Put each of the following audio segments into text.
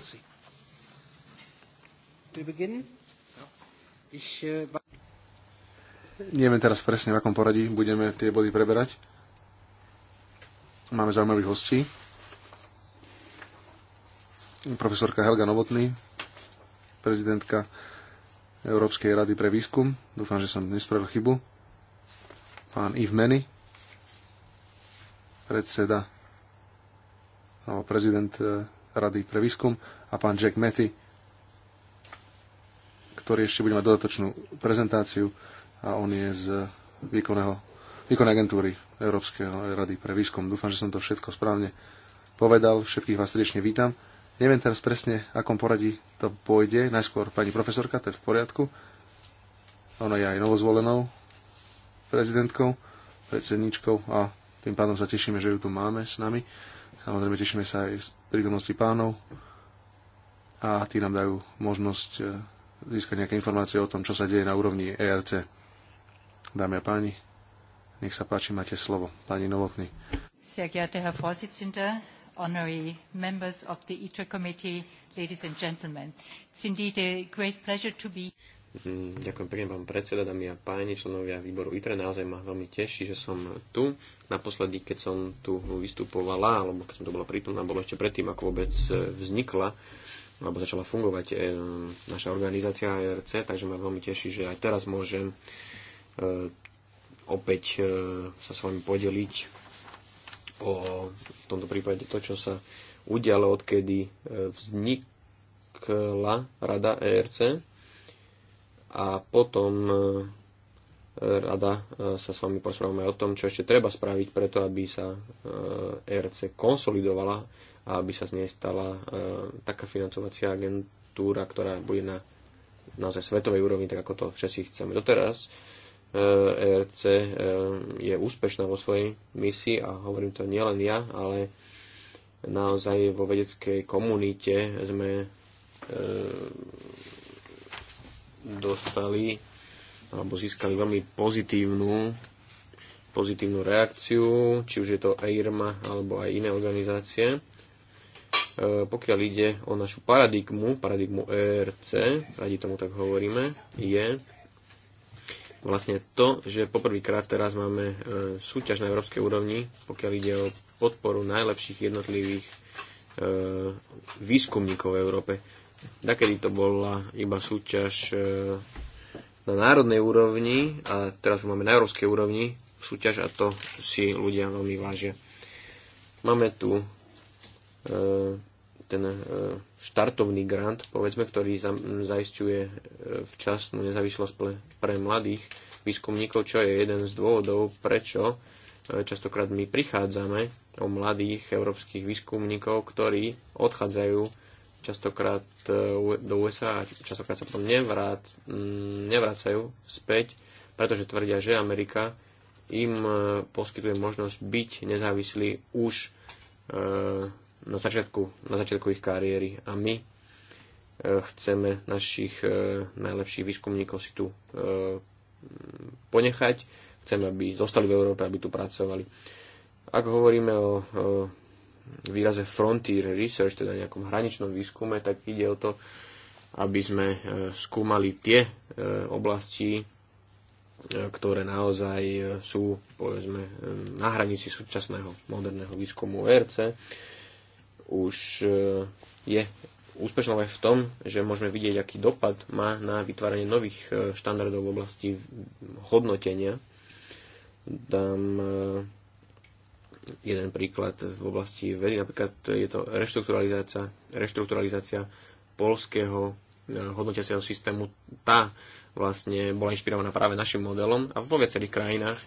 Merci. Nieme äh, teraz presne, v akom poradí budeme tie body preberať. Máme zaujímavých hostí. Profesorka Helga Novotný, prezidentka Európskej rady pre výskum. Dúfam, že som nespravil chybu. Pán Yves Meny, predseda alebo prezident e, Rady pre výskum a pán Jack Metty, ktorý ešte bude mať dodatočnú prezentáciu a on je z výkonného, výkonnej agentúry Európskeho rady pre výskum. Dúfam, že som to všetko správne povedal. Všetkých vás srdečne vítam. Neviem teraz presne, akom poradí to pôjde. Najskôr pani profesorka, to je v poriadku. Ona je aj novozvolenou prezidentkou, predsedničkou a tým pádom sa tešíme, že ju tu máme s nami. Samozrejme, tešíme sa aj z prítomnosti pánov a tí nám dajú možnosť e, získať nejaké informácie o tom, čo sa deje na úrovni ERC. Dámy a páni, nech sa páči, máte slovo. Pani Novotný. Sehr geehrter Herr Vorsitzender, honorary members of the ITRE committee, ladies and gentlemen. It's indeed a great pleasure to be Mm, ďakujem pekne pán predseda, dámy a páni, členovia výboru ITRE. Naozaj ma veľmi teší, že som tu. Naposledy, keď som tu vystupovala, alebo keď som tu bola prítomná, bolo ešte predtým, ako vôbec e, vznikla alebo začala fungovať e, naša organizácia ARC, takže ma veľmi teší, že aj teraz môžem e, opäť sa s vami podeliť o v tomto prípade to, čo sa udialo, odkedy vznikla rada ERC a potom e, rada e, sa s vami porozprávame o tom, čo ešte treba spraviť preto, aby sa ERC konsolidovala a aby sa z nej stala e, taká financovacia agentúra, ktorá bude na naozaj svetovej úrovni, tak ako to všetci chceme. Doteraz ERC je úspešná vo svojej misii a hovorím to nielen ja, ale naozaj vo vedeckej komunite sme dostali alebo získali veľmi pozitívnu, pozitívnu reakciu, či už je to EIRMA alebo aj iné organizácie. E, pokiaľ ide o našu paradigmu, paradigmu ERC, radi tomu tak hovoríme, je vlastne to, že poprvýkrát teraz máme e, súťaž na európskej úrovni, pokiaľ ide o podporu najlepších jednotlivých e, výskumníkov v Európe Nakedy to bola iba súťaž e, na národnej úrovni a teraz máme na európskej úrovni súťaž a to si ľudia veľmi vážia. Máme tu e, ten e, štartovný grant, povedzme, ktorý za, zaisťuje včasnú nezávislosť pre, pre mladých výskumníkov, čo je jeden z dôvodov, prečo častokrát my prichádzame o mladých európskych výskumníkov, ktorí odchádzajú častokrát e, do USA a častokrát sa potom nevrát, mm, nevracajú späť, pretože tvrdia, že Amerika im e, poskytuje možnosť byť nezávislí už e, na začiatku, na začiatku ich kariéry a my chceme našich najlepších výskumníkov si tu ponechať, chceme, aby zostali v Európe, aby tu pracovali. Ak hovoríme o výraze frontier research, teda nejakom hraničnom výskume, tak ide o to, aby sme e, skúmali tie e, oblasti, e, ktoré naozaj sú, povedzme, na hranici súčasného moderného výskumu ERC. Už je úspešné aj v tom, že môžeme vidieť, aký dopad má na vytváranie nových štandardov v oblasti hodnotenia. Dám jeden príklad v oblasti vedy, napríklad je to reštrukturalizácia, reštrukturalizácia polského e, hodnotiaceho systému. Tá vlastne bola inšpirovaná práve našim modelom a vo viacerých krajinách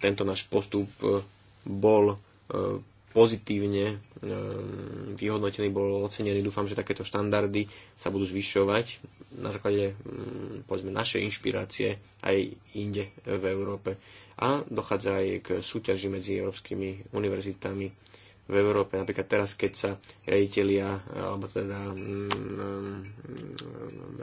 tento náš postup e, bol e, pozitívne vyhodnotený, bol ocenený. Dúfam, že takéto štandardy sa budú zvyšovať na základe mm, povedzme, našej inšpirácie aj inde v Európe. A dochádza aj k súťaži medzi európskymi univerzitami v Európe. Napríklad teraz, keď sa riaditeľia, alebo teda mm, mm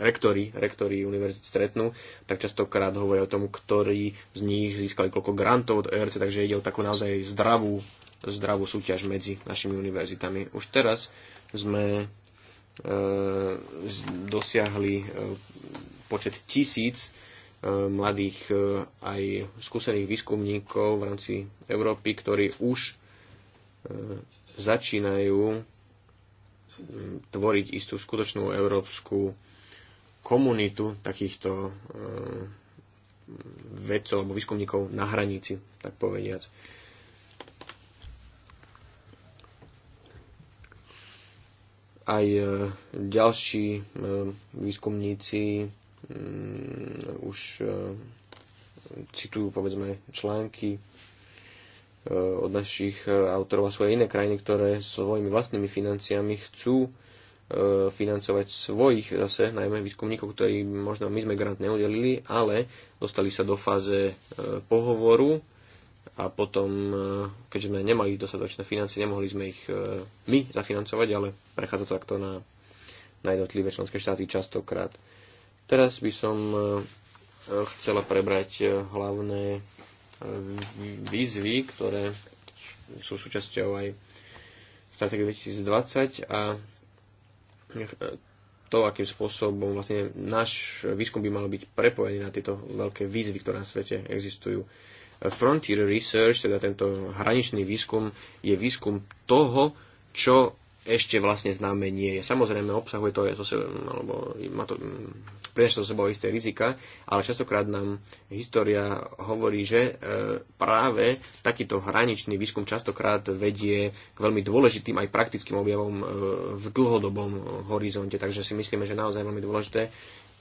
rektori, rektori univerzity stretnú, tak častokrát hovoria o tom, ktorí z nich získali koľko grantov od ERC, takže ide o takú naozaj zdravú, zdravú súťaž medzi našimi univerzitami. Už teraz sme E, dosiahli e, počet tisíc e, mladých aj skúsených výskumníkov v rámci Európy, ktorí už začínajú tvoriť istú skutočnú európsku komunitu takýchto vedcov alebo výskumníkov na hranici, tak povediať. aj e, ďalší e, výskumníci mm, už e, citujú povedzme články od našich autorov a svoje iné krajiny, ktoré svojimi vlastnými financiami chcú financovať svojich zase, najmä výskumníkov, ktorí možno my sme grant neudelili, ale dostali sa do fáze pohovoru a potom, e, keďže sme nemali dostatočné financie, nemohli sme ich e, my zafinancovať, ale prechádza to takto na, na jednotlivé členské štáty častokrát. Teraz by som e, chcela prebrať hlavné výzvy, ktoré sú súčasťou aj stratégie 2020 a to, akým spôsobom vlastne náš výskum by mal byť prepojený na tieto veľké výzvy, ktoré na svete existujú. Frontier Research, teda tento hraničný výskum, je výskum toho, čo ešte vlastne známe nie je. Samozrejme, obsahuje to, to alebo má to, mm, prináša to sebou isté rizika, ale častokrát nám história hovorí, že e, práve takýto hraničný výskum častokrát vedie k veľmi dôležitým aj praktickým objavom e, v dlhodobom horizonte. Takže si myslíme, že naozaj veľmi dôležité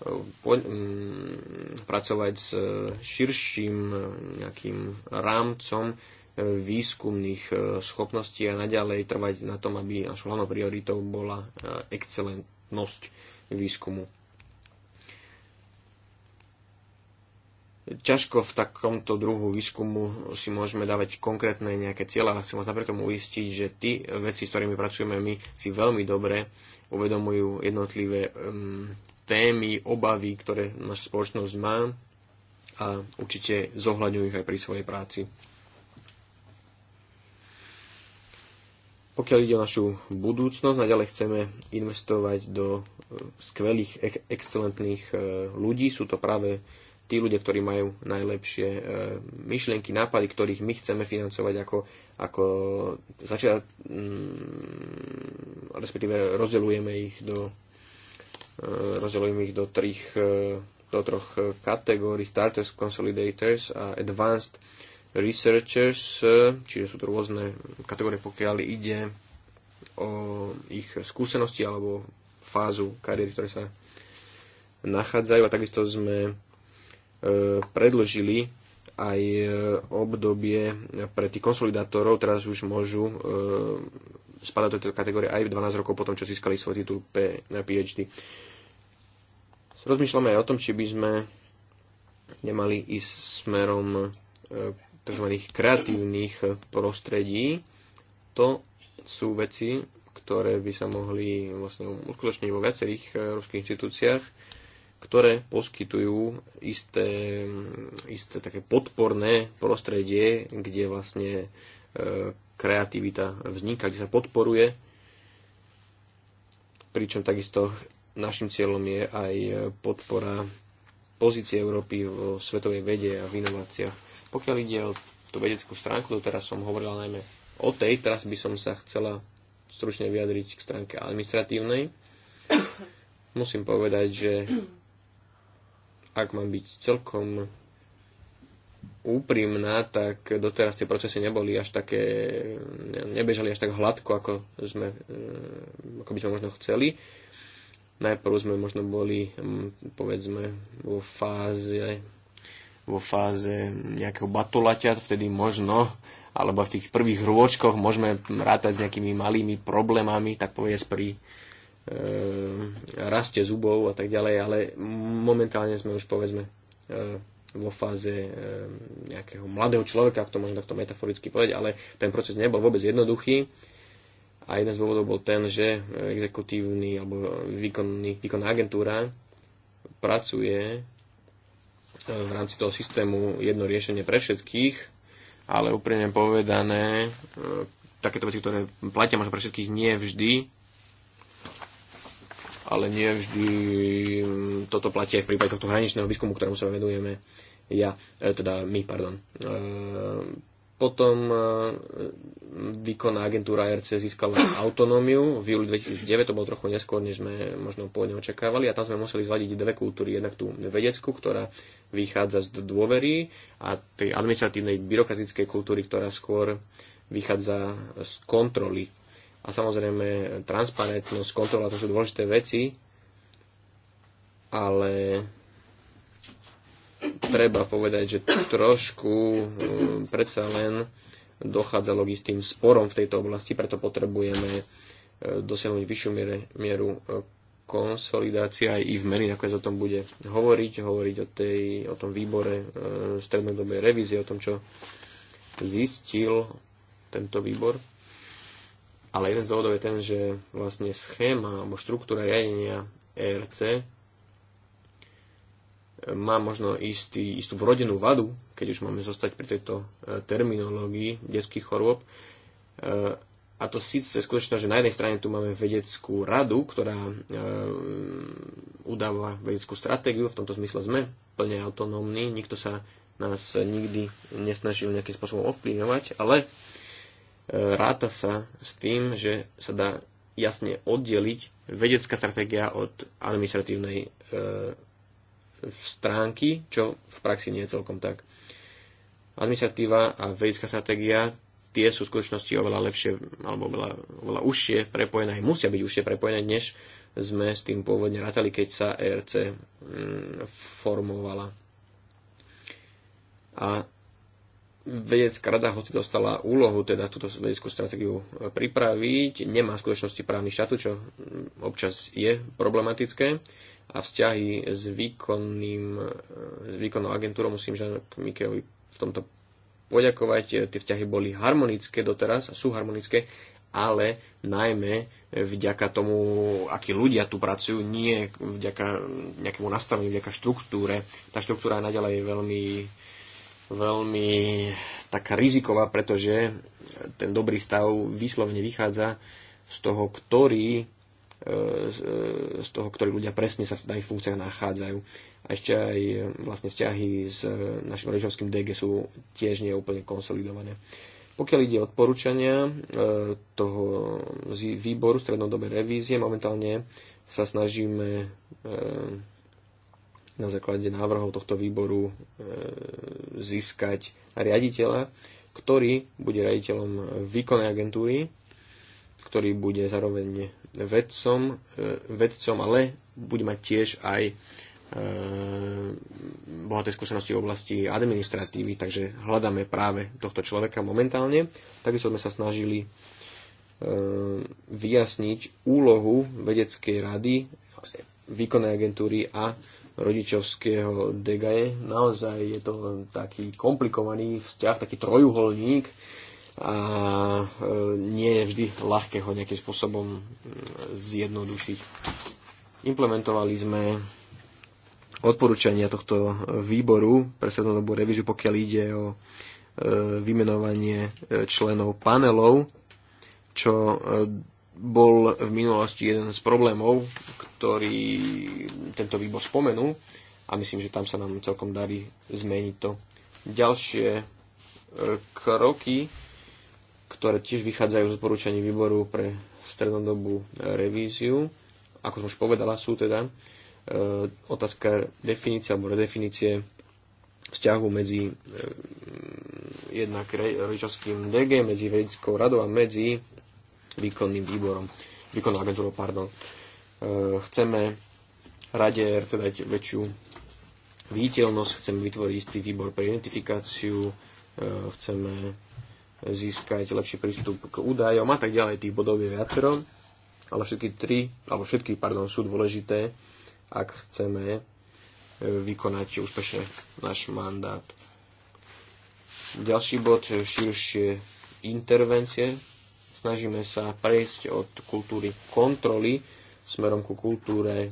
Mm, pracovať s e, širším e, nejakým rámcom e, výskumných schopností a naďalej trvať na tom, aby našou hlavnou prioritou bola excelentnosť výskumu. Ťažko v takomto druhu výskumu si môžeme dávať konkrétne nejaké cieľa, ale chcem vás napriek tomu uistiť, že tí veci, s ktorými pracujeme my, si veľmi dobre uvedomujú jednotlivé um, témy, obavy, ktoré naša spoločnosť má a určite zohľadňujú ich aj pri svojej práci. Pokiaľ ide o našu budúcnosť, naďalej chceme investovať do e, skvelých, excelentných e, ľudí. Sú to práve tí ľudia, ktorí majú najlepšie e, myšlienky, nápady, ktorých my chceme financovať ako, ako začiat, mm, respektíve rozdelujeme ich do E, rozdelujem ich do, troch, e, do troch kategórií, starters, consolidators a advanced researchers, e, čiže sú to rôzne kategórie, pokiaľ ide o ich skúsenosti alebo fázu kariéry, ktoré sa nachádzajú. A takisto sme predložili aj obdobie pre tých konsolidátorov, teraz už môžu spadať do tejto kategórie aj 12 rokov potom, čo získali svoj titul PhD rozmýšľame aj o tom, či by sme nemali ísť smerom e, tzv. kreatívnych prostredí. To sú veci, ktoré by sa mohli vlastne uskutočniť vo viacerých e, európskych inštitúciách, ktoré poskytujú isté, mm, isté také podporné prostredie, kde vlastne e, kreativita vzniká, kde sa podporuje, pričom takisto Našim cieľom je aj podpora pozície Európy vo svetovej vede a v inováciách. Pokiaľ ide o tú vedeckú stránku, to teraz som hovorila najmä o tej, teraz by som sa chcela stručne vyjadriť k stránke administratívnej. Musím povedať, že ak mám byť celkom úprimná, tak doteraz tie procesy neboli až také, nebežali až tak hladko, ako, sme, eh, ako by sme možno chceli. Najprv sme možno boli, mm, povedzme, vo fáze, vo fáze nejakého batulaťa, vtedy možno, alebo v tých prvých rôčkoch môžeme rátať s nejakými malými problémami, tak povedať pri e, raste zubov a tak ďalej, ale momentálne sme už povedzme e, vo fáze e, nejakého mladého človeka, ak to možno takto metaforicky povedať, ale ten proces nebol vôbec jednoduchý. E, a jeden z dôvodov bol ten, že exekutívny alebo výkonný, výkonná agentúra pracuje e, v rámci toho systému jedno riešenie pre všetkých, ale úprimne povedané, e, takéto veci, ktoré platia možno pre všetkých, nie vždy ale nie vždy toto platí aj v prípade tohto hraničného výskumu, ktorému sa venujeme ja, e, teda my, pardon. Potom e, výkonná agentúra RC získala autonómiu v júli 2009, to bolo trochu neskôr, než sme možno pôvodne očakávali a tam sme museli zladiť dve kultúry. Jednak tú vedeckú, ktorá vychádza z dôvery a tej administratívnej byrokratickej kultúry, ktorá skôr vychádza z kontroly. A samozrejme transparentnosť, kontrola, to sú dôležité veci, ale treba povedať, že trošku eh, predsa len dochádzalo k istým sporom v tejto oblasti, preto potrebujeme eh, dosiahnuť vyššiu miere, mieru eh, konsolidácia aj v ako sa o tom bude hovoriť, hovoriť o, tej, o tom výbore strednodobej revízie, o tom, čo zistil tento výbor. Ale jeden z dôvodov je ten, že vlastne schéma alebo štruktúra riadenia ERC má možno istý, istú vrodenú vadu, keď už máme zostať pri tejto e, terminológii detských chorôb. E, a to síce skutočne, že na jednej strane tu máme vedeckú radu, ktorá e, udáva vedeckú stratégiu, v tomto zmysle sme plne autonómni, nikto sa nás nikdy nesnažil nejakým spôsobom ovplyvňovať, ale ráta sa s tým, že sa dá jasne oddeliť vedecká stratégia od administratívnej stránky, čo v praxi nie je celkom tak. Administratíva a vedecká stratégia tie sú v skutočnosti oveľa lepšie alebo oveľa, oveľa užšie prepojené, aj musia byť užšie prepojené, než sme s tým pôvodne ratali, keď sa ERC mm, formovala. A vedecká rada, hoci dostala úlohu teda túto vedeckú stratégiu pripraviť, nemá v skutočnosti právny štatu, čo občas je problematické a vzťahy s, výkonným, s výkonnou agentúrou musím Žan Mikeovi v tomto poďakovať. Tie vzťahy boli harmonické doteraz, sú harmonické, ale najmä vďaka tomu, akí ľudia tu pracujú, nie vďaka nejakému nastaveniu, vďaka štruktúre. Tá štruktúra je naďalej veľmi, veľmi taká riziková, pretože ten dobrý stav výslovne vychádza z toho, ktorý E, z toho, ktorí ľudia presne sa v daných funkciách nachádzajú. A ešte aj e, vlastne vzťahy s e, našim rodičovským DG sú tiež neúplne konsolidované. Pokiaľ ide odporúčania toho výboru strednodobej revízie, momentálne sa snažíme na základe návrhov tohto výboru získať riaditeľa, ktorý bude riaditeľom výkonnej agentúry, ktorý bude zároveň vedcom, e, vedcom ale bude mať tiež aj e, bohaté skúsenosti v oblasti administratívy, takže hľadáme práve tohto človeka momentálne. Takisto sme sa snažili e, vyjasniť úlohu vedeckej rady, výkonnej agentúry a rodičovského DGE. Naozaj je to taký komplikovaný vzťah, taký trojuholník, a e, nie je vždy ľahké ho nejakým spôsobom zjednodušiť. Implementovali sme odporúčania tohto výboru pre strednodobú revíziu, pokiaľ ide o e, vymenovanie e, členov panelov, čo bol v minulosti jeden z problémov, ktorý tento výbor spomenul a myslím, že tam sa nám celkom darí zmeniť to. Ďalšie kroky ktoré tiež vychádzajú z odporúčaní výboru pre strednodobú e, revíziu. Ako som už povedala, sú teda e, otázka definície alebo redefinície vzťahu medzi e, jednak rodičovským DG, medzi vedeckou radou a medzi výkonným výborom, výkonnou agentúrou, pardon. chceme rade RC dať väčšiu viditeľnosť, chceme vytvoriť istý výbor pre identifikáciu, chceme získať lepší prístup k údajom a tak ďalej. Tých bodov je viacero, ale všetky tri, alebo všetky, pardon, sú dôležité, ak chceme e, vykonať úspešne náš mandát. Ďalší bod, e, širšie intervencie. Snažíme sa prejsť od kultúry kontroly smerom ku kultúre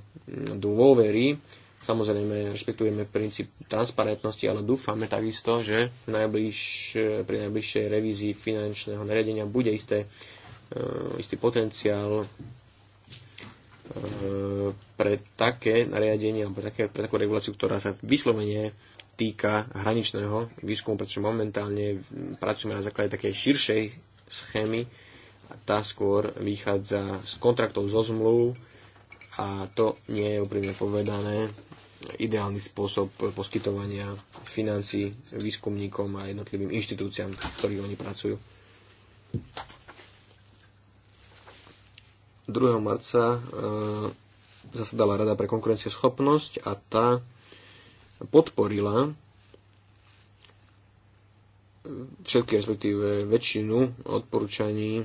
dôvery Samozrejme, rešpektujeme princíp transparentnosti, ale dúfame takisto, že najbliž, pri najbližšej revízii finančného nariadenia bude isté, e, istý potenciál e, pre také nariadenie alebo také, pre takú reguláciu, ktorá sa vyslovene týka hraničného výskumu, pretože momentálne pracujeme na základe takej širšej schémy a tá skôr vychádza z kontraktov zo zmluv a to nie je úprimne povedané ideálny spôsob poskytovania financí výskumníkom a jednotlivým inštitúciám, v ktorých oni pracujú. 2. marca e, zasadala Rada pre konkurencieschopnosť a tá podporila všetky, respektíve väčšinu odporúčaní e,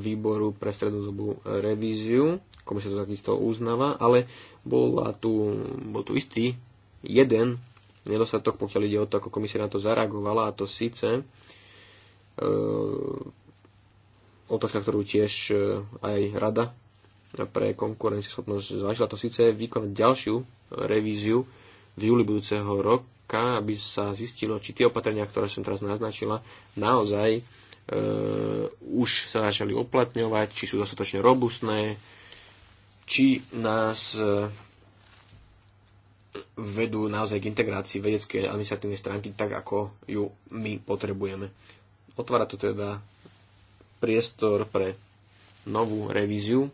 výboru pre strednodobú revíziu. Komisia to takisto uznáva, ale bola tu, bol tu istý jeden nedostatok, pokiaľ ide o to, ako komisia na to zareagovala, a to síce e, otázka, ktorú tiež e, aj rada pre konkurencieschopnosť zvážila, to síce vykonať ďalšiu revíziu v júli budúceho roku roka, aby sa zistilo, či tie opatrenia, ktoré som teraz naznačila, naozaj e, už sa začali uplatňovať, či sú dostatočne robustné, či nás e, vedú naozaj k integrácii vedeckej administratívnej stránky tak, ako ju my potrebujeme. Otvára to teda priestor pre novú revíziu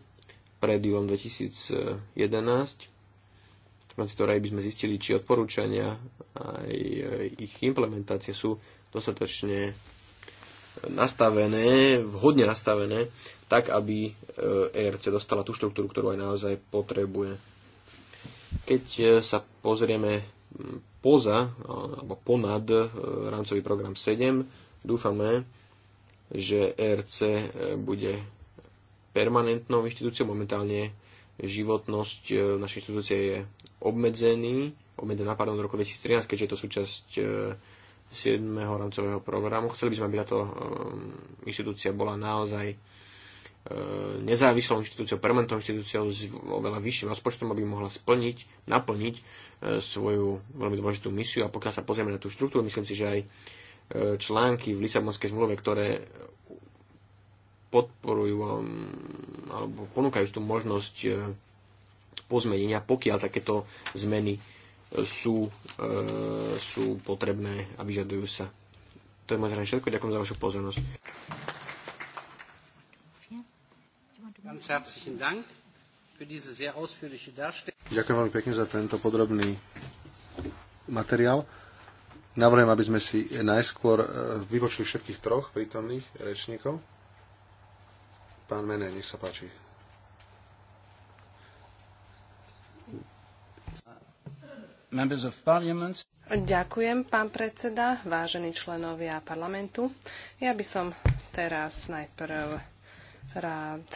pred júlom 2011 v rámci ktorej by sme zistili, či odporúčania a ich implementácie sú dostatočne nastavené, vhodne nastavené, tak aby ERC e dostala tú štruktúru, ktorú aj naozaj potrebuje. Keď e, sa pozrieme poza alebo ponad e, rámcový program 7, dúfame, že ERC bude permanentnou inštitúciou. Momentálne životnosť e, našej inštitúcie je obmedzený, obmedzená pardon, v roku 2013, keďže je to súčasť 7. E, rámcového programu. Chceli by sme, aby táto e, inštitúcia bola naozaj nezávislou inštitúciou, permanentnou inštitúciou s oveľa vyšším rozpočtom, aby mohla splniť, naplniť svoju veľmi dôležitú misiu. A pokiaľ sa pozrieme na tú štruktúru, myslím si, že aj články v Lisabonskej zmluve, ktoré podporujú um, alebo ponúkajú tú možnosť e, pozmenenia, pokiaľ takéto zmeny e, sú, e, sú potrebné a vyžadujú sa. To je moje všetko. Ďakujem za vašu pozornosť. Ďakujem veľmi pekne za tento podrobný materiál. Navrhujem, aby sme si najskôr vypočuli všetkých troch prítomných rečníkov. Pán Mene, nech sa páči. Ďakujem, pán predseda, vážení členovia parlamentu. Ja by som teraz najprv rád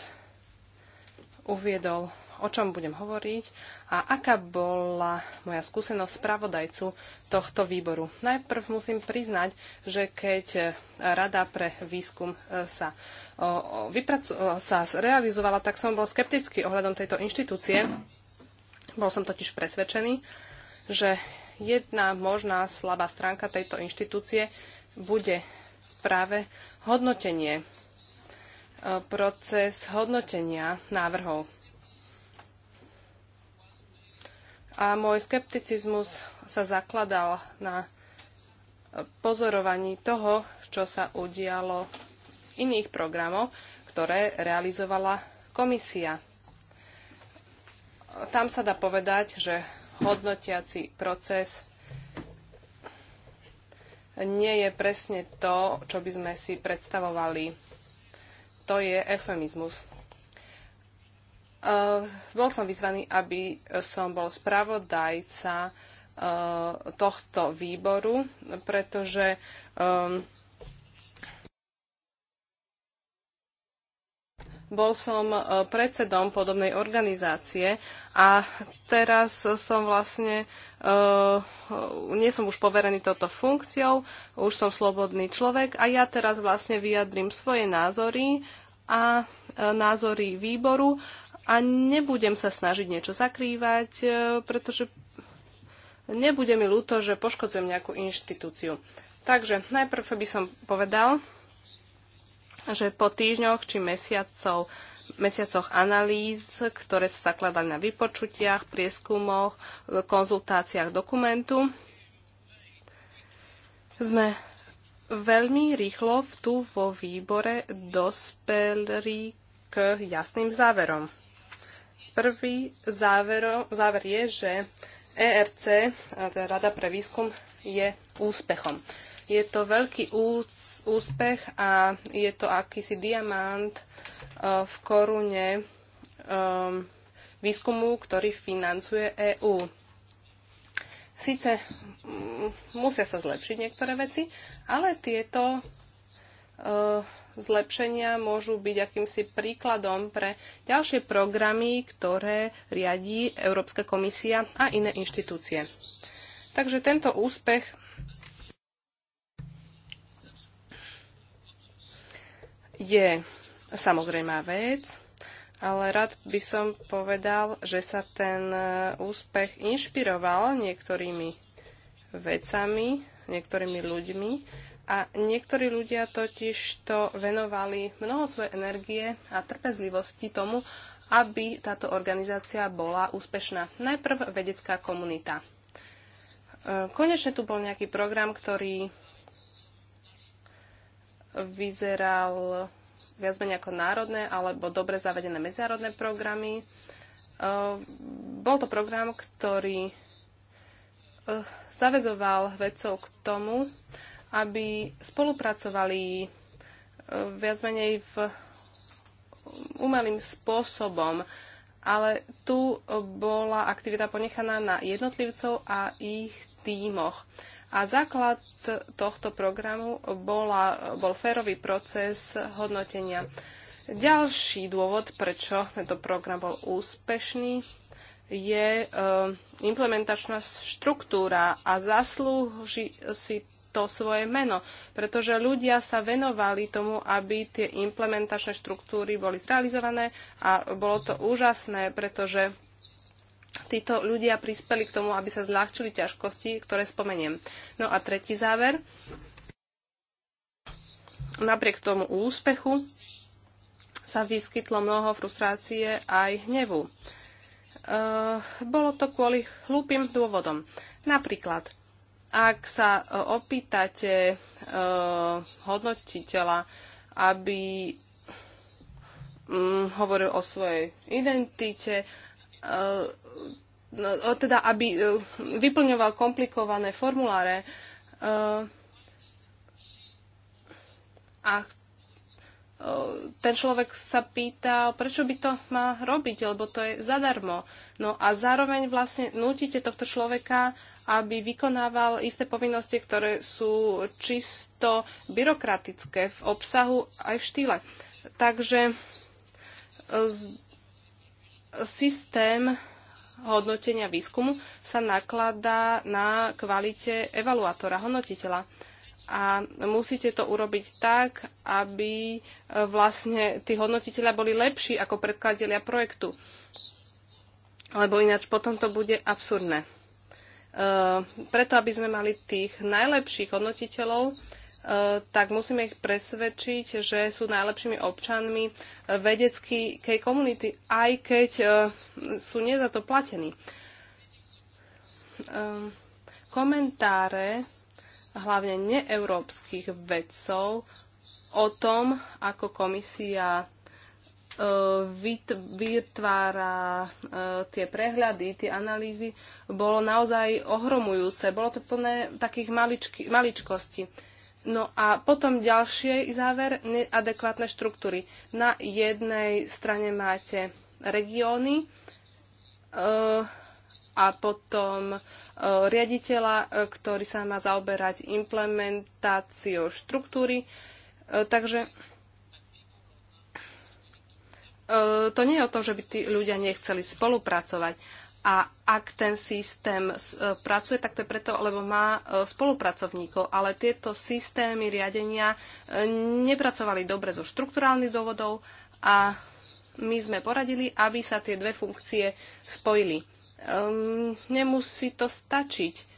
uviedol o čom budem hovoriť a aká bola moja skúsenosť spravodajcu tohto výboru. Najprv musím priznať, že keď e, Rada pre výskum e, sa, sa realizovala, tak som bol skeptický ohľadom tejto inštitúcie. Bol som totiž presvedčený, že jedna možná slabá stránka tejto inštitúcie bude práve hodnotenie e, proces hodnotenia návrhov. A môj skepticizmus sa zakladal na pozorovaní toho, čo sa udialo v iných programoch, ktoré realizovala komisia. Tam sa dá povedať, že hodnotiaci proces nie je presne to, čo by sme si predstavovali. To je efemizmus. Eh, bol som vyzvaný, aby eh, som bol spravodajca eh, tohto výboru, pretože ehm, bol som predsedom podobnej organizácie a teraz som vlastne, nie som už poverený toto funkciou, už som slobodný človek a ja teraz vlastne vyjadrím svoje názory a názory výboru a nebudem sa snažiť niečo zakrývať, e, pretože nebude mi ľúto, že poškodzujem nejakú inštitúciu. Takže najprv by som povedal, že po týždňoch či mesiacov, mesiacoch analýz, ktoré sa zakladali na vypočutiach, prieskumoch, konzultáciách dokumentu, sme veľmi rýchlo tu vo výbore dospeli k jasným záverom. Prvý závero, záver je, že ERC, teda Rada pre výskum, je úspechom. Je to veľký úspech a je to akýsi diamant e, v korune e, výskumu, ktorý financuje EÚ. Sice mm, musia sa zlepšiť niektoré veci, ale tieto E, zlepšenia môžu byť akýmsi príkladom pre ďalšie programy, ktoré riadí Európska komisia a iné inštitúcie. Takže tento úspech je samozrejmá vec, ale rád by som povedal, že sa ten e, úspech inšpiroval niektorými vecami, niektorými ľuďmi, a niektorí ľudia totiž to venovali mnoho svojej energie a trpezlivosti tomu, aby táto organizácia bola úspešná. Najprv vedecká komunita. E, konečne tu bol nejaký program, ktorý vyzeral viac menej ako národné alebo dobre zavedené medzinárodné programy. E, bol to program, ktorý e, zavezoval vedcov k tomu, aby spolupracovali e, viac menej v umelým spôsobom. Ale tu bola aktivita ponechaná na jednotlivcov a ich tímoch. A základ tohto programu bola, bol férový proces hodnotenia. Ďalší dôvod, prečo tento program bol úspešný, je e, implementačná štruktúra a zaslúži si to svoje meno, pretože ľudia sa venovali tomu, aby tie implementačné štruktúry boli zrealizované a bolo to úžasné, pretože títo ľudia prispeli k tomu, aby sa zľahčili ťažkosti, ktoré spomeniem. No a tretí záver. Napriek tomu úspechu sa vyskytlo mnoho frustrácie aj hnevu. E, bolo to kvôli hlúpým dôvodom. Napríklad, ak sa e, opýtate e, hodnotiteľa, aby mm, hovoril o svojej identite, e, no, teda aby vyplňoval komplikované formuláre a ten človek sa pýta, prečo by to má robiť, lebo to je zadarmo. No a zároveň vlastne nutíte tohto človeka, aby vykonával isté povinnosti, ktoré sú čisto byrokratické v obsahu aj v štýle. Takže e, systém hodnotenia výskumu sa nakladá na kvalite evaluátora, hodnotiteľa a musíte to urobiť tak, aby e, vlastne tí hodnotiteľia boli lepší ako predkladelia projektu. Lebo ináč potom to bude absurdné. E, preto, aby sme mali tých najlepších hodnotiteľov, e, tak musíme ich presvedčiť, že sú najlepšími občanmi e, vedeckej komunity, aj keď e, sú nie za to platení. E, komentáre hlavne neeurópskych vedcov o tom, ako komisia e, vytvára e, tie prehľady, tie analýzy, bolo naozaj ohromujúce. Bolo to plné takých maličky, maličkostí. No a potom ďalší záver, neadekvátne štruktúry. Na jednej strane máte regióny, e, a potom e, riaditeľa, e, ktorý sa má zaoberať implementáciou štruktúry. E, takže to nie je o tom, že by tí ľudia nechceli spolupracovať. A ak ten systém pracuje, tak to je preto, lebo má spolupracovníkov. Ale tieto systémy riadenia nepracovali dobre zo štrukturálnych dôvodov a my sme poradili, aby sa tie dve funkcie spojili um, nemusí to stačiť.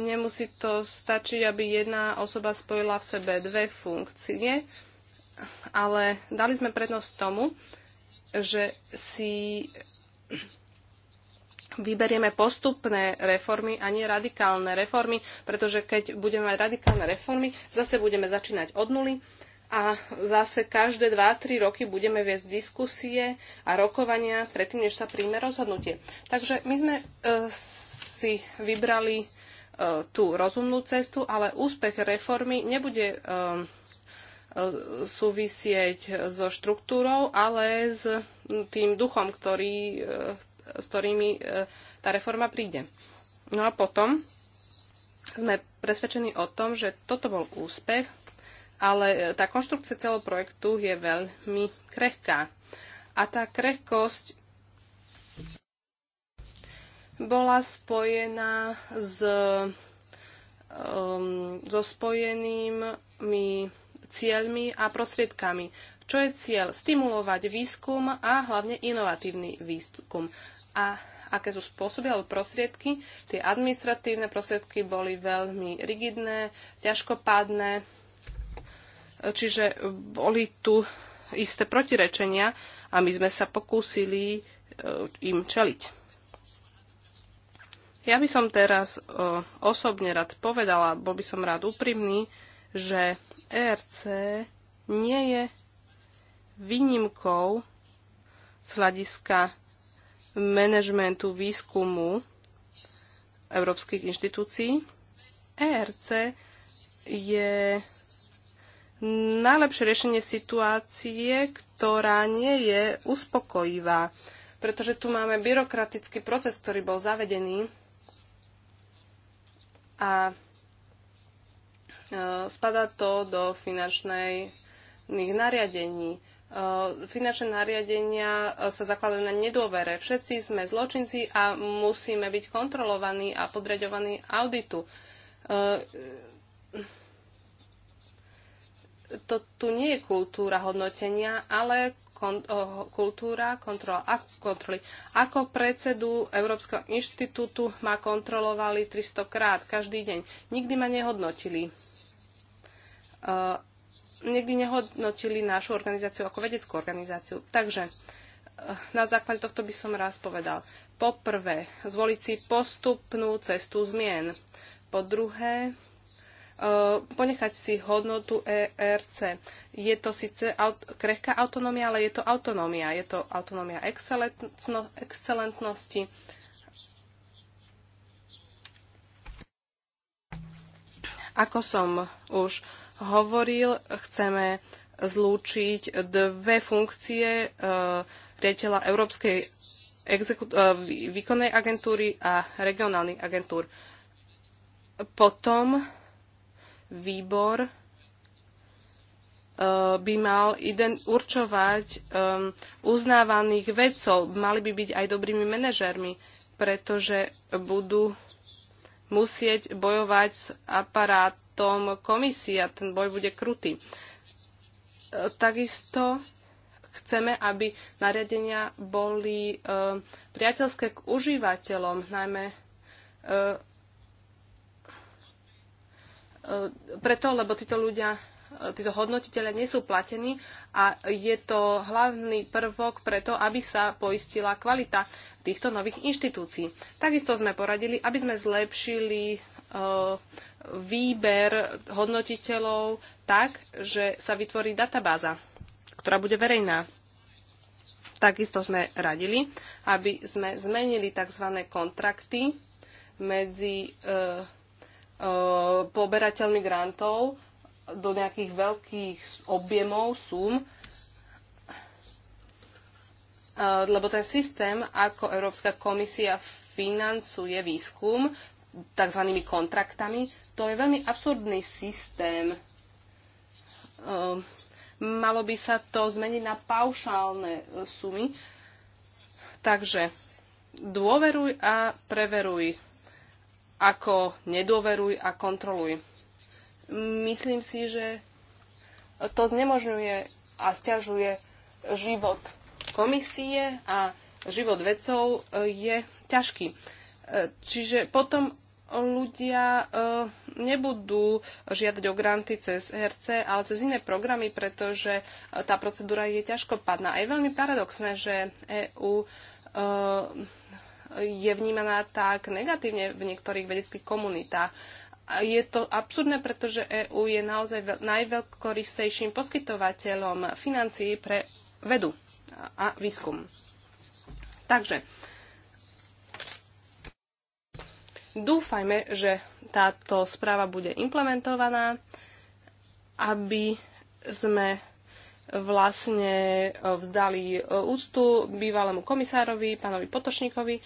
Nemusí to stačiť, aby jedna osoba spojila v sebe dve funkcie, ale dali sme prednosť tomu, že si vyberieme postupné reformy a nie radikálne reformy, pretože keď budeme mať radikálne reformy, zase budeme začínať od nuly a zase každé 2-3 roky budeme viesť diskusie a rokovania predtým, než sa príjme rozhodnutie. Takže my sme e, si vybrali e, tú rozumnú cestu, ale úspech reformy nebude e, e súvisieť so štruktúrou, ale s tým duchom, ktorý, e, s ktorými e, tá reforma príde. No a potom sme presvedčení o tom, že toto bol úspech ale e, tá konštrukcia celého projektu je veľmi krehká. A tá krehkosť bola spojená s, um, so spojenými cieľmi a prostriedkami. Čo je cieľ? Stimulovať výskum a hlavne inovatívny výskum. A aké sú spôsoby alebo prostriedky? Tie administratívne prostriedky boli veľmi rigidné, ťažkopádne, Čiže boli tu isté protirečenia a my sme sa pokúsili e, im čeliť. Ja by som teraz e, osobne rád povedala, bol by som rád úprimný, že ERC nie je výnimkou z hľadiska manažmentu výskumu európskych inštitúcií. ERC je najlepšie riešenie situácie, ktorá nie je uspokojivá. Pretože tu máme byrokratický proces, ktorý bol zavedený a e, spadá to do finančných nariadení. E, finančné nariadenia e, sa zakladajú na nedôvere. Všetci sme zločinci a musíme byť kontrolovaní a podreďovaní auditu to tu nie je kultúra hodnotenia, ale kon, oh, kultúra kontrola, a, kontroly. Ako predsedu Európskeho inštitútu ma kontrolovali 300 krát každý deň. Nikdy ma nehodnotili. Uh, nikdy nehodnotili našu organizáciu ako vedeckú organizáciu. Takže e, na základe tohto by som raz povedal. Po prvé, zvoliť si postupnú cestu zmien. Po druhé, Eh, ponechať si hodnotu ERC. Je to síce aut- krehká autonómia, ale je to autonómia. Je to autonómia excelentno- excelentnosti. Ako som už hovoril, chceme zlúčiť dve funkcie e, riaditeľa Európskej exekut- eh, výkonnej agentúry a regionálnych agentúr. Potom výbor eh, by mal určovať ehm, uznávaných vedcov. Mali by byť aj dobrými manažermi, pretože budú musieť bojovať s aparátom komisie a ten boj bude krutý. Eh, takisto chceme, aby nariadenia boli eh, priateľské k užívateľom, najmä E, preto, lebo títo ľudia, e, títo hodnotiteľe nie sú platení a je to hlavný prvok preto, aby sa poistila kvalita týchto nových inštitúcií. Takisto sme poradili, aby sme zlepšili e, výber hodnotiteľov tak, že sa vytvorí databáza, ktorá bude verejná. Takisto sme radili, aby sme zmenili tzv. kontrakty medzi Eh, poberateľmi grantov do nejakých veľkých objemov, súm, eh, lebo ten systém, ako Európska komisia financuje výskum tzv. kontraktami, to je veľmi absurdný systém. Eh, malo by sa to zmeniť na paušálne sumy. Takže dôveruj a preveruj ako nedôveruj a kontroluj. Myslím si, že to znemožňuje a stiažuje život komisie a život vedcov e, je ťažký. E, čiže potom ľudia e, nebudú žiadať o granty cez HRC, ale cez iné programy, pretože tá procedúra je ťažkopadná. A je veľmi paradoxné, že EU je vnímaná tak negatívne v niektorých vedeckých komunitách. A je to absurdné, pretože EÚ je naozaj najveľkorysejším poskytovateľom financií pre vedu a výskum. Takže dúfajme, že táto správa bude implementovaná, aby sme vlastne e, vzdali e, úctu bývalému komisárovi, pánovi Potočníkovi. E,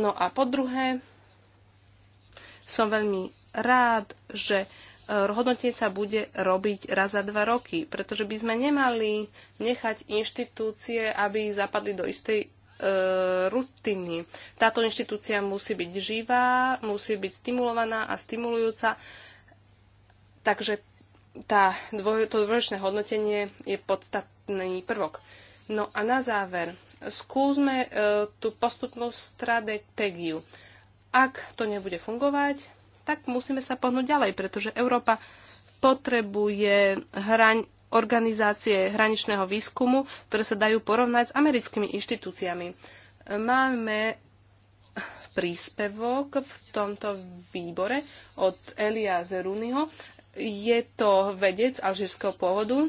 no a po druhé, som veľmi rád, že hodnotenie sa bude robiť raz za dva roky, pretože by sme nemali nechať inštitúcie, aby zapadli do istej rutiny. Táto inštitúcia musí byť živá, musí byť stimulovaná a stimulujúca. Takže tá dvoj, to dvojročné hodnotenie je podstatný prvok. No a na záver, skúsme e, tú postupnú stratégiu. Ak to nebude fungovať, tak musíme sa pohnúť ďalej, pretože Európa potrebuje hraň, organizácie hraničného výskumu, ktoré sa dajú porovnať s americkými inštitúciami. Máme príspevok v tomto výbore od Elia Zeruniho, je to vedec alžírskeho pôvodu. E,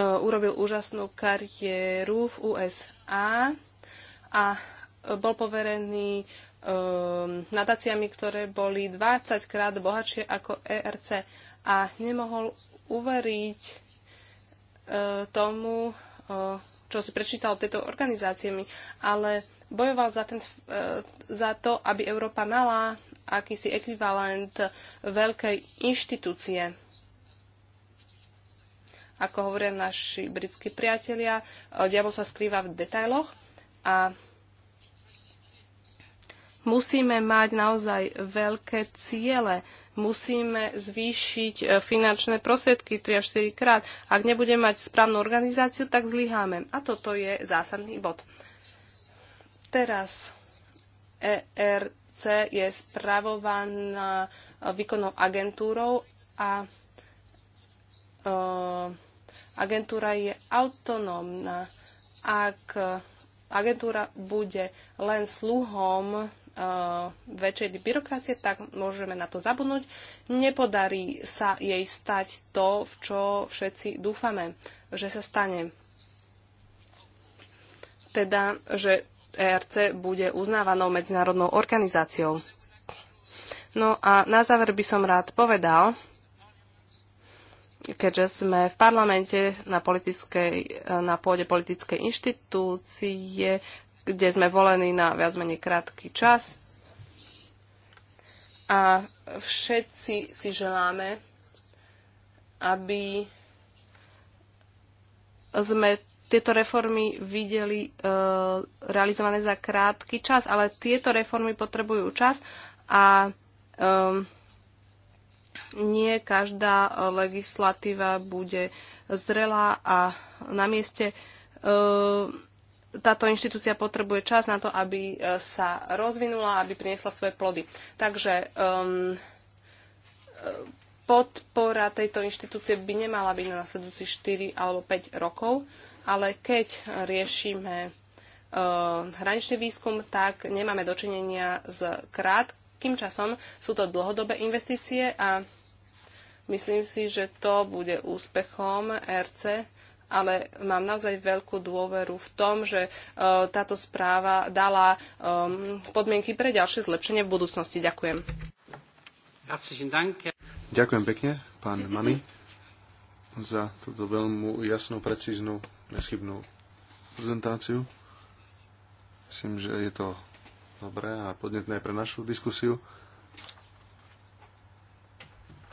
urobil úžasnú kariéru v USA a bol poverený e, nadáciami, ktoré boli 20 krát bohatšie ako ERC a nemohol uveriť e, tomu, čo si prečítal tieto organizáciami, ale bojoval za, ten, za to, aby Európa mala akýsi ekvivalent veľkej inštitúcie. Ako hovoria naši britskí priatelia, e, diabol sa skrýva v detailoch a musíme mať naozaj veľké ciele. Musíme zvýšiť e, finančné prostriedky 3 až 4 krát. Ak nebudeme mať správnu organizáciu, tak zlyháme. A toto je zásadný bod. Teraz ER C je spravovaná e, výkonnou agentúrou a e, agentúra je autonómna. Ak e, agentúra bude len sluhom väčšej byrokracie, tak môžeme na to zabudnúť. Nepodarí sa jej stať to, v čo všetci dúfame, že sa stane. Teda, že ERC bude uznávanou medzinárodnou organizáciou. No a na záver by som rád povedal, keďže sme v parlamente na, na pôde politickej inštitúcie, kde sme volení na viac menej krátky čas, a všetci si želáme, aby sme tieto reformy videli e, realizované za krátky čas, ale tieto reformy potrebujú čas a e, nie každá e, legislatíva bude zrelá a na mieste. E, táto inštitúcia potrebuje čas na to, aby e, sa rozvinula, aby priniesla svoje plody. Takže um, podpora tejto inštitúcie by nemala byť na nasledujúci 4 alebo 5 rokov ale keď riešime e, hraničný výskum, tak nemáme dočinenia s krátkým časom. Sú to dlhodobé investície a myslím si, že to bude úspechom RC, ale mám naozaj veľkú dôveru v tom, že e, táto správa dala e, podmienky pre ďalšie zlepšenie v budúcnosti. Ďakujem. Ďakujem pekne, pán Mami, za túto veľmi jasnú, precíznu neschybnú prezentáciu. Myslím, že je to dobré a podnetné aj pre našu diskusiu.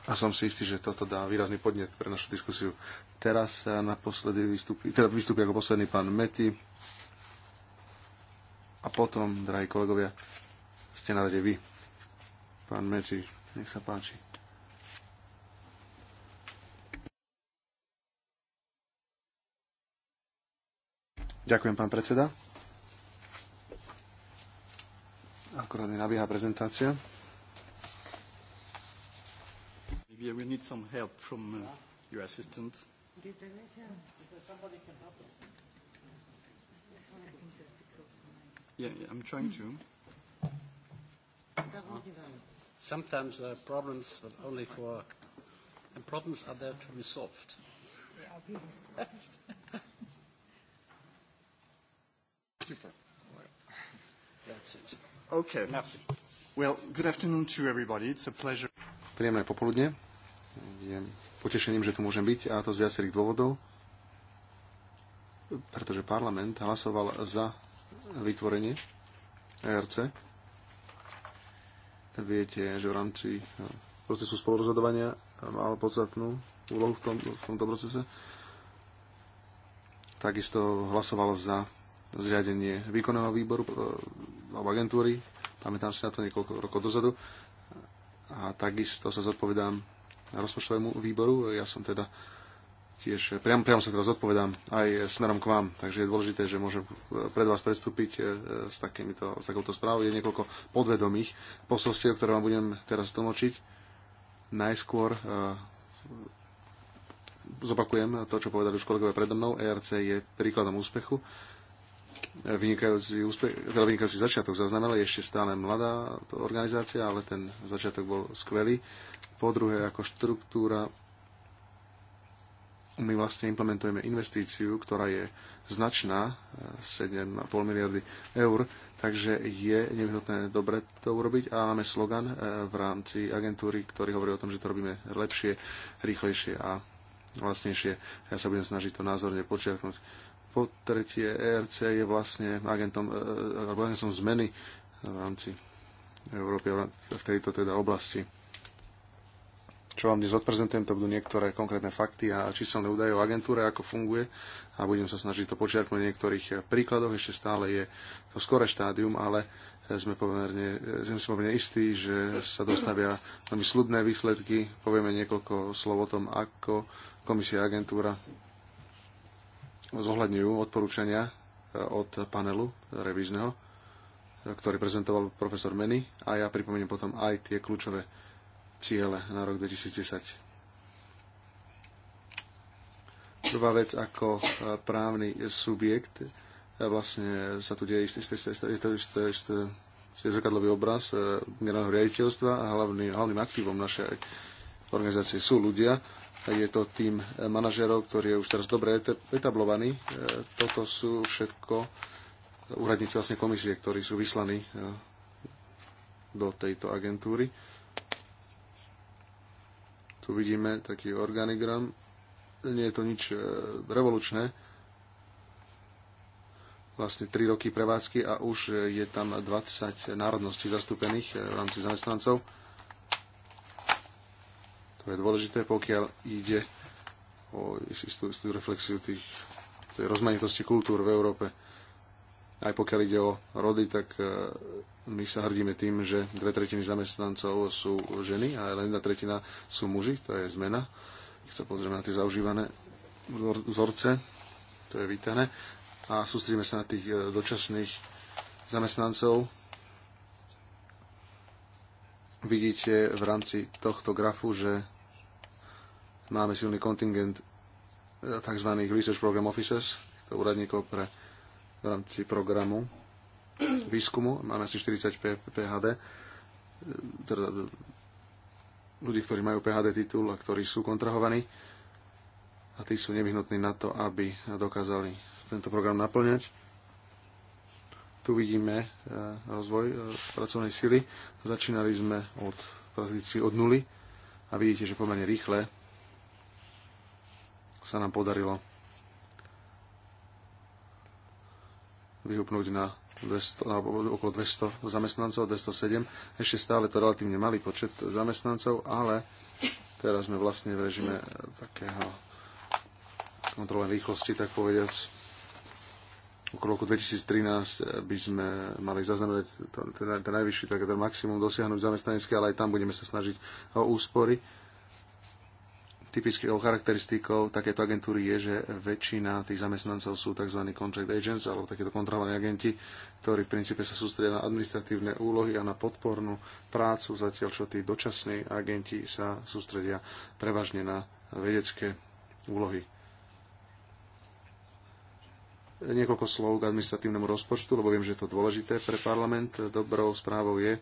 A som si istý, že toto dá výrazný podnet pre našu diskusiu. Teraz sa naposledy vystúpi, teda vystúpi ako posledný pán Mety. A potom, drahí kolegovia, ste na rade vy. Pán Meti, nech sa páči. Ďakujem, pán predseda. Akorát mi nabieha prezentácia. Maybe we need some help from uh, your assistant. Did the letter? Somebody can help us. This one I think that's the close one. Yeah, yeah, I'm trying to. Sometimes there uh, are problems, but only for... And problems are there to be solved. Yeah, obviously. Super. that's it. Okay. Merci. Well, good afternoon to everybody. It's a pleasure. Príjemné popoludne. Je potešením, že tu môžem byť a to z viacerých dôvodov. Pretože parlament hlasoval za vytvorenie ERC. Viete, že v rámci eh, procesu spolurozhodovania mal podstatnú úlohu v, tom, v tomto procese. Takisto hlasoval za zriadenie výkonného výboru e, alebo agentúry. Pamätám si na to niekoľko rokov dozadu. A takisto sa zodpovedám rozpočtovému výboru. Ja som teda tiež, priam, priam sa teraz odpovedám aj smerom k vám, takže je dôležité, že môžem pred vás predstúpiť e, s, takýmito, s takouto správou. Je niekoľko podvedomých posolstiev, ktoré vám budem teraz tlmočiť. Najskôr e, zopakujem to, čo povedali už kolegovia predo mnou. ERC je príkladom úspechu vynikajúci, úspech, teda vynikajúci začiatok zaznamenali, ešte stále mladá organizácia, ale ten začiatok bol skvelý. Po druhé, ako štruktúra my vlastne implementujeme investíciu, ktorá je značná, 7,5 miliardy eur, takže je nevyhnutné dobre to urobiť a máme slogan eh, v rámci agentúry, ktorý hovorí o tom, že to robíme lepšie, rýchlejšie a vlastnejšie. Ja sa budem snažiť to názorne počiarknúť po tretie, ERC je vlastne agentom, e, som zmeny v rámci Európy v tejto teda oblasti. Čo vám dnes odprezentujem, to budú niektoré konkrétne fakty a číselné údaje o agentúre, ako funguje a budem sa snažiť to počiarknúť v niektorých e, príkladoch. Ešte stále je to skore štádium, ale e, sme, pomerne, sme si pomerne istí, že sa dostavia veľmi slubné výsledky. Povieme niekoľko slov o tom, ako komisia agentúra zohľadňujú odporúčania e, od panelu revízneho, e, ktorý prezentoval profesor Meny a ja pripomeniem potom aj tie kľúčové ciele na rok 2010. Prvá vec ako e, právny subjekt, vlastne sa tu deje istý, istý, istý, istý, istý, istý, istý zrkadlový obraz generálneho riaditeľstva a hlavný, hlavným aktívom našej organizácie sú ľudia, je to tým manažerov, ktorý je už teraz dobre etablovaný. E, toto sú všetko úradníci vlastne komisie, ktorí sú vyslaní e, do tejto agentúry. Tu vidíme taký organigram. Nie je to nič e, revolučné. Vlastne 3 roky prevádzky a už je tam 20 národností zastúpených v rámci zamestnancov to je dôležité, pokiaľ ide o istú, istú reflexiu tých, tej rozmanitosti kultúr v Európe. Aj pokiaľ ide o rody, tak e, my sa hrdíme tým, že dve tretiny zamestnancov sú ženy a len jedna tretina sú muži. To je zmena. Keď sa pozrieme na tie zaužívané vzorce, to je vítané. A sústredíme sa na tých e, dočasných zamestnancov. Vidíte v rámci tohto grafu, že Máme silný kontingent e, tzv. Research Program Officers, to úradníkov pre, v rámci programu výskumu. Máme asi 40 PHD, e, teda ľudí, ktorí majú PHD titul a ktorí sú kontrahovaní a tí sú nevyhnutní na to, aby dokázali tento program naplňať. Tu vidíme e, rozvoj pracovnej sily. Začínali sme od, od nuly a vidíte, že pomerne rýchle sa nám podarilo vyhupnúť na 200, okolo 200 zamestnancov, 207. Ešte stále to relatívne malý počet zamestnancov, ale teraz sme vlastne v režime takého kontrole rýchlosti, tak povediac. Okolo roku 2013 by sme mali zaznamenať ten, ten najvyšší, tak ten maximum dosiahnuť zamestnanecké, ale aj tam budeme sa snažiť o úspory Typickou charakteristikou takéto agentúry je, že väčšina tých zamestnancov sú tzv. contract agents alebo takéto kontrolovaní agenti, ktorí v princípe sa sústredia na administratívne úlohy a na podpornú prácu, zatiaľ čo tí dočasní agenti sa sústredia prevažne na vedecké úlohy niekoľko slov k administratívnemu rozpočtu, lebo viem, že je to dôležité pre parlament. Dobrou správou je,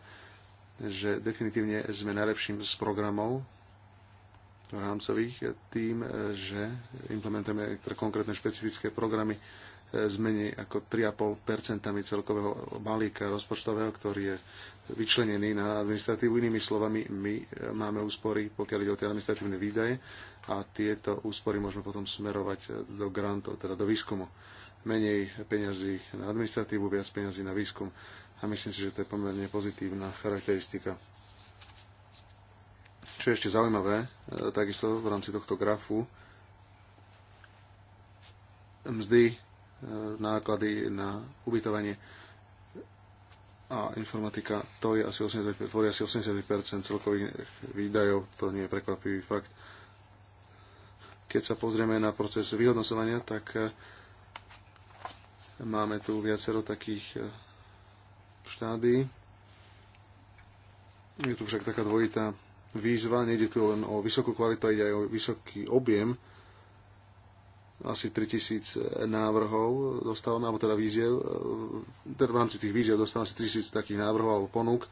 že definitívne sme najlepším z programov rámcových tým, e, že implementujeme niektoré konkrétne špecifické programy e, s menej ako 3,5 celkového balíka rozpočtového, ktorý je vyčlenený na administratívu. Inými slovami, my e, máme úspory, pokiaľ ide o tie administratívne výdaje a tieto úspory môžeme potom smerovať do grantov, teda do výskumu. Menej peňazí na administratívu, viac peňazí na výskum a myslím si, že to je pomerne pozitívna charakteristika čo je ešte zaujímavé, e, takisto v rámci tohto grafu, mzdy, e, náklady na ubytovanie a informatika, to je asi 85, tvorí asi 85% celkových výdajov, to nie je prekvapivý fakt. Keď sa pozrieme na proces vyhodnosovania, tak e, máme tu viacero takých štádií. Je tu však taká dvojitá výzva. Nejde tu len o vysokú kvalitu, ide aj o vysoký objem. Asi 3000 návrhov dostávame, alebo teda výziev, teda v rámci tých víziev dostávame asi 3000 takých návrhov alebo ponúk.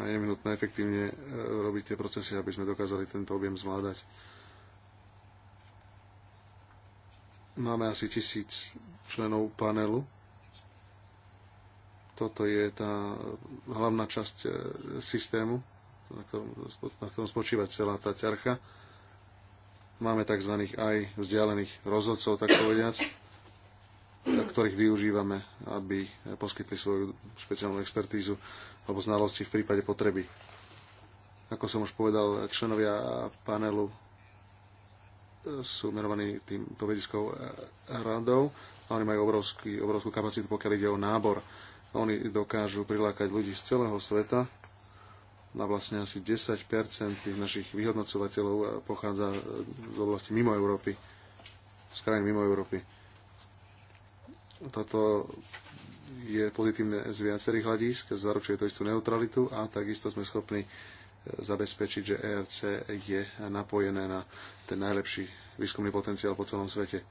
A je nutné efektívne e, robiť tie procesy, aby sme dokázali tento objem zvládať. Máme asi tisíc členov panelu, toto je tá hlavná časť e, systému, na ktorom, na ktorom spočíva celá tá ťarcha. Máme tzv. aj vzdialených rozhodcov, tak povediac, ktorých využívame, aby poskytli svoju špeciálnu expertízu alebo znalosti v prípade potreby. Ako som už povedal, členovia panelu e, sú menovaní týmto vedeckou e, radou a oni majú obrovský, obrovskú kapacitu, pokiaľ ide o nábor oni dokážu prilákať ľudí z celého sveta. Na vlastne asi 10 tých našich vyhodnocovateľov pochádza e, z oblasti mimo Európy, z krajín mimo Európy. Toto je pozitívne z viacerých hľadísk, zaručuje to istú neutralitu a takisto sme schopní e, zabezpečiť, že ERC je napojené na ten najlepší výskumný potenciál po celom svete.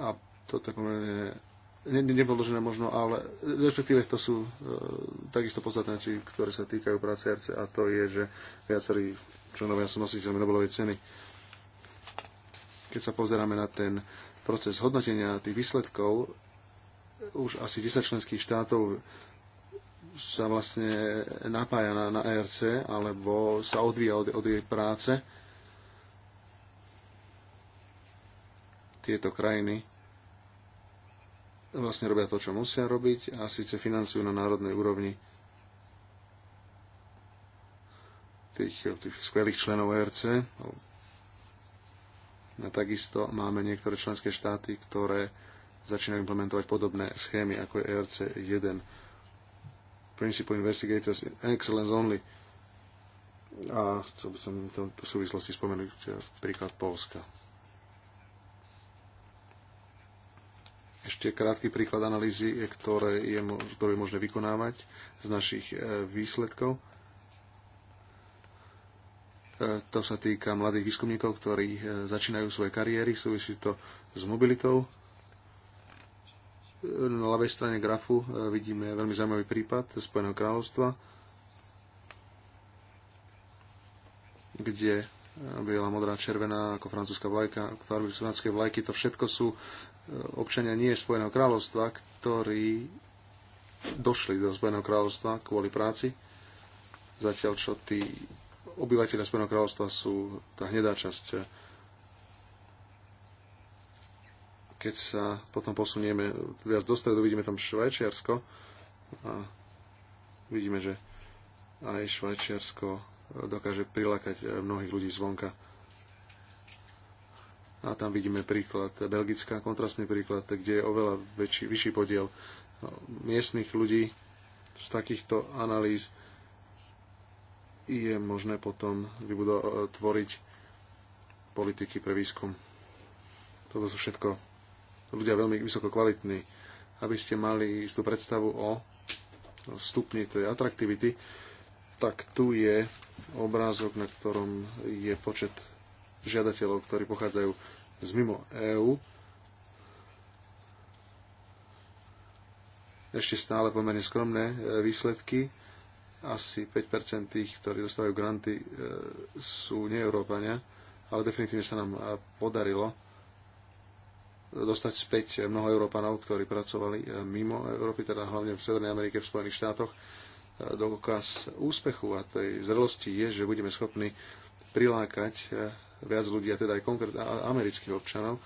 A toto je pomerne ne, nebolo žené možno, ale respektíve to sú e, takisto podstatné veci, ktoré sa týkajú práce RC a to je, že viacerí členovia sú nositeľmi Nobelovej ceny. Keď sa pozeráme na ten proces hodnotenia tých výsledkov, už asi 10 členských štátov sa vlastne napája na, na ERC alebo sa odvíja od, od jej práce. Tieto krajiny vlastne robia to, čo musia robiť a síce financujú na národnej úrovni tých, tých skvelých členov ERC. A takisto máme niektoré členské štáty, ktoré začínajú implementovať podobné schémy ako je ERC 1. Principle Investigators Excellence Only. A to by som v súvislosti spomenúť e, príklad Polska. Ešte krátky príklad analýzy, ktoré je, ktoré je možné vykonávať z našich e, výsledkov. E, to sa týka mladých výskumníkov, ktorí e, začínajú svoje kariéry, súvisí to s mobilitou. Na ľavej strane grafu vidíme veľmi zaujímavý prípad Spojeného kráľovstva, kde biela, modrá, červená, ako francúzska vlajka, ako francúzske vlajky, to všetko sú občania nie Spojeného kráľovstva, ktorí došli do Spojeného kráľovstva kvôli práci, zatiaľ čo tí obyvateľia Spojeného kráľovstva sú tá hnedá časť. Keď sa potom posunieme viac do stredu, vidíme tam Švajčiarsko a vidíme, že aj Švajčiarsko dokáže prilákať mnohých ľudí zvonka a tam vidíme príklad Belgická, kontrastný príklad, kde je oveľa väčší, vyšší podiel no, miestnych ľudí z takýchto analýz je možné potom e, tvoriť politiky pre výskum. Toto sú všetko ľudia veľmi vysoko kvalitní, aby ste mali istú predstavu o stupni tej atraktivity, tak tu je obrázok, na ktorom je počet žiadateľov, ktorí pochádzajú z mimo EÚ. Ešte stále pomerne skromné e, výsledky. Asi 5% tých, ktorí dostávajú granty, e, sú neeurópania, ale definitívne sa nám e, podarilo dostať späť mnoho Európanov, ktorí pracovali mimo Európy, teda hlavne v Severnej Amerike, v Spojených štátoch. Dokaz úspechu a tej zrelosti je, že budeme schopní prilákať viac ľudí, a teda aj konkrétne amerických občanov,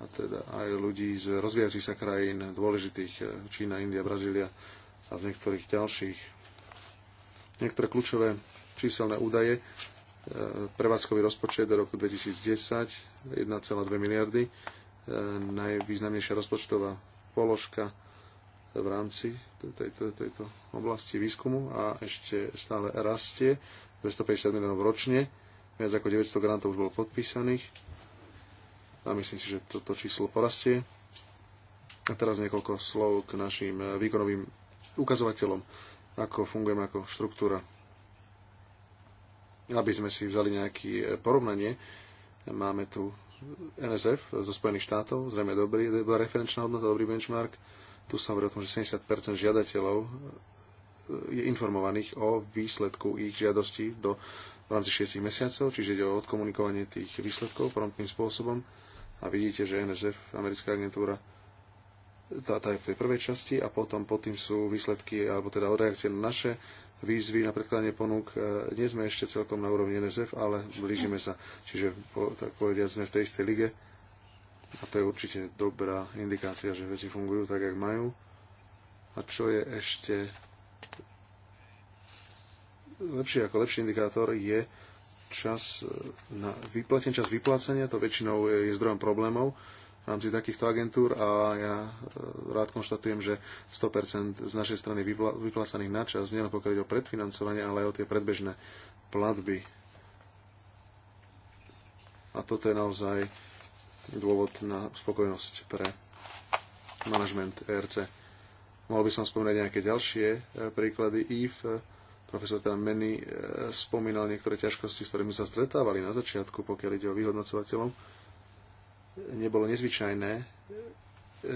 a teda aj ľudí z rozvíjajúcich sa krajín dôležitých, e, Čína, India, Brazília a z niektorých ďalších. Niektoré kľúčové číselné údaje, e, prevádzkový rozpočet do roku 2010 1,2 miliardy, e, najvýznamnejšia rozpočtová položka v rámci tejto, tejto oblasti výskumu a ešte stále rastie 250 miliónov ročne Viac ako 900 grantov už bolo podpísaných a myslím si, že toto číslo porastie. A teraz niekoľko slov k našim eh, výkonovým ukazovateľom, ako fungujeme ako štruktúra. Aby sme si vzali nejaké eh, porovnanie, máme tu NSF zo Spojených štátov, zrejme dobrý, dobrá referenčná hodnota, dobrý benchmark. Tu sa hovorí o tom, že 70% žiadateľov eh, je informovaných o výsledku ich žiadosti do v rámci 6 mesiacov, čiže ide o odkomunikovanie tých výsledkov promptným spôsobom. A vidíte, že NSF, americká agentúra, tá, tá je v tej prvej časti a potom pod tým sú výsledky, alebo teda reakcie na naše výzvy na predkladanie ponúk. E, nie sme ešte celkom na úrovni NSF, ale blížime sa. Čiže po, tak povediať sme v tej istej lige. A to je určite dobrá indikácia, že veci fungujú tak, jak majú. A čo je ešte Lepší ako lepší indikátor je čas e, na vyplatenie, čas vyplácenia. to väčšinou je, je zdrojom problémov v rámci takýchto agentúr a ja e, rád konštatujem, že 100% z našej strany vyplácaných na čas, nielen pokiaľ ide o predfinancovanie, ale aj o tie predbežné platby. A toto je naozaj dôvod na spokojnosť pre manažment ERC. Mohol by som spomenúť nejaké ďalšie e, príklady. IF Profesor teda meni e, spomínal niektoré ťažkosti, s ktorými sa stretávali na začiatku, pokiaľ ide o vyhodnocovateľov. Nebolo nezvyčajné,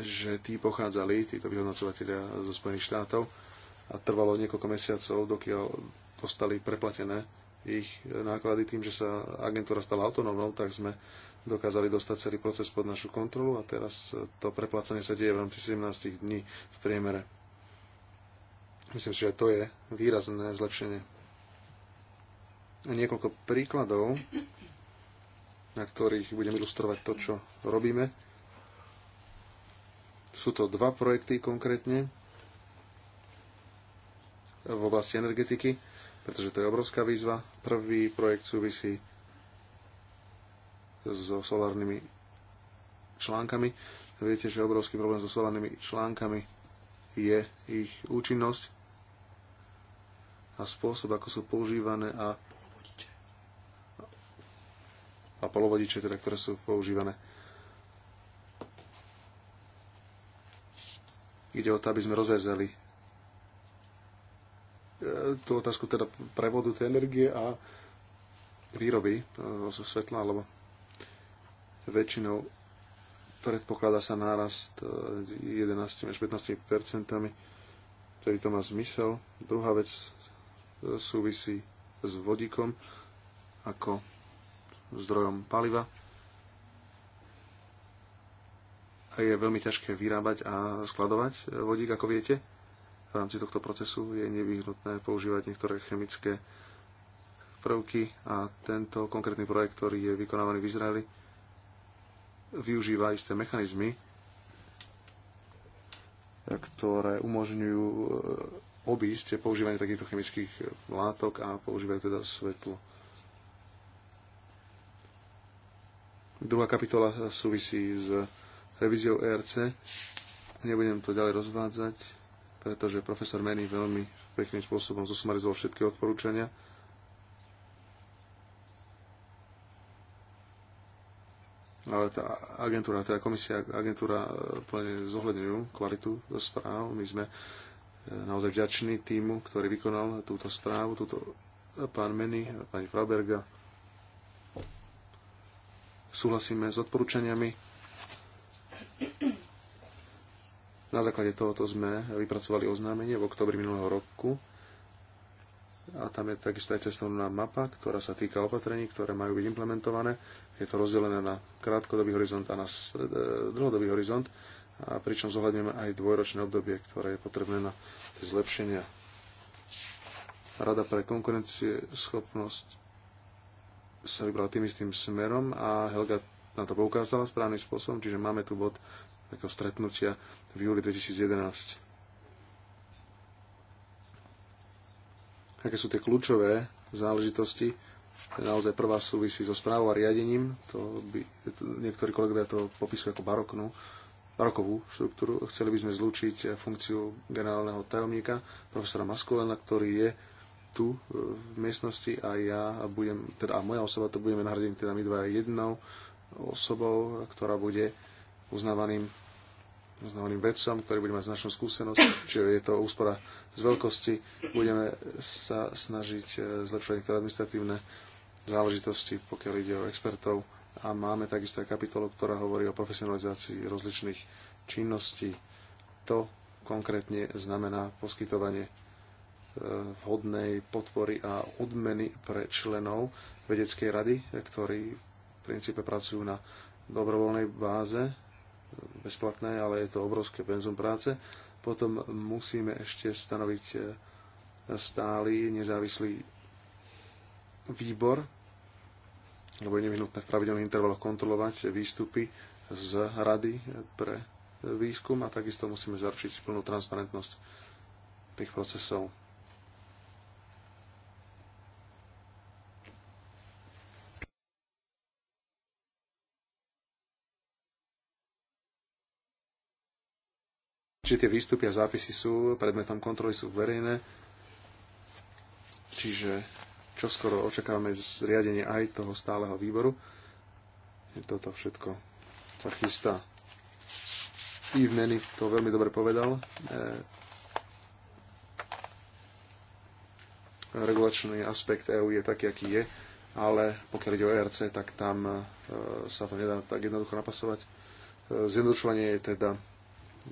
že tí pochádzali, títo vyhodnocovateľia zo Spojených štátov a trvalo niekoľko mesiacov, dokiaľ dostali preplatené ich e, náklady tým, že sa agentúra stala autonómnou, tak sme dokázali dostať celý proces pod našu kontrolu a teraz to preplácanie sa deje v rámci 17 dní v priemere. Myslím si, že to je výrazné zlepšenie. Niekoľko príkladov, na ktorých budem ilustrovať to, čo robíme. Sú to dva projekty konkrétne v oblasti energetiky, pretože to je obrovská výzva. Prvý projekt súvisí so solárnymi článkami. Viete, že obrovský problém so solárnymi článkami je ich účinnosť a spôsob, ako sú používané a polovodiče. a polovodiče, teda, ktoré sú používané. Ide o to, aby sme rozvezeli e, tú otázku teda prevodu tej energie a výroby e, zo svetla, alebo väčšinou predpokladá sa nárast 11 e, až 15 percentami, ktorý to má zmysel. Druhá vec, súvisí s vodíkom ako zdrojom paliva a je veľmi ťažké vyrábať a skladovať vodík, ako viete. V rámci tohto procesu je nevyhnutné používať niektoré chemické prvky a tento konkrétny projekt, ktorý je vykonávaný v Izraeli, využíva isté mechanizmy, ktoré umožňujú obísť používanie takýchto chemických látok a používajú teda svetlo. Druhá kapitola súvisí s revíziou ERC. Nebudem to ďalej rozvádzať, pretože profesor Meny veľmi pekným spôsobom zosumarizoval všetky odporúčania. ale tá agentúra, teda komisia, agentúra e, plne zohľadňujú kvalitu správ. My sme naozaj vďačný týmu, ktorý vykonal túto správu, túto pán Meny, pani Fraberga. Súhlasíme s odporúčaniami. Na základe tohoto sme vypracovali oznámenie v oktobri minulého roku a tam je takisto aj cestovná mapa, ktorá sa týka opatrení, ktoré majú byť implementované. Je to rozdelené na krátkodobý horizont a na e, dlhodobý horizont a pričom zohľadňujeme aj dvojročné obdobie, ktoré je potrebné na tie zlepšenia. Rada pre konkurencie schopnosť sa vybrala tým istým smerom a Helga na to poukázala správnym spôsobom, čiže máme tu bod takého stretnutia v júli 2011. Aké sú tie kľúčové záležitosti? Naozaj prvá súvisí so správou a riadením. To by, niektorí kolegovia to popisujú ako baroknú rokovú štruktúru. Chceli by sme zlúčiť eh, funkciu generálneho tajomníka, profesora Maskolena, ktorý je tu eh, v miestnosti a ja budem, teda a moja osoba to budeme nahradiť teda my dva jednou osobou, ktorá bude uznávaným uznávaným vedcom, ktorý bude mať značnú skúsenosť, čiže je to úspora z veľkosti. Budeme sa snažiť eh, zlepšovať niektoré administratívne záležitosti, pokiaľ ide o expertov a máme takisto aj kapitolu, ktorá hovorí o profesionalizácii rozličných činností. To konkrétne znamená poskytovanie e, vhodnej podpory a odmeny pre členov vedeckej rady, ktorí v princípe pracujú na dobrovoľnej báze, bezplatné, ale je to obrovské penzum práce. Potom musíme ešte stanoviť e, stály nezávislý výbor lebo je nevyhnutné v pravidelných intervaloch kontrolovať výstupy z Rady pre výskum a takisto musíme zaručiť plnú transparentnosť tých procesov. Čiže tie výstupy a zápisy sú predmetom kontroly, sú verejné. Čiže čo skoro očakávame zriadenie aj toho stáleho výboru. Je Toto všetko sa chystá. Yves Meny to veľmi dobre povedal. E, regulačný aspekt EU je taký, aký je, ale pokiaľ ide o ERC, tak tam e, sa to nedá tak jednoducho napasovať. E, zjednodušovanie je teda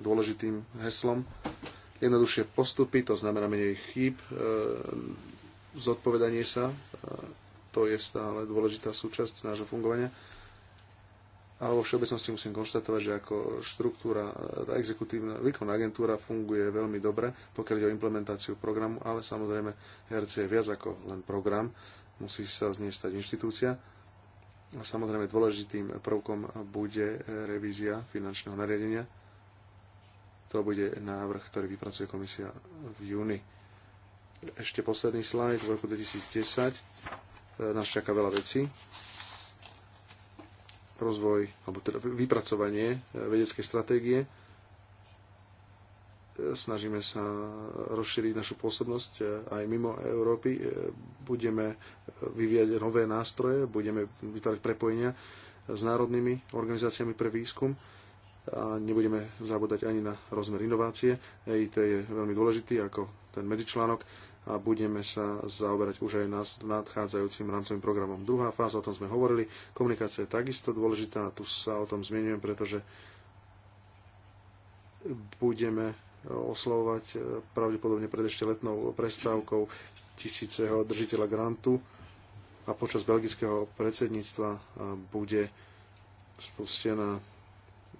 dôležitým heslom. Jednoduchšie postupy, to znamená menej chýb, e, zodpovedanie sa, to je stále dôležitá súčasť nášho fungovania. Ale vo všeobecnosti musím konštatovať, že ako štruktúra, tá exekutívna výkonná agentúra funguje veľmi dobre, pokiaľ ide o implementáciu programu, ale samozrejme HRC je viac ako len program, musí sa z nej stať inštitúcia. A samozrejme dôležitým prvkom bude revízia finančného nariadenia. To bude návrh, ktorý vypracuje komisia v júni ešte posledný slajd. V roku 2010 e, nás čaká veľa vecí. Rozvoj, alebo teda vypracovanie e, vedeckej stratégie. E, snažíme sa rozšíriť našu pôsobnosť aj mimo Európy. Budeme vyvíjať nové nástroje, budeme vytvárať prepojenia s národnými organizáciami pre výskum a nebudeme zabúdať ani na rozmer inovácie. EIT je veľmi dôležitý ako ten medzičlánok a budeme sa zaoberať už aj nás nadchádzajúcim rámcovým programom. Druhá fáza, o tom sme hovorili, komunikácia je takisto dôležitá, tu sa o tom zmienujem, pretože budeme oslovovať e, pravdepodobne pred ešte letnou prestávkou tisíceho držiteľa grantu a počas belgického predsedníctva e, bude spustená,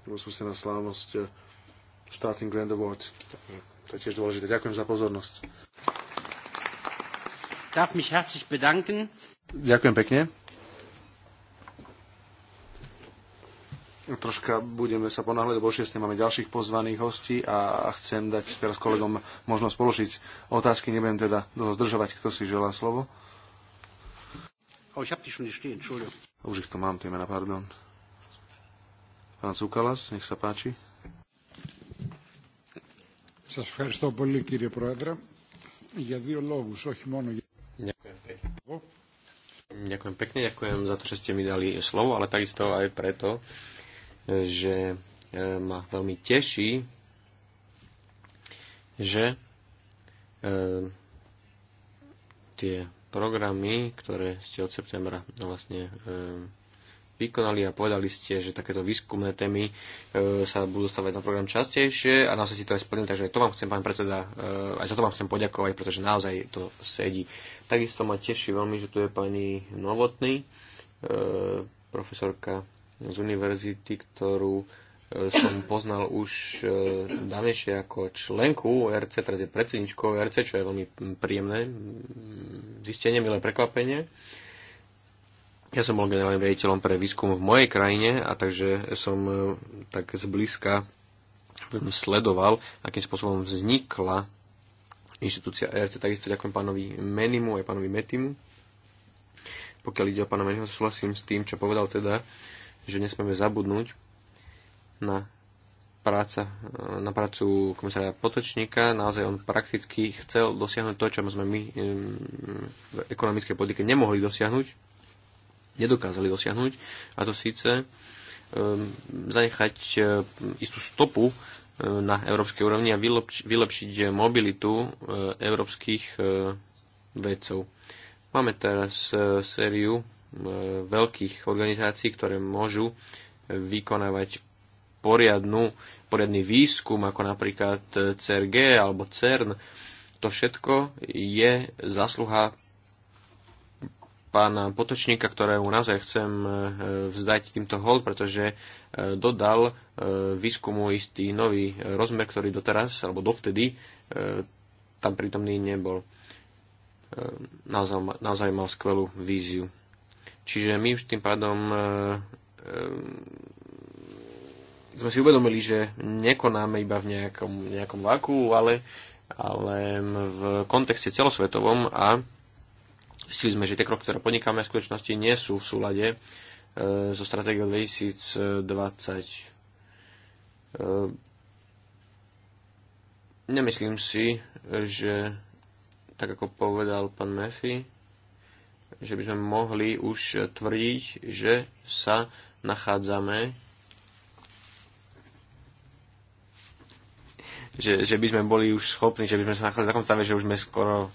bude spustená slávnosť e, Starting Grand Award. Takže to je tiež dôležité. Ďakujem za pozornosť darf mich herzlich bedanken. Ďakujem pekne. Troška budeme sa ponáhľať, lebo 6. máme ďalších pozvaných hostí a chcem dať teraz kolegom možnosť položiť otázky. Nebudem teda dlho zdržovať, kto si želá slovo. Oh, už ich to mám, tie mená, pardon. Pán Cukalas, nech sa páči. Σας ευχαριστώ πολύ κύριε Πρόεδρε για δύο λόγους, όχι μόνο για... Ďakujem pekne, ďakujem za to, že ste mi dali slovo, ale takisto aj preto, že e, ma veľmi teší, že e, tie programy, ktoré ste od septembra vlastne e, vykonali a povedali ste, že takéto výskumné témy e, sa budú stavať na program častejšie a nás ste to aj splnili, takže to vám chcem, pán predseda, e, aj za to vám chcem poďakovať, pretože naozaj to sedí. Takisto ma teší veľmi, že tu je pani Novotný, e, profesorka z univerzity, ktorú e, som poznal už e, dávnejšie ako členku RC, teraz je predsedničkou RC, čo je veľmi príjemné zistenie, milé prekvapenie. Ja som bol generálnym riaditeľom pre výskum v mojej krajine a takže som e, tak zblízka sledoval, akým spôsobom vznikla inštitúcia ERC. Takisto ďakujem pánovi Menimu aj pánovi Metimu. Pokiaľ ide o pána Menimu, súhlasím s tým, čo povedal teda, že nesmieme zabudnúť na, práca, e, na prácu komisára Potočníka. Naozaj on prakticky chcel dosiahnuť to, čo sme my e, v ekonomickej politike nemohli dosiahnuť nedokázali dosiahnuť, a to síce ehm, zanechať ehm, istú stopu ehm, na európskej úrovni a vylepšiť mobilitu európskych vedcov. Máme teraz sériu veľkých organizácií, ktoré môžu vykonávať poriadnu, poriadny výskum, ako napríklad CRG alebo CERN. To všetko je zasluha pána Potočníka, ktorému naozaj chcem e, vzdať týmto hol, pretože e, dodal e, výskumu istý nový rozmer, ktorý doteraz, alebo dovtedy, tam prítomný nebol. Naozaj, naozaj mal skvelú víziu. Čiže my už tým pádom sme si uvedomili, že nekonáme iba v nejakom, nejakom vaku, ale, ale v kontexte celosvetovom a Zistili sme, že tie kroky, ktoré podnikáme, v skutočnosti nie sú v súlade e, so stratégiou 2020. E, nemyslím si, že tak ako povedal pán Mefi, že by sme mohli už tvrdiť, že sa nachádzame že, že by sme boli už schopní, že by sme sa nachádzali v takom stave, že už sme skoro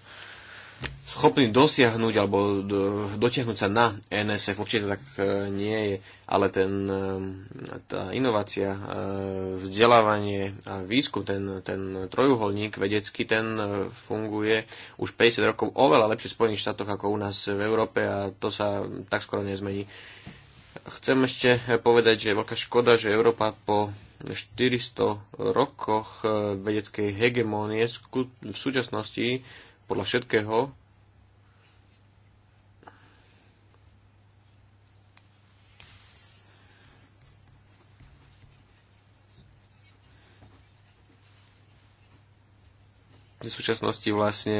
schopný dosiahnuť alebo dotiahnuť sa na NSF. Určite tak e, nie je, ale ten, e, tá inovácia, e, vzdelávanie a výskum, ten, ten trojuholník vedecký, ten funguje už 50 rokov oveľa lepšie v Spojených štátoch ako u nás v Európe a to sa tak skoro nezmení. Chcem ešte povedať, že je veľká škoda, že Európa po 400 rokoch vedeckej hegemónie v súčasnosti podľa všetkého v súčasnosti vlastne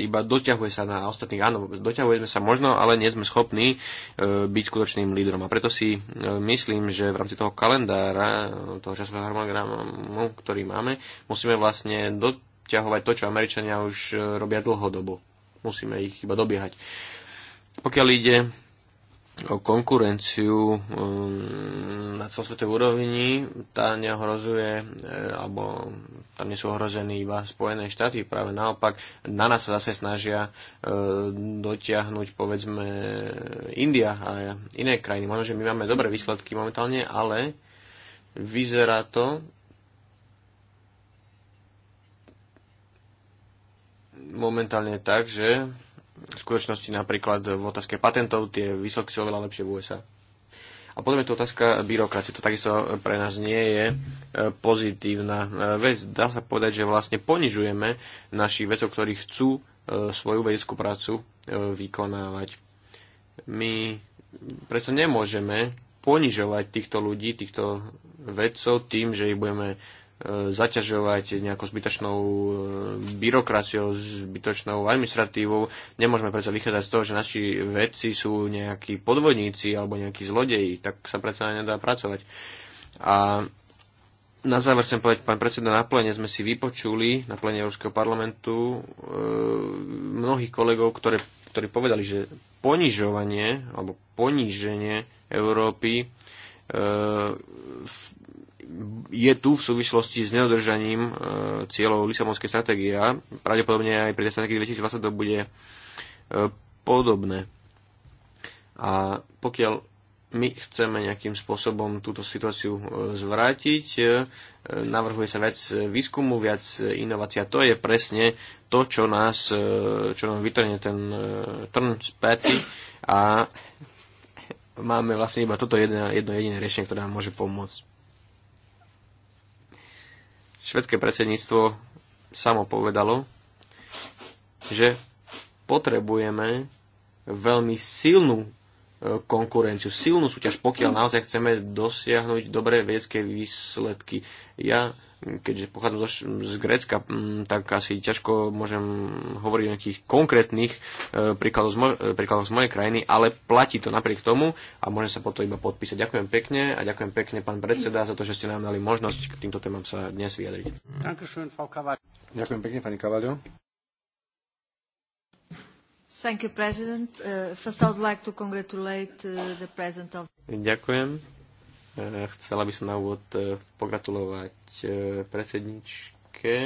iba doťahuje sa na ostatných. Áno, doťahujeme sa možno, ale nie sme schopní e, byť skutočným lídrom. A preto si e, myslím, že v rámci toho kalendára, toho časového harmonogramu, ktorý máme, musíme vlastne do ťahovať to, čo Američania už e, robia dlhodobo. Musíme ich iba dobiehať. Pokiaľ ide o konkurenciu e, na celosvetovej úrovni, tá neohrozuje, e, alebo tam nie sú ohrození iba Spojené štáty, práve naopak, na nás sa zase snažia dotiahnuť, povedzme, India a iné krajiny. Možno, že my máme dobré výsledky momentálne, ale vyzerá to, momentálne tak, že v skutočnosti napríklad v otázke patentov tie vysoké sú oveľa lepšie v USA. A potom je to otázka byrokracie. To takisto pre nás nie je e, pozitívna e, vec. Dá sa povedať, že vlastne ponižujeme našich vecov, ktorí chcú e, svoju vedeckú prácu vykonávať. My predsa nemôžeme ponižovať týchto ľudí, týchto vedcov tým, že ich budeme zaťažovať nejakou zbytočnou e, byrokraciou, zbytočnou administratívou. Nemôžeme predsa vychádzať z toho, že naši vedci sú nejakí podvodníci alebo nejakí zlodeji, tak sa predsa nedá pracovať. A na záver chcem povedať, pán predseda, na plene sme si vypočuli, na plene Európskeho parlamentu, e, mnohých kolegov, ktoré, ktorí povedali, že ponižovanie alebo poníženie Európy e, je tu v súvislosti s nedodržaním e, cieľov Lisabonskej stratégie a pravdepodobne aj pri tej stratégii 2020 to bude e, podobné. A pokiaľ my chceme nejakým spôsobom túto situáciu e, zvrátiť, navrhuje sa viac výskumu, viac inovácia. To je presne to, čo nás, čo nám vytrhne ten trn späty a máme vlastne iba toto jedno, jedno jediné riešenie, ktoré nám môže pomôcť. Švedské predsedníctvo samo povedalo, že potrebujeme veľmi silnú e, konkurenciu, silnú súťaž, pokiaľ naozaj chceme dosiahnuť dobré vedecké výsledky. Ja keďže pochádzam z Grécka, mm, tak asi ťažko môžem hovoriť o nejakých konkrétnych e, príkladoch z, moj- e, príkladoch z mojej krajiny, ale platí to napriek tomu a môžem sa potom iba podpísať. Ďakujem pekne a ďakujem pekne pán predseda za to, že ste nám dali možnosť k týmto témam sa dnes vyjadriť. Ďakujem pekne, pani Kavaľo. Thank you, President. Uh, first, I would like to congratulate uh, the President of... Ďakujem E, chcela by som na úvod e, pogratulovať e, predsedničke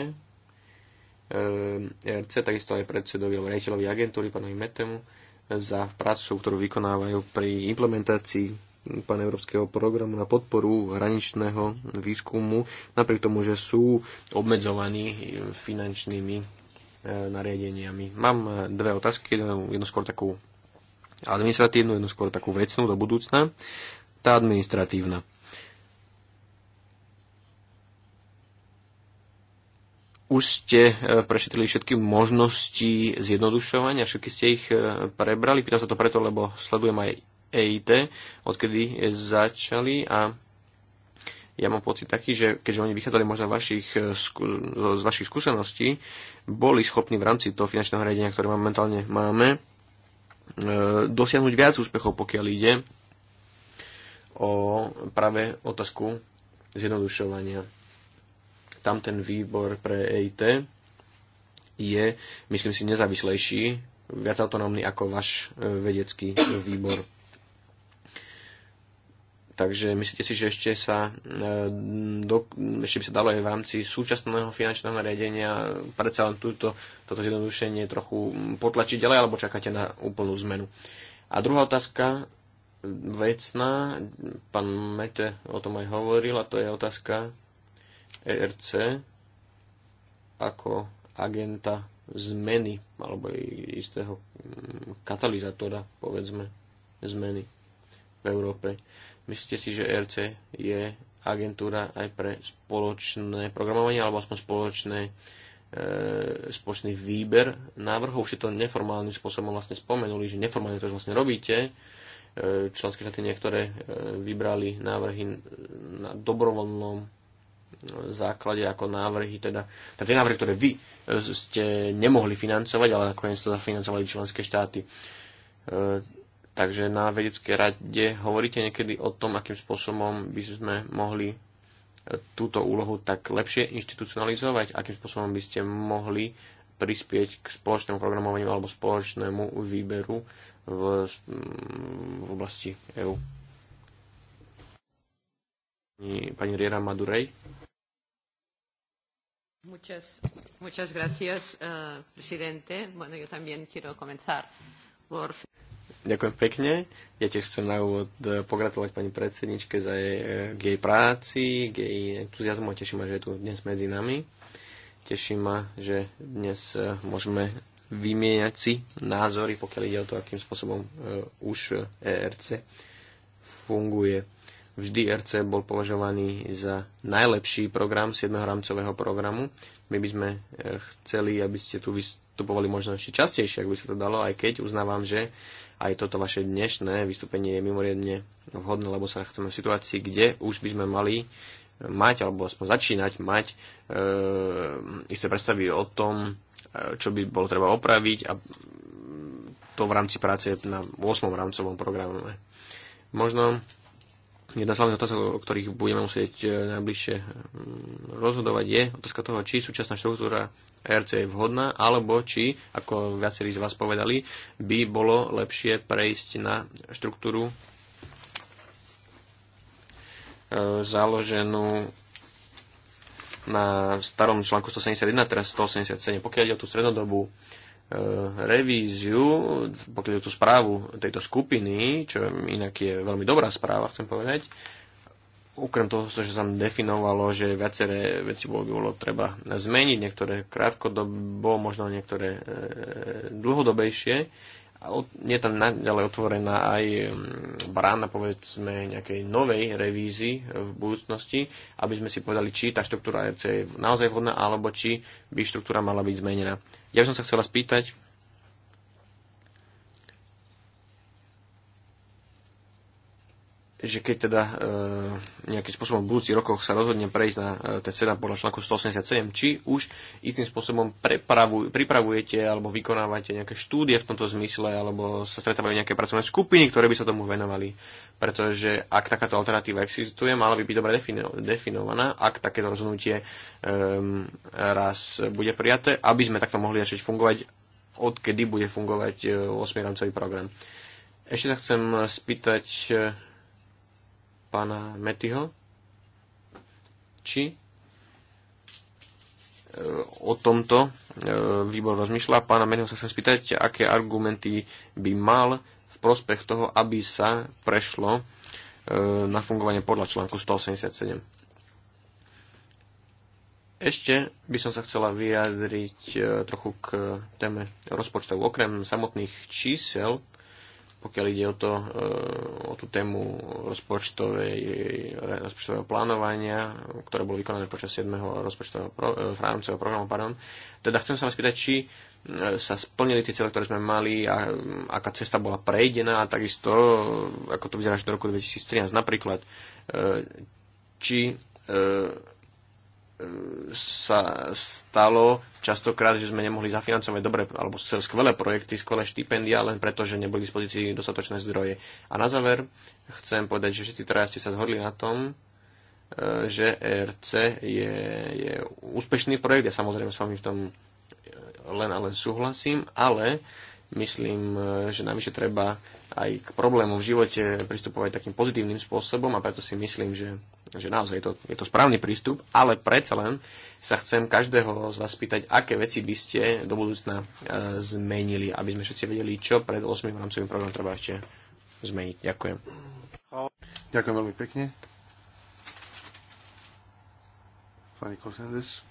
RC, takisto aj predsedovi alebo rejiteľovi agentúry, pánovi Metemu, za prácu, ktorú vykonávajú pri implementácii paneurópskeho programu na podporu hraničného výskumu, napriek tomu, že sú obmedzovaní finančnými nariadeniami. Mám dve otázky, jednu skôr takú administratívnu, jednu skôr takú vecnú do budúcna tá administratívna. Už ste e, prešetrili všetky možnosti zjednodušovania, všetky ste ich e, prebrali. Pýtam sa to preto, lebo sledujem aj EIT, odkedy začali a ja mám pocit taký, že keďže oni vychádzali možno vašich, e, z vašich skúseností, boli schopní v rámci toho finančného riadenia, ktoré momentálne máme, dosiahnuť viac úspechov, pokiaľ ide o práve otázku zjednodušovania. Tam ten výbor pre EIT je, myslím si, nezávislejší, viac autonómny ako váš e, vedecký výbor. Takže myslíte si, že ešte, sa, e, do, ešte by sa dalo aj v rámci súčasného finančného nariadenia predsa len túto, toto zjednodušenie trochu potlačiť ďalej, alebo čakáte na úplnú zmenu? A druhá otázka vecná, pán Mete o tom aj hovoril, a to je otázka ERC ako agenta zmeny, alebo istého mm, katalizátora, povedzme, zmeny v Európe. Myslíte si, že ERC je agentúra aj pre spoločné programovanie, alebo aspoň spoločné e, spoločný výber návrhov. Už ste to neformálnym spôsobom vlastne spomenuli, že neformálne to vlastne robíte, E, členské štáty niektoré e, vybrali návrhy na dobrovoľnom e, základe ako návrhy, teda, teda tie návrhy, ktoré vy ste nemohli financovať, ale nakoniec to zafinancovali členské štáty. takže na vedeckej rade hovoríte niekedy o tom, akým spôsobom by sme mohli túto úlohu tak lepšie inštitucionalizovať, akým spôsobom by ste mohli prispieť k spoločnému programovaniu alebo spoločnému výberu v, mm, v oblasti EÚ. Pani, pani Riera Madurej. Muchas, muchas gracias, uh, presidente. Bueno, yo también quiero comenzar por... Ďakujem pekne. Ja tiež chcem na úvod eh, pogratulovať pani predsedničke za jej, eh, k jej práci, k jej entuziasmu a teším ma, že je tu dnes medzi nami. Teším ma, že dnes môžeme vymieňať si názory, pokiaľ ide o to, akým spôsobom e, už ERC e funguje. Vždy e RC bol považovaný za najlepší program 7. rámcového programu. My by sme chceli, aby ste tu vystupovali možno ešte častejšie, ak by sa to dalo, aj keď uznávam, že aj toto vaše dnešné vystúpenie je mimoriadne vhodné, lebo sa nachádzame v situácii, kde už by sme mali mať, alebo aspoň začínať mať e, isté predstavy o tom, e, čo by bolo treba opraviť a to v rámci práce na 8. rámcovom programe. Možno jedna z hlavných otázok, o ktorých budeme musieť e, najbližšie rozhodovať, je otázka toho, či súčasná štruktúra ERC je vhodná, alebo či, ako viacerí z vás povedali, by bolo lepšie prejsť na štruktúru E, založenú na starom článku 171, teraz 187. Pokiaľ ide o tú strednodobú e, revíziu, pokiaľ ide o tú správu tejto skupiny, čo inak je veľmi dobrá správa, chcem povedať, okrem toho, že sa definovalo, že viaceré veci bolo, bolo treba zmeniť, niektoré krátkodobo, možno niektoré e, dlhodobejšie, je tam naďalej otvorená aj mm, brána, povedzme, nejakej novej revízii v budúcnosti, aby sme si povedali, či tá štruktúra RC je naozaj vhodná, alebo či by štruktúra mala byť zmenená. Ja by som sa chcela spýtať, že keď teda e, nejakým spôsobom v budúcich rokoch sa rozhodne prejsť na e, TCD podľa článku 187, či už istým spôsobom pripravujete alebo vykonávate nejaké štúdie v tomto zmysle, alebo sa stretávajú nejaké pracovné skupiny, ktoré by sa tomu venovali. Pretože ak takáto alternatíva existuje, mala by byť dobre defino, definovaná, ak takéto rozhodnutie e, raz bude prijaté, aby sme takto mohli začať fungovať, odkedy bude fungovať e, 8 program. Ešte sa chcem spýtať, e, pána Metyho, či e, o tomto e, výbor rozmýšľa. Pána Metyho sa chcem spýtať, aké argumenty by mal v prospech toho, aby sa prešlo e, na fungovanie podľa článku 187. Ešte by som sa chcela vyjadriť trochu k téme rozpočtov. Okrem samotných čísel pokiaľ ide o, to, e, o tú tému e, rozpočtového plánovania, ktoré bolo vykonané počas 7. rozpočtového pro, e, programu. Pardon. Teda chcem sa vás pýtať, či sa splnili tie cele, ktoré sme mali a aká cesta bola prejdená a takisto, ako to vyzerá až do roku 2013 napríklad, či sa stalo častokrát, že sme nemohli zafinancovať dobre alebo skvelé projekty, skvelé štipendia, len preto, že neboli k dispozícii dostatočné zdroje. A na záver chcem povedať, že všetci traja ste sa zhodli na tom, e, že ERC je, je úspešný projekt, ja samozrejme s vami v tom e, len a len súhlasím, ale myslím, e, že najvyššie treba aj k problémom v živote pristupovať takým pozitívnym spôsobom a preto si myslím, že, že naozaj je to, je to správny prístup, ale predsa len sa chcem každého z vás spýtať, aké veci by ste do budúcna e, zmenili, aby sme všetci vedeli, čo pred 8. rámcovým programom treba ešte zmeniť. Ďakujem. Ďakujem veľmi pekne. Pani Kosendes.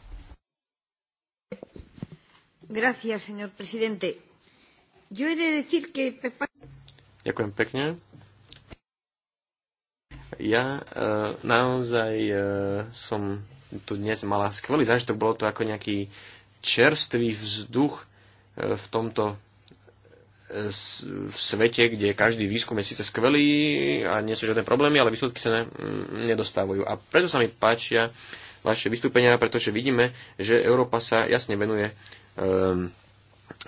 Gracias, señor presidente. Yo he de decir que Ďakujem pekne. Ja e, naozaj e, som tu dnes mala skvelý zážitok, bolo to ako nejaký čerstvý vzduch e, v tomto e, v svete, kde každý výskum je síce skvelý a nie sú žiadne problémy, ale výsledky sa ne, m, nedostávajú. A preto sa mi páčia vaše vystúpenia, pretože vidíme, že Európa sa jasne venuje e,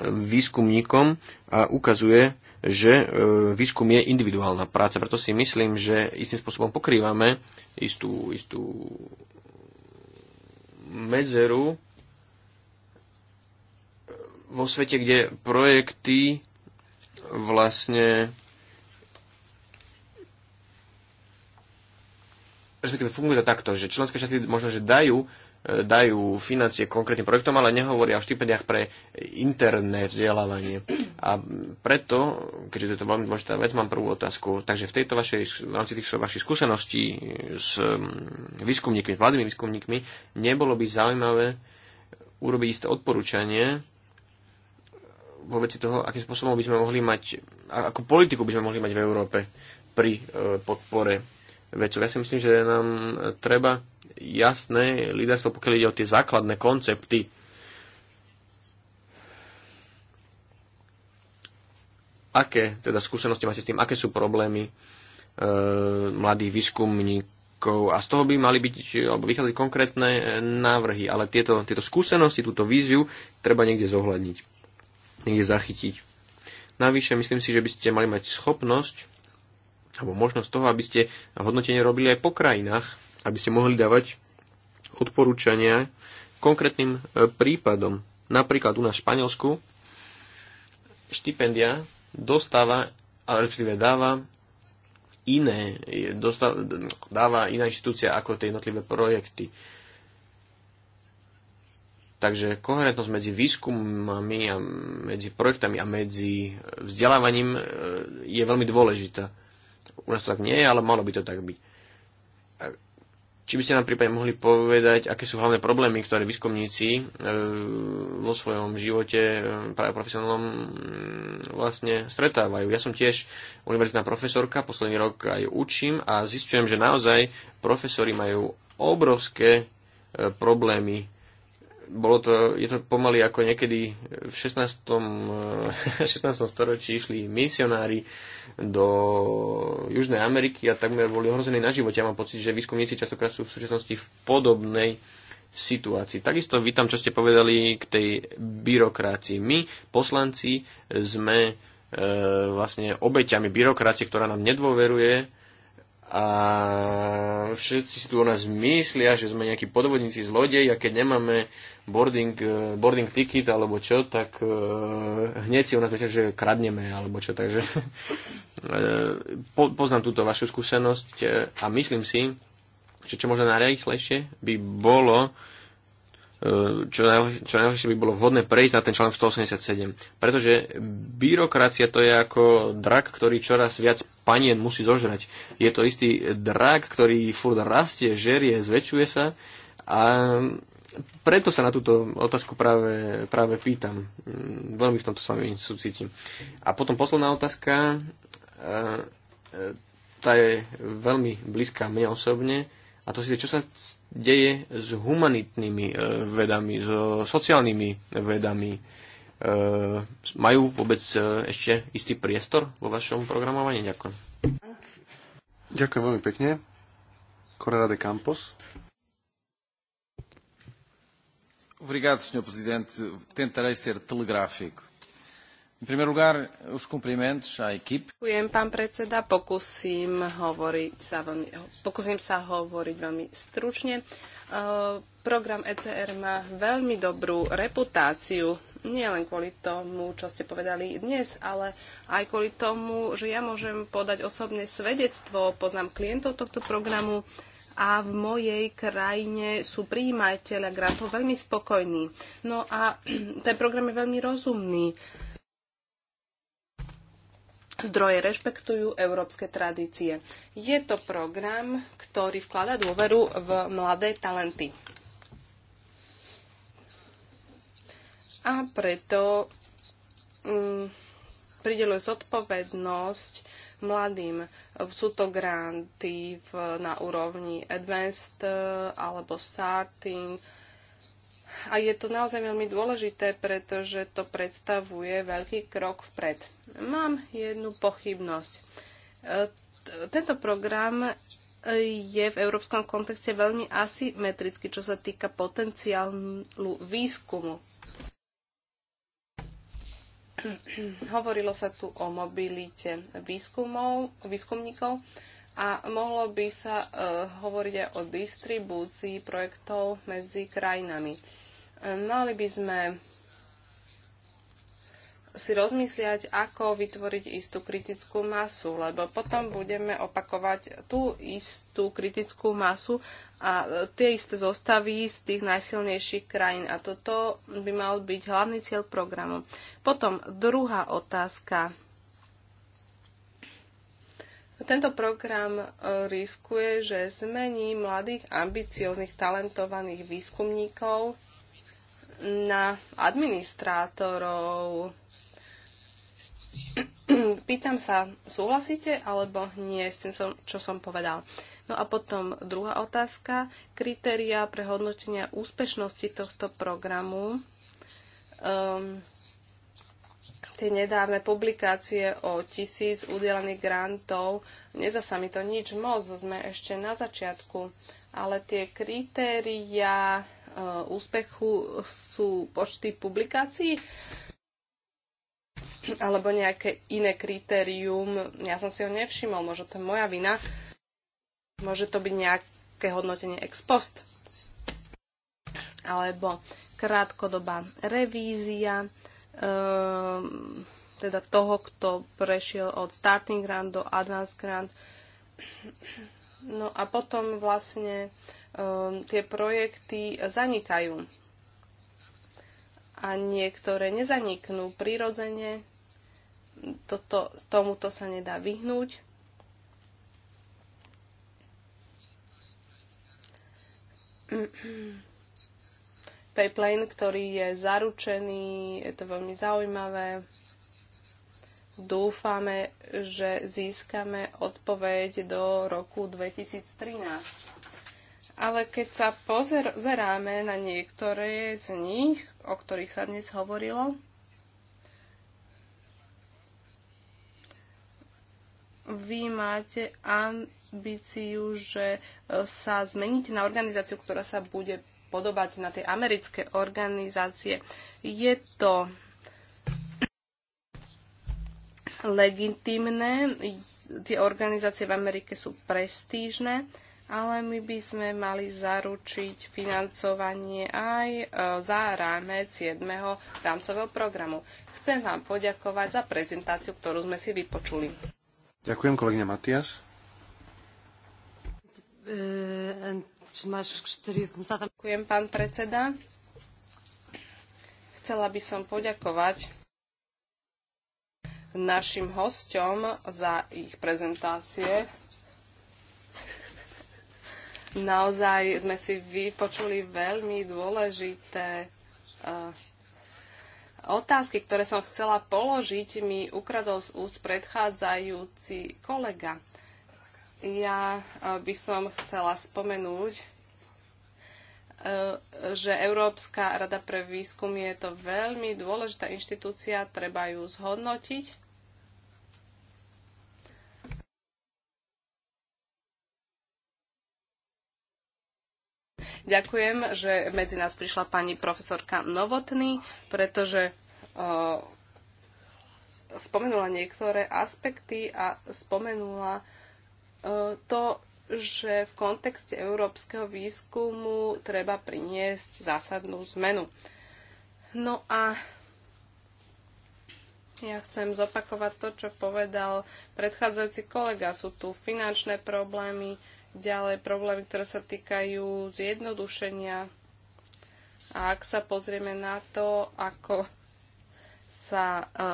výskumníkom a ukazuje, že e, výskum je individuálna práca. Preto si myslím, že istým spôsobom pokrývame istú, istú medzeru vo svete, kde projekty vlastne respektíve funguje to takto, že členské štáty možno, že dajú dajú financie konkrétnym projektom, ale nehovoria o štipendiách pre interné vzdelávanie. A preto, keďže to je to veľmi dôležitá vec, mám prvú otázku. Takže v tejto vašej, v rámci tých vašich skúseností s výskumníkmi, s mladými výskumníkmi, nebolo by zaujímavé urobiť isté odporúčanie vo veci toho, akým spôsobom by sme mohli mať, akú politiku by sme mohli mať v Európe pri e, podpore vedcov. Ja si myslím, že nám treba jasné líderstvo, pokiaľ ide o tie základné koncepty. Aké teda skúsenosti máte s tým, aké sú problémy e, mladých výskumníkov a z toho by mali byť alebo vychádzať konkrétne návrhy, ale tieto, tieto skúsenosti, túto víziu treba niekde zohľadniť, niekde zachytiť. Navyše myslím si, že by ste mali mať schopnosť alebo možnosť toho, aby ste hodnotenie robili aj po krajinách, aby ste mohli dávať odporúčania konkrétnym e, prípadom. Napríklad u nás v Španielsku štipendia dostáva, ale respektíve dáva iné, dostáva, dáva iná inštitúcia ako tie jednotlivé projekty. Takže koherentnosť medzi výskumami a medzi projektami a medzi vzdelávaním e, je veľmi dôležitá. U nás to tak nie je, ale malo by to tak byť. Či by ste nám prípadne mohli povedať, aké sú hlavné problémy, ktoré výskumníci e, vo svojom živote e, práve profesionálnom mm, vlastne stretávajú. Ja som tiež univerzitná profesorka, posledný rok aj učím a zistujem, že naozaj profesori majú obrovské e, problémy. Bolo to, je to pomaly ako niekedy v 16. 16. storočí išli misionári do Južnej Ameriky a takmer boli ohrození na živote. Ja mám pocit, že výskumníci častokrát sú v súčasnosti v podobnej situácii. Takisto vítam, čo ste povedali k tej byrokracii. My, poslanci, sme e, vlastne obeťami byrokracie, ktorá nám nedôveruje a všetci si tu o nás myslia, že sme nejakí podvodníci, zlodej a keď nemáme boarding, e, boarding ticket alebo čo, tak e, hneď si o nás že kradneme alebo čo. Takže e, po, poznám túto vašu skúsenosť a myslím si, že čo možno najrýchlejšie by bolo E, čo, najlepšie, čo najlepšie by bolo vhodné prejsť na ten článok 187. Pretože byrokracia to je ako drak, ktorý čoraz viac panien musí zožrať. Je to istý drak, ktorý furt rastie, žerie, zväčšuje sa a preto sa na túto otázku práve, práve pýtam. Mm, veľmi v tomto s vami súcitím. A potom posledná otázka. E, e, tá je veľmi blízka mne osobne a to si čo sa deje s humanitnými e, vedami, so sociálnymi vedami. E, majú vôbec e, ešte istý priestor vo vašom programovaní? Ďakujem. Ďakujem veľmi pekne. Correra de Campos. Obrigado, senhor Presidente. Tentarei ser telegráfico. Ďakujem, pán predseda. Pokúsim, hovoriť sa veľmi, pokusím sa hovoriť veľmi stručne. program ECR má veľmi dobrú reputáciu, nie len kvôli tomu, čo ste povedali dnes, ale aj kvôli tomu, že ja môžem podať osobné svedectvo, poznám klientov tohto programu a v mojej krajine sú príjimateľa grantov veľmi spokojní. No a ten program je veľmi rozumný zdroje rešpektujú európske tradície. Je to program, ktorý vklada dôveru v mladé talenty. A preto um, prideluje zodpovednosť mladým. Sú to granty v, na úrovni Advanced eh, alebo Starting, a je to naozaj veľmi dôležité, pretože to predstavuje veľký krok vpred. Mám jednu pochybnosť. E, tento program je v európskom kontexte veľmi asymetrický, čo sa týka potenciálu výskumu. Hovorilo sa tu o mobilite výskumov, výskumníkov a mohlo by sa uh, hovoriť aj o distribúcii projektov medzi krajinami. Mali by sme si rozmysliať, ako vytvoriť istú kritickú masu, lebo potom budeme opakovať tú istú kritickú masu a tie isté zostavy z tých najsilnejších krajín. A toto by mal byť hlavný cieľ programu. Potom druhá otázka. Tento program e, riskuje, že zmení mladých, ambicióznych, talentovaných výskumníkov na administrátorov. Pýtam sa, súhlasíte alebo nie s tým, čo som povedal? No a potom druhá otázka. Kritéria pre hodnotenia úspešnosti tohto programu. Um, tie nedávne publikácie o tisíc udelených grantov, Nezasa mi to nič moc, sme ešte na začiatku, ale tie kritéria Eh, úspechu sú počty publikácií alebo nejaké iné kritérium. Ja som si ho nevšimol, možno to je moja vina. Môže to byť nejaké hodnotenie ex post alebo krátkodobá revízia ehm, teda toho, kto prešiel od starting grant do advanced grant. No a potom vlastne Ehm, tie projekty zanikajú. A niektoré nezaniknú prirodzene, toto, tomuto sa nedá vyhnúť. Payplane, ktorý je zaručený, je to veľmi zaujímavé. Dúfame, že získame odpoveď do roku 2013. Ale keď sa pozeráme na niektoré z nich, o ktorých sa dnes hovorilo, vy máte ambíciu, že e, sa zmeníte na organizáciu, ktorá sa bude podobať na tie americké organizácie. Je to legitimné, tie organizácie v Amerike sú prestížne ale my by sme mali zaručiť financovanie aj e, za rámec 7. rámcového programu. Chcem vám poďakovať za prezentáciu, ktorú sme si vypočuli. Ďakujem, kolegyňa Matias. Ďakujem, pán predseda. Chcela by som poďakovať našim hosťom za ich prezentácie Naozaj sme si vypočuli veľmi dôležité eh, otázky, ktoré som chcela položiť, mi ukradol z úst predchádzajúci kolega. Ja eh, by som chcela spomenúť, eh, že Európska rada pre výskum je to veľmi dôležitá inštitúcia, treba ju zhodnotiť Ďakujem, že medzi nás prišla pani profesorka Novotný, pretože uh, spomenula niektoré aspekty a spomenula uh, to, že v kontexte európskeho výskumu treba priniesť zásadnú zmenu. No a ja chcem zopakovať to, čo povedal predchádzajúci kolega. Sú tu finančné problémy, Ďalej problémy, ktoré sa týkajú zjednodušenia. A ak sa pozrieme na to, ako sa e,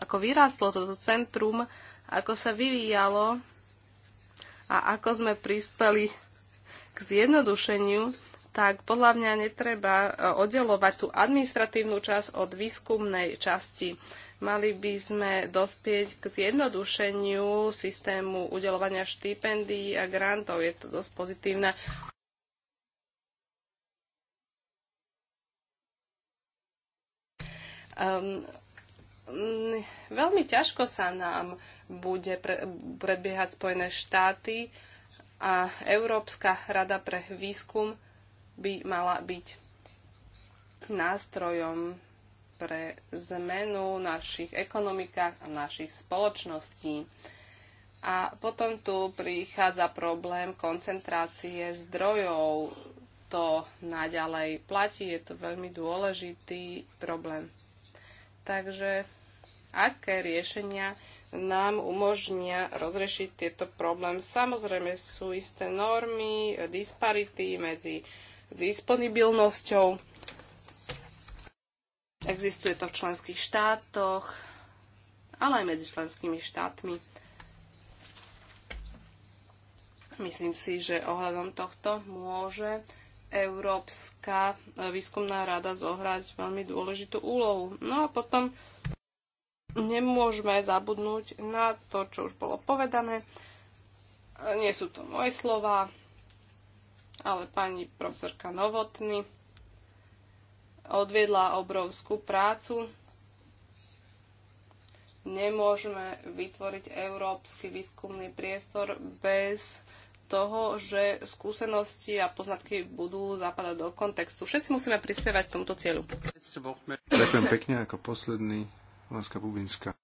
ako vyrástlo toto centrum, ako sa vyvíjalo a ako sme prispeli k zjednodušeniu, tak podľa mňa netreba e, oddelovať tú administratívnu časť od výskumnej časti. Mali by sme dospieť k zjednodušeniu systému udelovania štipendií a grantov. Je to dosť pozitívne. um, veľmi ťažko sa nám bude pre, predbiehať Spojené štáty a Európska rada pre výskum by mala byť nástrojom pre zmenu v našich ekonomikách a našich spoločností. A potom tu prichádza problém koncentrácie zdrojov. To naďalej platí, je to veľmi dôležitý problém. Takže aké riešenia nám umožnia rozrešiť tieto problémy. Samozrejme sú isté normy, disparity medzi disponibilnosťou Existuje to v členských štátoch, ale aj medzi členskými štátmi. Myslím si, že ohľadom tohto môže Európska výskumná rada zohrať veľmi dôležitú úlohu. No a potom nemôžeme zabudnúť na to, čo už bolo povedané. Nie sú to moje slova, ale pani profesorka novotny odviedla obrovskú prácu. Nemôžeme vytvoriť európsky výskumný priestor bez toho, že skúsenosti a poznatky budú zapadať do kontextu. Všetci musíme prispievať k tomuto cieľu. Ďakujem pekne ako posledný Láska Bubinská.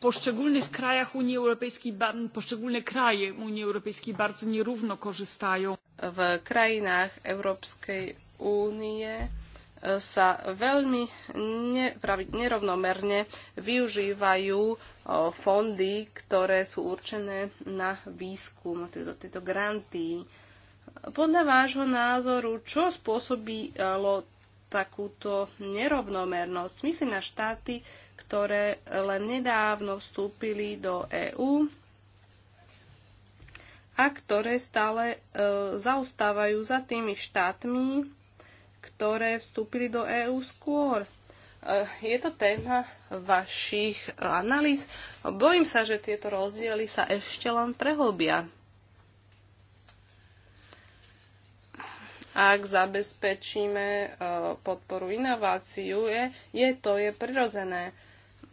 poszczególnych krajach Unii Europejskiej, poszczególne kraje Unii Europejskiej bardzo nierówno korzystają. W krajach Europejskiej Unii e, sa veľmi nerovnomerne využívajú fondy, ktoré sú určené na výskum, tieto, tieto granty. Podľa vášho názoru, čo spôsobilo takúto nerovnomernosť? Myslím na štáty, ktoré len nedávno vstúpili do EÚ a ktoré stále e, zaostávajú za tými štátmi, ktoré vstúpili do EÚ skôr. E, je to téma vašich analýz. Bojím sa, že tieto rozdiely sa ešte len prehlbia. ak zabezpečíme e, podporu inováciu, je, je to je prirodzené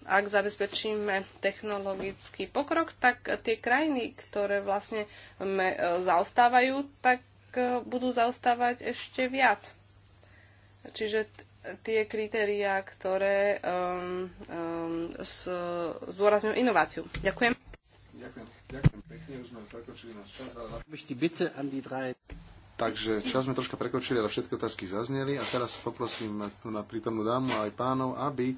ak zabezpečíme technologický pokrok, tak tie krajiny, ktoré vlastne e, zaostávajú, tak e, budú zaostávať ešte viac. Čiže tie kritériá, ktoré um, um, s, zdôrazňujú inováciu. Ďakujem. Ďakujem. Ďakujem pekne, už sme prekočili náš čas. Ale... Takže čas sme troška prekočili, ale všetky otázky zazneli a teraz poprosím tu na prítomnú dámu a aj pánov, aby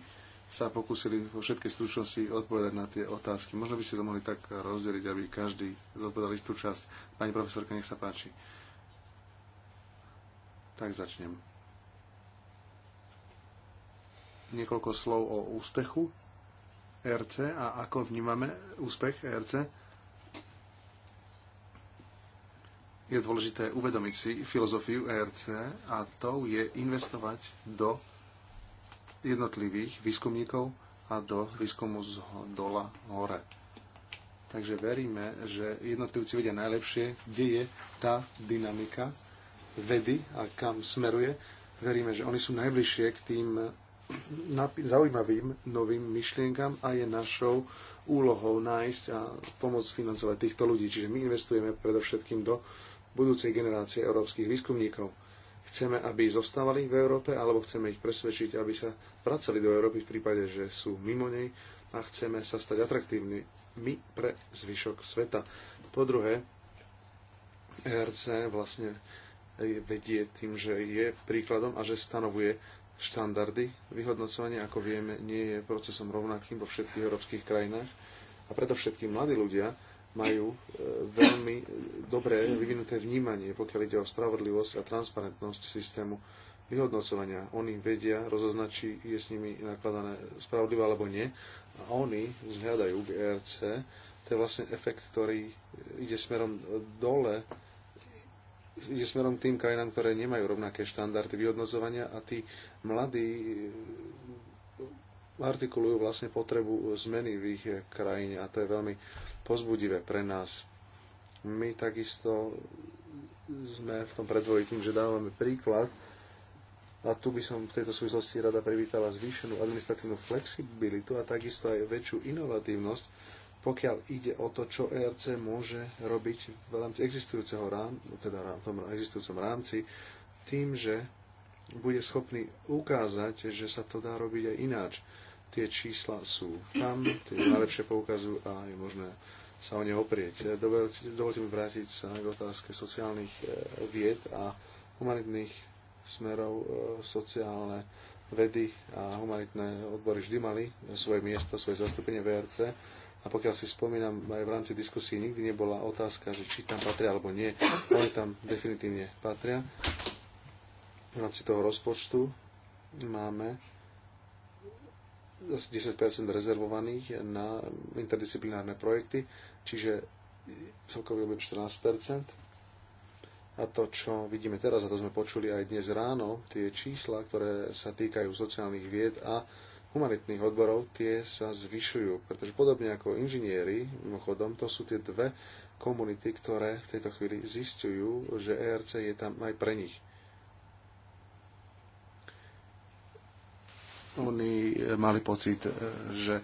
sa pokúsili vo všetkej stručnosti odpovedať na tie otázky. Možno by ste to mohli tak rozdeliť, aby každý zodpovedal istú časť. Pani profesorka, nech sa páči. Tak začnem. Niekoľko slov o úspechu RC a ako vnímame úspech RC. Je dôležité uvedomiť si filozofiu ERC a to je investovať do jednotlivých výskumníkov a do výskumu z dola hore. Takže veríme, že jednotlivci vedia najlepšie, kde je tá dynamika vedy a kam smeruje. Veríme, že oni sú najbližšie k tým eh, zaujímavým novým myšlienkam a je našou úlohou nájsť a pomôcť financovať týchto ľudí. Čiže my investujeme predovšetkým do budúcej generácie európskych výskumníkov Chceme, aby zostávali v Európe, alebo chceme ich presvedčiť, aby sa vracali do Európy v prípade, že sú mimo nej a chceme sa stať atraktívni my pre zvyšok sveta. Po druhé, ERC vlastne vedie tým, že je príkladom a že stanovuje štandardy vyhodnocovania, ako vieme, nie je procesom rovnakým vo všetkých európskych krajinách. A preto všetky mladí ľudia, majú e, veľmi e, dobre vyvinuté vnímanie, pokiaľ ide o spravodlivosť a transparentnosť systému vyhodnocovania. Oni vedia rozoznať, či je s nimi nakladané spravodlivo alebo nie. A oni vzhľadajú k ERC. To je vlastne efekt, ktorý e, ide smerom dole, ide smerom tým krajinám, ktoré nemajú rovnaké štandardy vyhodnocovania a tí mladí artikulujú vlastne potrebu zmeny v ich krajine a to je veľmi pozbudivé pre nás. My takisto sme v tom predvoji tým, že dávame príklad a tu by som v tejto súvislosti rada privítala zvýšenú administratívnu flexibilitu a takisto aj väčšiu inovatívnosť, pokiaľ ide o to, čo ERC môže robiť v rámci existujúceho rám, teda v tom existujúcom rámci, tým, že bude schopný ukázať, že sa to dá robiť aj ináč Tie čísla sú tam, tie najlepšie poukazujú a je možné sa o ne oprieť. Dovolte, dovolte mi vrátiť sa k otázke sociálnych e, vied a humanitných smerov e, sociálne vedy a humanitné odbory vždy mali svoje miesto, svoje zastúpenie VRC. E a pokiaľ si spomínam, aj v rámci diskusí nikdy nebola otázka, že či tam patria alebo nie. Oni tam definitívne patria. V rámci toho rozpočtu máme 10 rezervovaných na interdisciplinárne projekty, čiže celkový objem 14 A to, čo vidíme teraz, a to sme počuli aj dnes ráno, tie čísla, ktoré sa týkajú sociálnych vied a humanitných odborov, tie sa zvyšujú, pretože podobne ako inžinieri, mimochodom, to sú tie dve komunity, ktoré v tejto chvíli zistujú, že ERC je tam aj pre nich oni eh, mali pocit, eh, že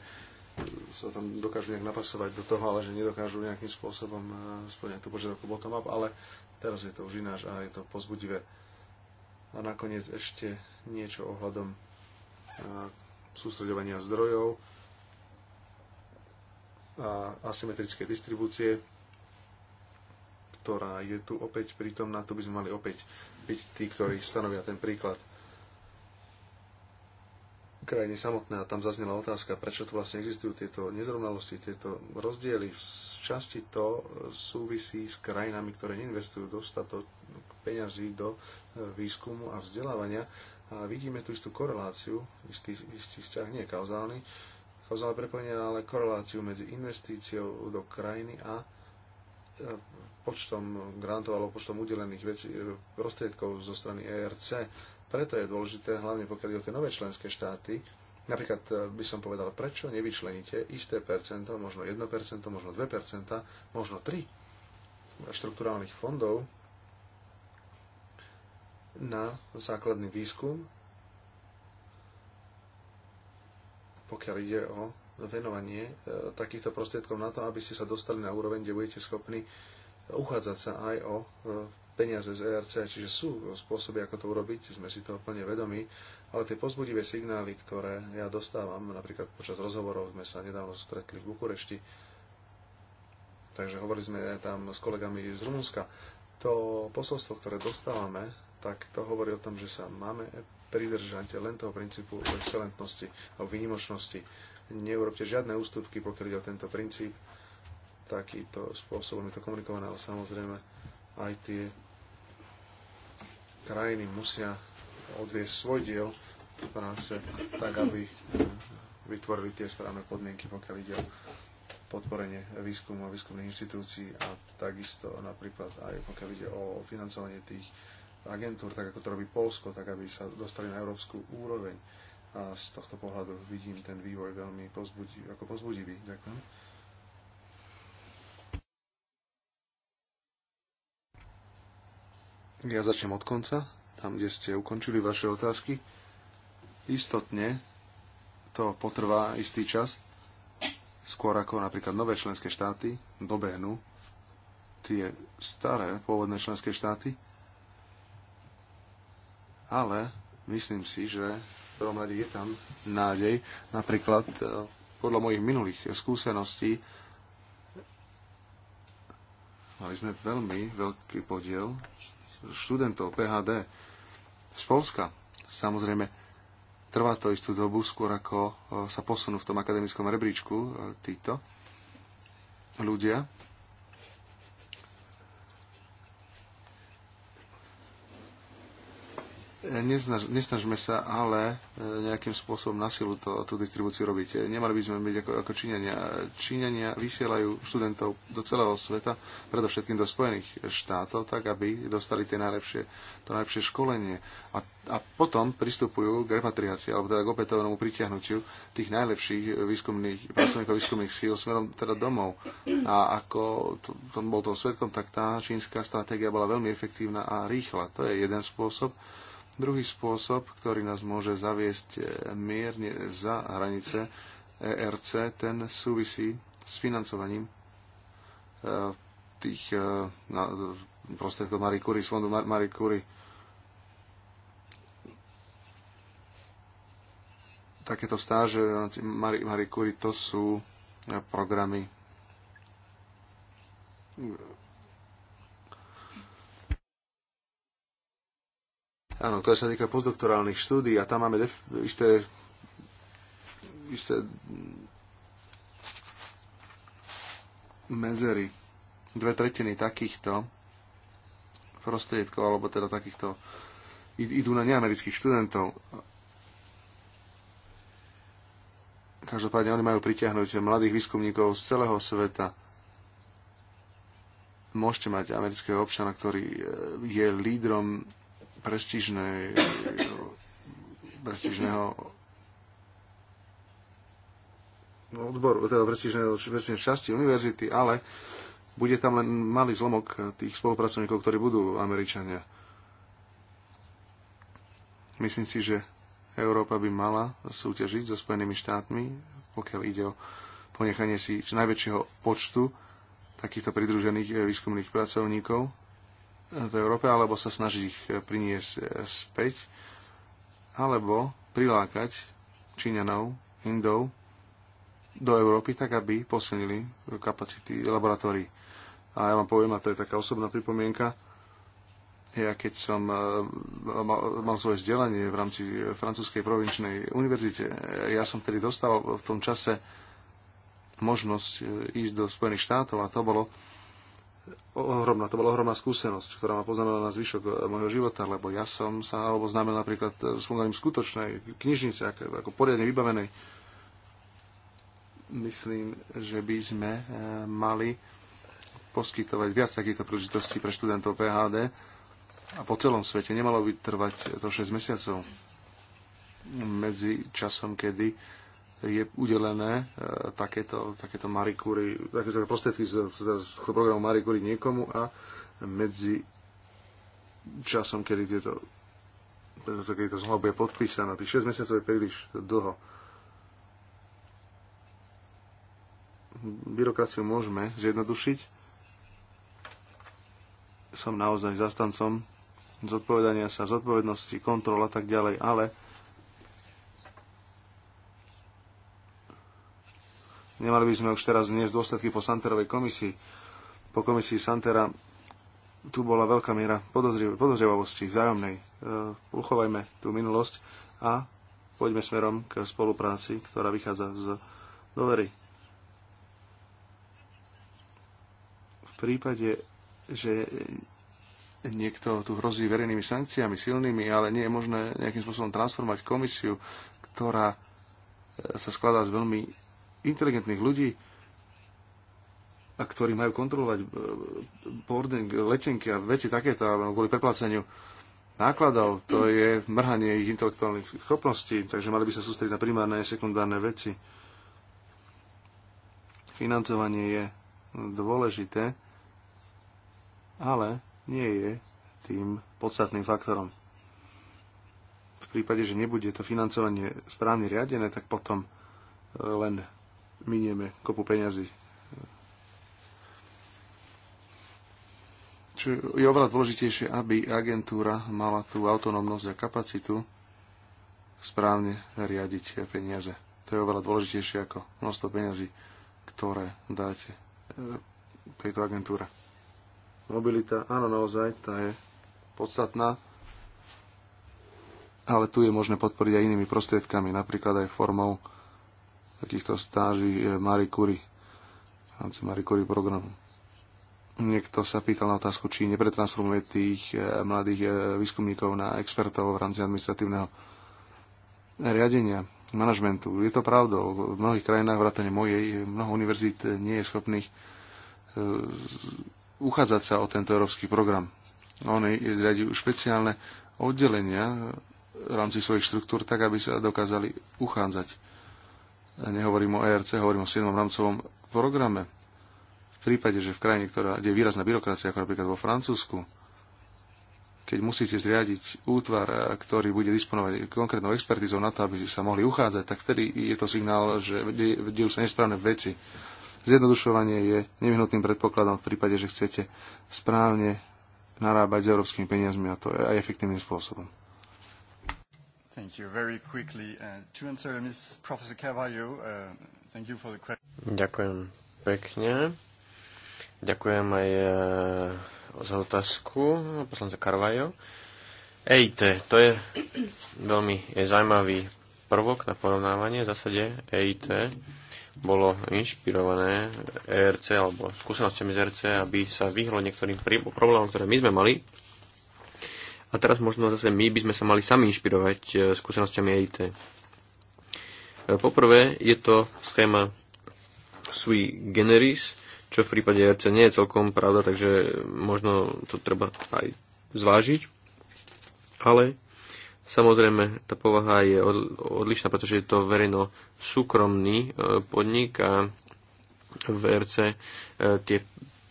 sa tam dokážu nejak napasovať do toho, ale že nedokážu nejakým spôsobom eh, splňať tú požiadavku bottom-up, ale teraz je to už ináč a je to pozbudivé. A nakoniec ešte niečo ohľadom sústredovania zdrojov a asymetrické distribúcie, ktorá je tu opäť prítomná. Tu by sme mali opäť byť tí, ktorí stanovia ten príklad krajiny samotné a tam zaznela otázka, prečo tu vlastne existujú tieto nezrovnalosti, tieto rozdiely. V časti to súvisí s krajinami, ktoré neinvestujú dostatok peňazí do e, výskumu a vzdelávania. A vidíme tu istú koreláciu, istý, istý vzťah, nie kauzálny, kauzálne prepojenie, ale koreláciu medzi investíciou do krajiny a e, počtom grantov alebo počtom udelených vecí, e, prostriedkov zo strany ERC preto je dôležité, hlavne pokiaľ je o tie nové členské štáty, napríklad e, by som povedal, prečo nevyčleníte isté percento, možno 1%, možno 2%, možno 3 štrukturálnych fondov na základný výskum, pokiaľ ide o venovanie e, takýchto prostriedkov na to, aby ste sa dostali na úroveň, kde budete schopní uchádzať sa aj o e, peniaze z ERC, čiže sú spôsoby, ako to urobiť, sme si to plne vedomi, ale tie pozbudivé signály, ktoré ja dostávam, napríklad počas rozhovorov sme sa nedávno stretli v Bukurešti, takže hovorili sme tam s kolegami z Rumunska, to posolstvo, ktoré dostávame, tak to hovorí o tom, že sa máme pridržať len toho princípu excelentnosti a výnimočnosti. Neurobte žiadne ústupky, pokiaľ ide o tento princíp. Takýto spôsobom je to komunikované, ale samozrejme aj tie krajiny musia odviesť svoj diel práce, tak aby vytvorili tie správne podmienky, pokiaľ ide o podporenie výskumu a výskumných inštitúcií a takisto napríklad aj pokiaľ ide o financovanie tých agentúr, tak ako to robí Polsko, tak aby sa dostali na európsku úroveň. A z tohto pohľadu vidím ten vývoj veľmi pozbudivý, ako pozbudivý. Ďakujem. Ja začnem od konca, tam, kde ste ukončili vaše otázky. Istotne to potrvá istý čas, skôr ako napríklad nové členské štáty dobehnú tie staré pôvodné členské štáty. Ale myslím si, že v prvom rade je tam nádej. Napríklad e, podľa mojich minulých skúseností mali sme veľmi veľký podiel študentov PHD z Polska. Samozrejme, trvá to istú dobu, skôr ako e, sa posunú v tom akademickom rebríčku e, títo ľudia. Nesnaž, nesnažme sa ale e, nejakým spôsobom na silu to, tú distribúciu robiť. E, nemali by sme byť ako, ako Číňania. Číňania vysielajú študentov do celého sveta, predovšetkým do Spojených štátov, tak aby dostali tie najlepšie, to najlepšie školenie. A, a potom pristupujú k repatriácii, alebo teda k opätovnému pritiahnutiu tých najlepších výskumných, pracovníkov výskumných síl smerom teda domov. A ako to, to bol toho svetkom, tak tá čínska stratégia bola veľmi efektívna a rýchla. To je jeden spôsob. Druhý spôsob, ktorý nás môže zaviesť e, mierne za hranice ERC, ten súvisí s financovaním e, tých e, prostriedkov Marie Curie, z fondu Marie Curie. Takéto stáže Marie Curie to sú programy Áno, ktoré sa týka postdoktorálnych štúdí a tam máme def- isté, isté medzery. Dve tretiny takýchto prostriedkov, alebo teda takýchto idú na neamerických študentov. Každopádne oni majú pritiahnuť mladých výskumníkov z celého sveta môžete mať amerického občana, ktorý eh, je lídrom prestížnej, prestížneho odboru, teda prestížnej, časti univerzity, ale bude tam len malý zlomok tých spolupracovníkov, ktorí budú Američania. Myslím si, že Európa by mala súťažiť so Spojenými štátmi, pokiaľ ide o ponechanie si najväčšieho počtu takýchto pridružených eh, výskumných pracovníkov v Európe, alebo sa snaží ich eh, priniesť eh, späť, alebo prilákať Číňanov, Indov do Európy, tak aby posilnili eh, kapacity laboratórií. A ja vám poviem, a to je taká osobná pripomienka, ja keď som mal, mal svoje vzdelanie v rámci francúzskej provinčnej univerzite, ja som tedy dostal v tom čase možnosť ísť do Spojených štátov a to bolo ohromná, to bola ohromná skúsenosť, ktorá ma poznamenala na zvyšok eh, môjho života, lebo ja som sa oboznámil napríklad eh, s fungovaním skutočnej knižnice, ako, ako poriadne vybavenej. Myslím, že by sme eh, mali poskytovať viac takýchto príležitostí pre študentov PHD a po celom svete. Nemalo by trvať to 6 mesiacov medzi časom, kedy je udelené e, takéto, takéto Marie Curie, takéto prostriedky z, z programu Marie Curie niekomu a medzi časom, kedy tieto keď to zmluva bude podpísaná. Tých 6 mesiacov je príliš dlho. Byrokraciu môžeme zjednodušiť. Som naozaj zastancom zodpovedania sa, zodpovednosti, kontrol a tak ďalej, ale Nemali by sme už teraz niesť dôsledky po Santerovej komisii. Po komisii Santera tu bola veľká miera podozrievavosti vzájomnej. E, uchovajme tú minulosť a poďme smerom k spolupráci, ktorá vychádza z dovery. V prípade, že niekto tu hrozí verejnými sankciami, silnými, ale nie je možné nejakým spôsobom transformovať komisiu, ktorá e, sa skladá z veľmi inteligentných ľudí, a ktorí majú kontrolovať boarding, e, letenky a veci takéto, kvôli preplaceniu nákladov, to je mrhanie ich intelektuálnych schopností, takže mali by sa sústrediť na primárne a sekundárne veci. Financovanie je dôležité, ale nie je tým podstatným faktorom. V prípade, že nebude to financovanie správne riadené, tak potom e, len minieme kopu peňazí. Čo je oveľa dôležitejšie, aby agentúra mala tú autonómnosť a kapacitu správne riadiť peniaze. To je oveľa dôležitejšie ako množstvo peňazí, ktoré dáte e, tejto agentúre. Mobilita, áno, naozaj, tá je podstatná, ale tu je možné podporiť aj inými prostriedkami, napríklad aj formou takýchto stáží e, Marie Curie v rámci Marie Curie programu. Niekto sa pýtal na otázku, či nepretransformuje tých e, mladých e, výskumníkov na expertov v rámci administratívneho riadenia, manažmentu. Je to pravdou. V mnohých krajinách, vrátane mojej, mnoho univerzít nie je schopných uchádzať sa o tento európsky program. Oni zriadujú špeciálne oddelenia v rámci svojich štruktúr, tak aby sa dokázali uchádzať nehovorím o ERC, hovorím o 7. rámcovom programe. V prípade, že v krajine, ktorá, kde je výrazná byrokracia, ako napríklad vo Francúzsku, keď musíte zriadiť útvar, ktorý bude disponovať konkrétnou expertizou na to, aby sa mohli uchádzať, tak vtedy je to signál, že dejú sa nesprávne veci. Zjednodušovanie je nevyhnutným predpokladom v prípade, že chcete správne narábať s európskymi peniazmi a to aj efektívnym spôsobom. Thank you. Very quickly, uh, to answer Ms. Professor Carvalho, uh, thank you for the question. Ďakujem pekne. Ďakujem aj uh, za otázku poslanca Carvalho. EIT, to je veľmi je zaujímavý prvok na porovnávanie. V zásade EIT bolo inšpirované ERC alebo skúsenosťami z ERC, aby sa vyhlo niektorým problémom, ktoré my sme mali a teraz možno zase my by sme sa mali sami inšpirovať e, skúsenostiami EIT. E, poprvé je to schéma sui generis, čo v prípade RC nie je celkom pravda, takže možno to treba aj zvážiť. Ale samozrejme tá povaha je odlišná, pretože je to verejno-súkromný e, podnik a v RC tie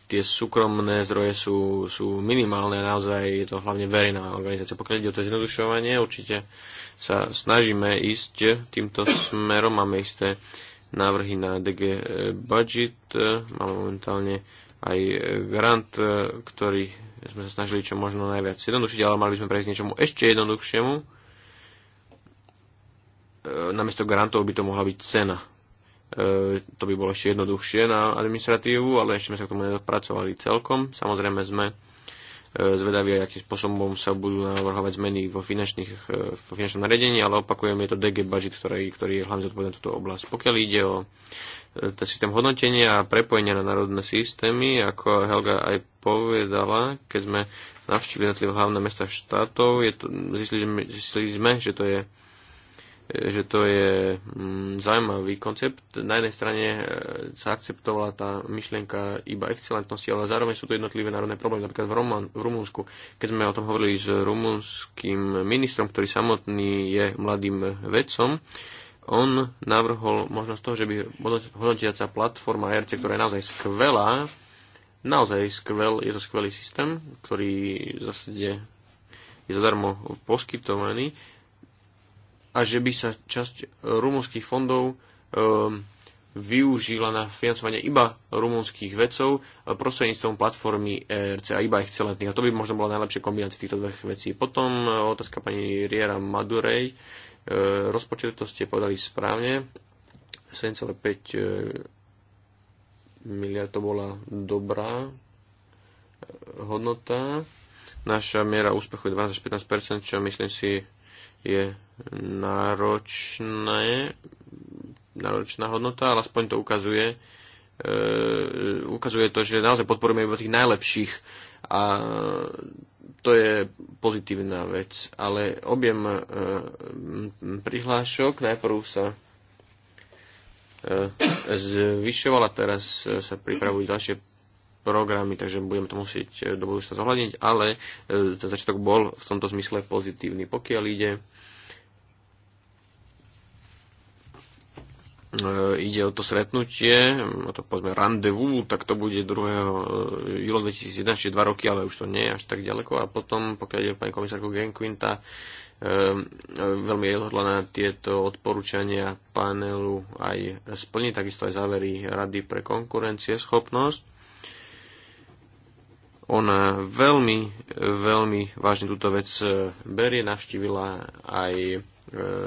tie súkromné zdroje sú, sú minimálne, naozaj je to hlavne verejná organizácia. Pokiaľ ide o to zjednodušovanie, určite sa snažíme ísť týmto smerom, máme isté návrhy na DG budget, máme momentálne aj grant, ktorý sme sa snažili čo možno najviac jednodušiť, ale mali by sme prejsť niečomu ešte jednoduchšiemu. E, namiesto grantov by to mohla byť cena E, to by bolo ešte jednoduchšie na administratívu, ale ešte sme sa k tomu nedopracovali celkom. Samozrejme sme e, zvedaví, akým spôsobom sa budú navrhovať zmeny vo, finančných, e, vo finančnom nariadení, ale opakujem, je to DG budget, ktorý, ktorý je hlavne zodpovedný túto oblasť. Pokiaľ ide o ten systém hodnotenia a prepojenia na národné systémy, ako Helga aj povedala, keď sme navštívili hlavné mesta štátov, je to, zistili, zistili sme, že to je že to je mm, zaujímavý koncept. Na jednej strane e, sa akceptovala tá myšlienka iba excelentnosti, ale zároveň sú tu jednotlivé národné problémy. Napríklad v, Roman, v Rumunsku, keď sme o tom hovorili s rumunským ministrom, ktorý samotný je mladým vedcom, on navrhol možnosť toho, že by hodnotiaca platforma ERC, ktorá je naozaj skvelá, naozaj skvel, je to skvelý systém, ktorý zase je zadarmo poskytovaný, a že by sa časť e, rumunských fondov um, využila na financovanie iba rumunských vedcov e, prostredníctvom platformy ERC a iba excelentných. A to by možno bola najlepšia kombinácia týchto dvoch vecí. Potom otázka pani Riera Madurej. rozpočet to ste podali správne. 7,5 miliard to bola dobrá hodnota. Naša miera úspechu je 12-15%, čo myslím si je náročné, náročná hodnota, ale aspoň to ukazuje, e, ukazuje to, že naozaj podporujeme iba tých najlepších a to je pozitívna vec. Ale objem e, prihlášok najprv sa e, zvyšoval a teraz sa pripravujú ďalšie programy, takže budeme to musieť e, do budúcna zohľadniť, ale e, ten začiatok bol v tomto zmysle pozitívny. Pokiaľ ide e, ide o to stretnutie, o to povedzme randevu, tak to bude 2. júla 2011, čiže 2 roky, ale už to nie je až tak ďaleko. A potom, pokiaľ ide pani komisárku Genquinta, veľmi je na tieto odporúčania panelu aj splniť, takisto aj závery Rady pre konkurencie schopnosť. Ona veľmi, veľmi vážne túto vec e, berie, navštívila aj e,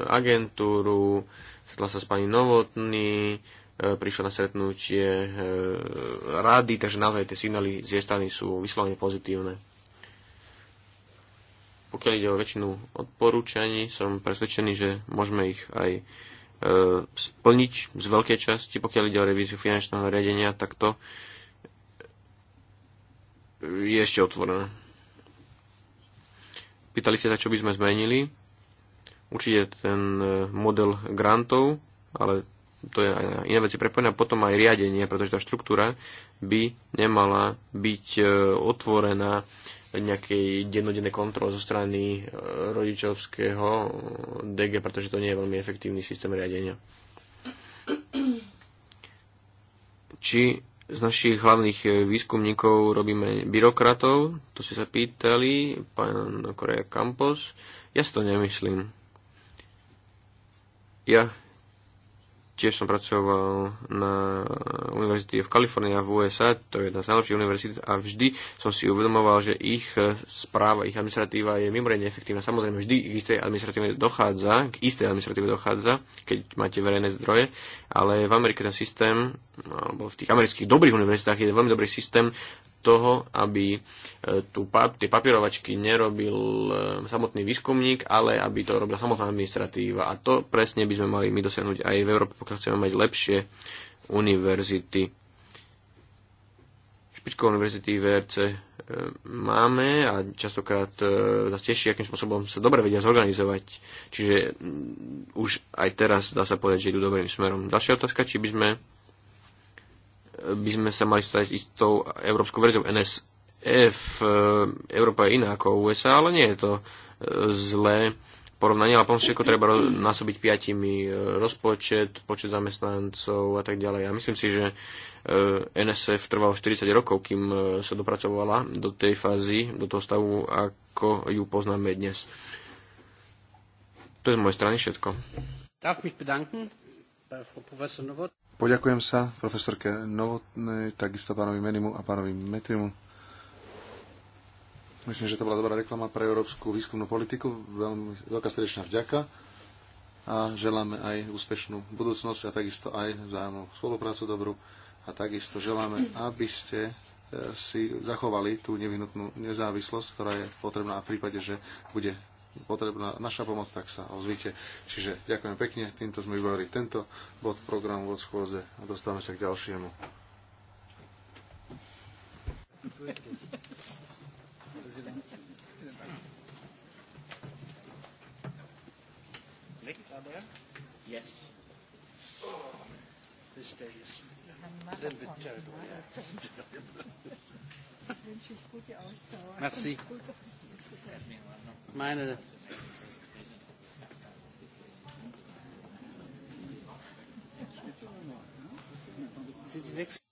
agentúru, stretla sa s pani Novotný, e, prišla na stretnutie rady, takže naozaj tie signály z jej strany sú vyslovene pozitívne. Pokiaľ ide o väčšinu odporúčaní, som presvedčený, že môžeme ich aj splniť z veľkej časti. Pokiaľ ide o revíziu finančného riadenia, tak to je ešte otvorená. Pýtali ste sa, čo by sme zmenili. Určite ten e, model grantov, ale to je iné veci prepojené, a potom aj riadenie, pretože tá štruktúra by nemala byť e, otvorená nejakej dennodennej kontrole zo strany e, rodičovského DG, pretože to nie je veľmi efektívny systém riadenia. Či z našich hlavných e, výskumníkov robíme byrokratov, to ste sa pýtali, pán Korea Campos. Ja si to nemyslím. Ja Tiež som pracoval na univerzite v Kalifornii a v USA, to je jedna z najlepších univerzít a vždy som si uvedomoval, že ich eh, správa, ich administratíva je mimoriadne efektívna. Samozrejme, vždy k istej administratíve dochádza, k istej administratíve dochádza, keď máte verejné zdroje, ale v Amerike ten systém, alebo v tých amerických dobrých univerzitách je veľmi dobrý systém toho, aby e, tu pap- tie papierovačky nerobil e, samotný výskumník, ale aby to robila samotná administratíva. A to presne by sme mali my dosiahnuť aj v Európe, pokiaľ chceme mať lepšie univerzity. Špičkové univerzity VRC e máme a častokrát nás teší, akým spôsobom sa dobre vedia zorganizovať. Čiže už aj teraz dá sa povedať, že idú dobrým smerom. Ďalšia otázka, či by sme by sme sa mali stať istou európskou verziou NSF. E, Európa je iná ako USA, ale nie je to e, zlé porovnanie, ale potom všetko treba násobiť piatimi e, rozpočet, počet zamestnancov a tak ďalej. Ja myslím si, že NSF trvalo 40 rokov, kým sa dopracovala do tej fázy, do toho stavu, ako ju poznáme dnes. To je z mojej strany všetko. Darf mich bedanken bei Frau Professor Novot. Poďakujem sa profesorke Novotnej, takisto pánovi Menimu a pánovi Metrimu. Myslím, že to bola dobrá reklama pre európsku výskumnú politiku. Veľmi, veľká srdečná vďaka a želáme aj úspešnú budúcnosť a takisto aj vzájomnú spoluprácu dobrú a takisto želáme, aby ste e, si zachovali tú nevyhnutnú nezávislosť, ktorá je potrebná v prípade, že bude potrebná naša pomoc, tak sa ozvite. Čiže ďakujem pekne, týmto sme vybavili tento bod programu od schôze a dostávame sa k ďalšiemu. Yes. This day is a little bit terrible. Yeah. Merci meine Sie die nächste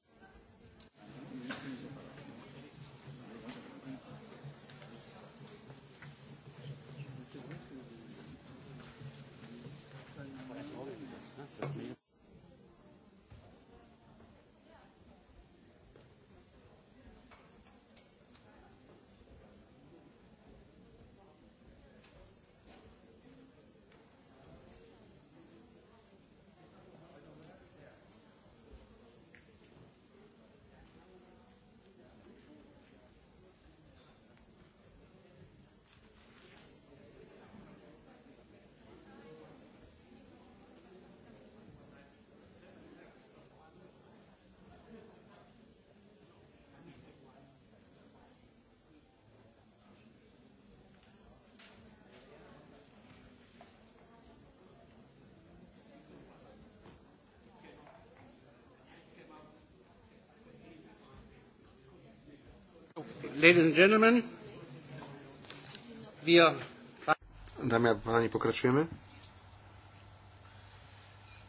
Dámy a páni, pokračujeme.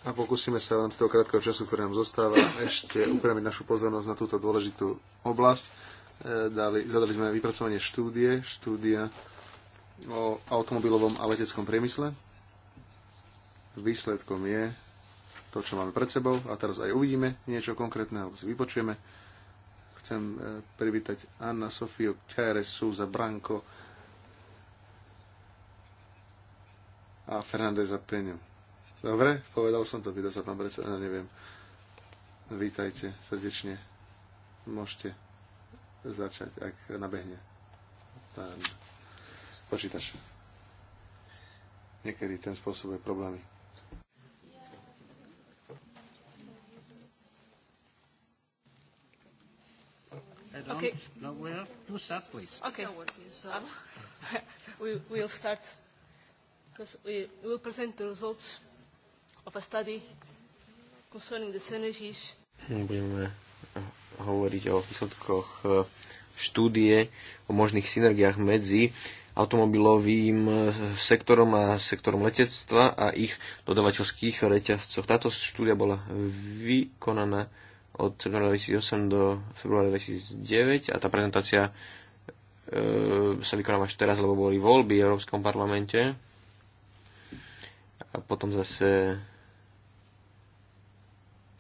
A pokúsime sa v rámci toho krátkeho času, ktoré nám zostáva, ešte upriamiť našu pozornosť na túto dôležitú oblasť. E, dali, zadali sme vypracovanie štúdie, štúdia o automobilovom a leteckom priemysle. Výsledkom je to, čo máme pred sebou a teraz aj uvidíme niečo konkrétne, alebo si vypočujeme. Chcem e, privítať Anna Sofiu Kérez Souza Branko a za Peňu. Dobre, povedal som to, vydal sa pán predseda, no neviem. Vítajte srdečne. Môžete začať, ak nabehne pán počítač. Niekedy ten spôsobuje problémy. okay. start, please. Okay. Um, we will start because we will present the results of a study concerning the synergies. Budeme eh, hovoriť o výsledkoch eh, štúdie o možných synergiách medzi automobilovým eh, sektorom a sektorom letectva a ich dodavateľských reťazcoch. Táto štúdia bola vykonaná od februára 2008 do februára 2009 a tá prezentácia e, sa vykonáva až teraz, lebo boli voľby v Európskom parlamente. A potom zase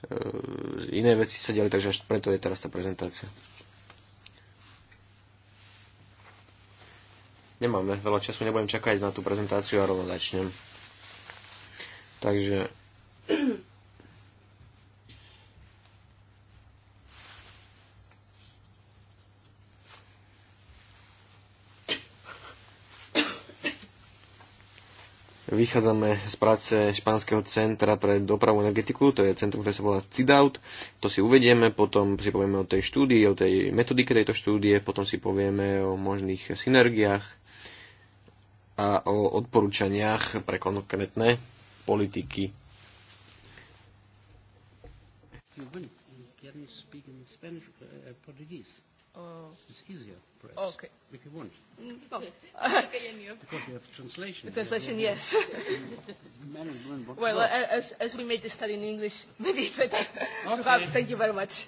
e, iné veci sa diali, takže až preto je teraz tá prezentácia. Nemáme veľa času, nebudem čakať na tú prezentáciu a rovno začnem. Takže Vychádzame z práce Španského centra pre dopravu a energetiku, to je centrum, ktoré sa volá CIDAUT. To si uvedieme, potom si povieme o tej štúdii, o tej metodike tejto štúdie, potom si povieme o možných synergiách a o odporúčaniach pre konkrétne politiky. No, speak in Spanish, uh, Portuguese. Uh, it's easier, perhaps. Okay. If you want. Mm, because you have translation. translation, yes. well, as, as we made the study in English, maybe it's better. Okay. thank you very much.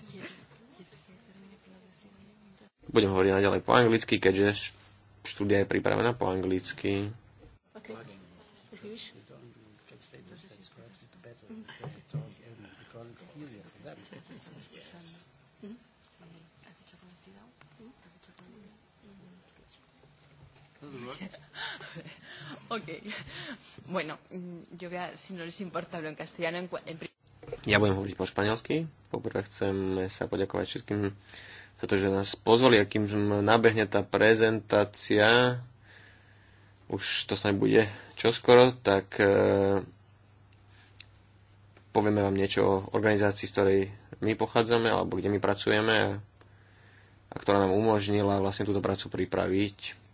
Budem hovoriť naďalej po anglicky, keďže štúdia je pripravená po anglicky. Okay. ok. Bueno, yo voy a, si no les importa, hablo en castellano. En, en... Ja budem hovoriť po španielsky. Poprvé chcem sa poďakovať všetkým za to, že nás pozvali, akým nabehne tá prezentácia. Už to sa bude čoskoro, tak e, povieme vám niečo o organizácii, z ktorej my pochádzame, alebo kde my pracujeme a, a ktorá nám umožnila vlastne túto prácu pripraviť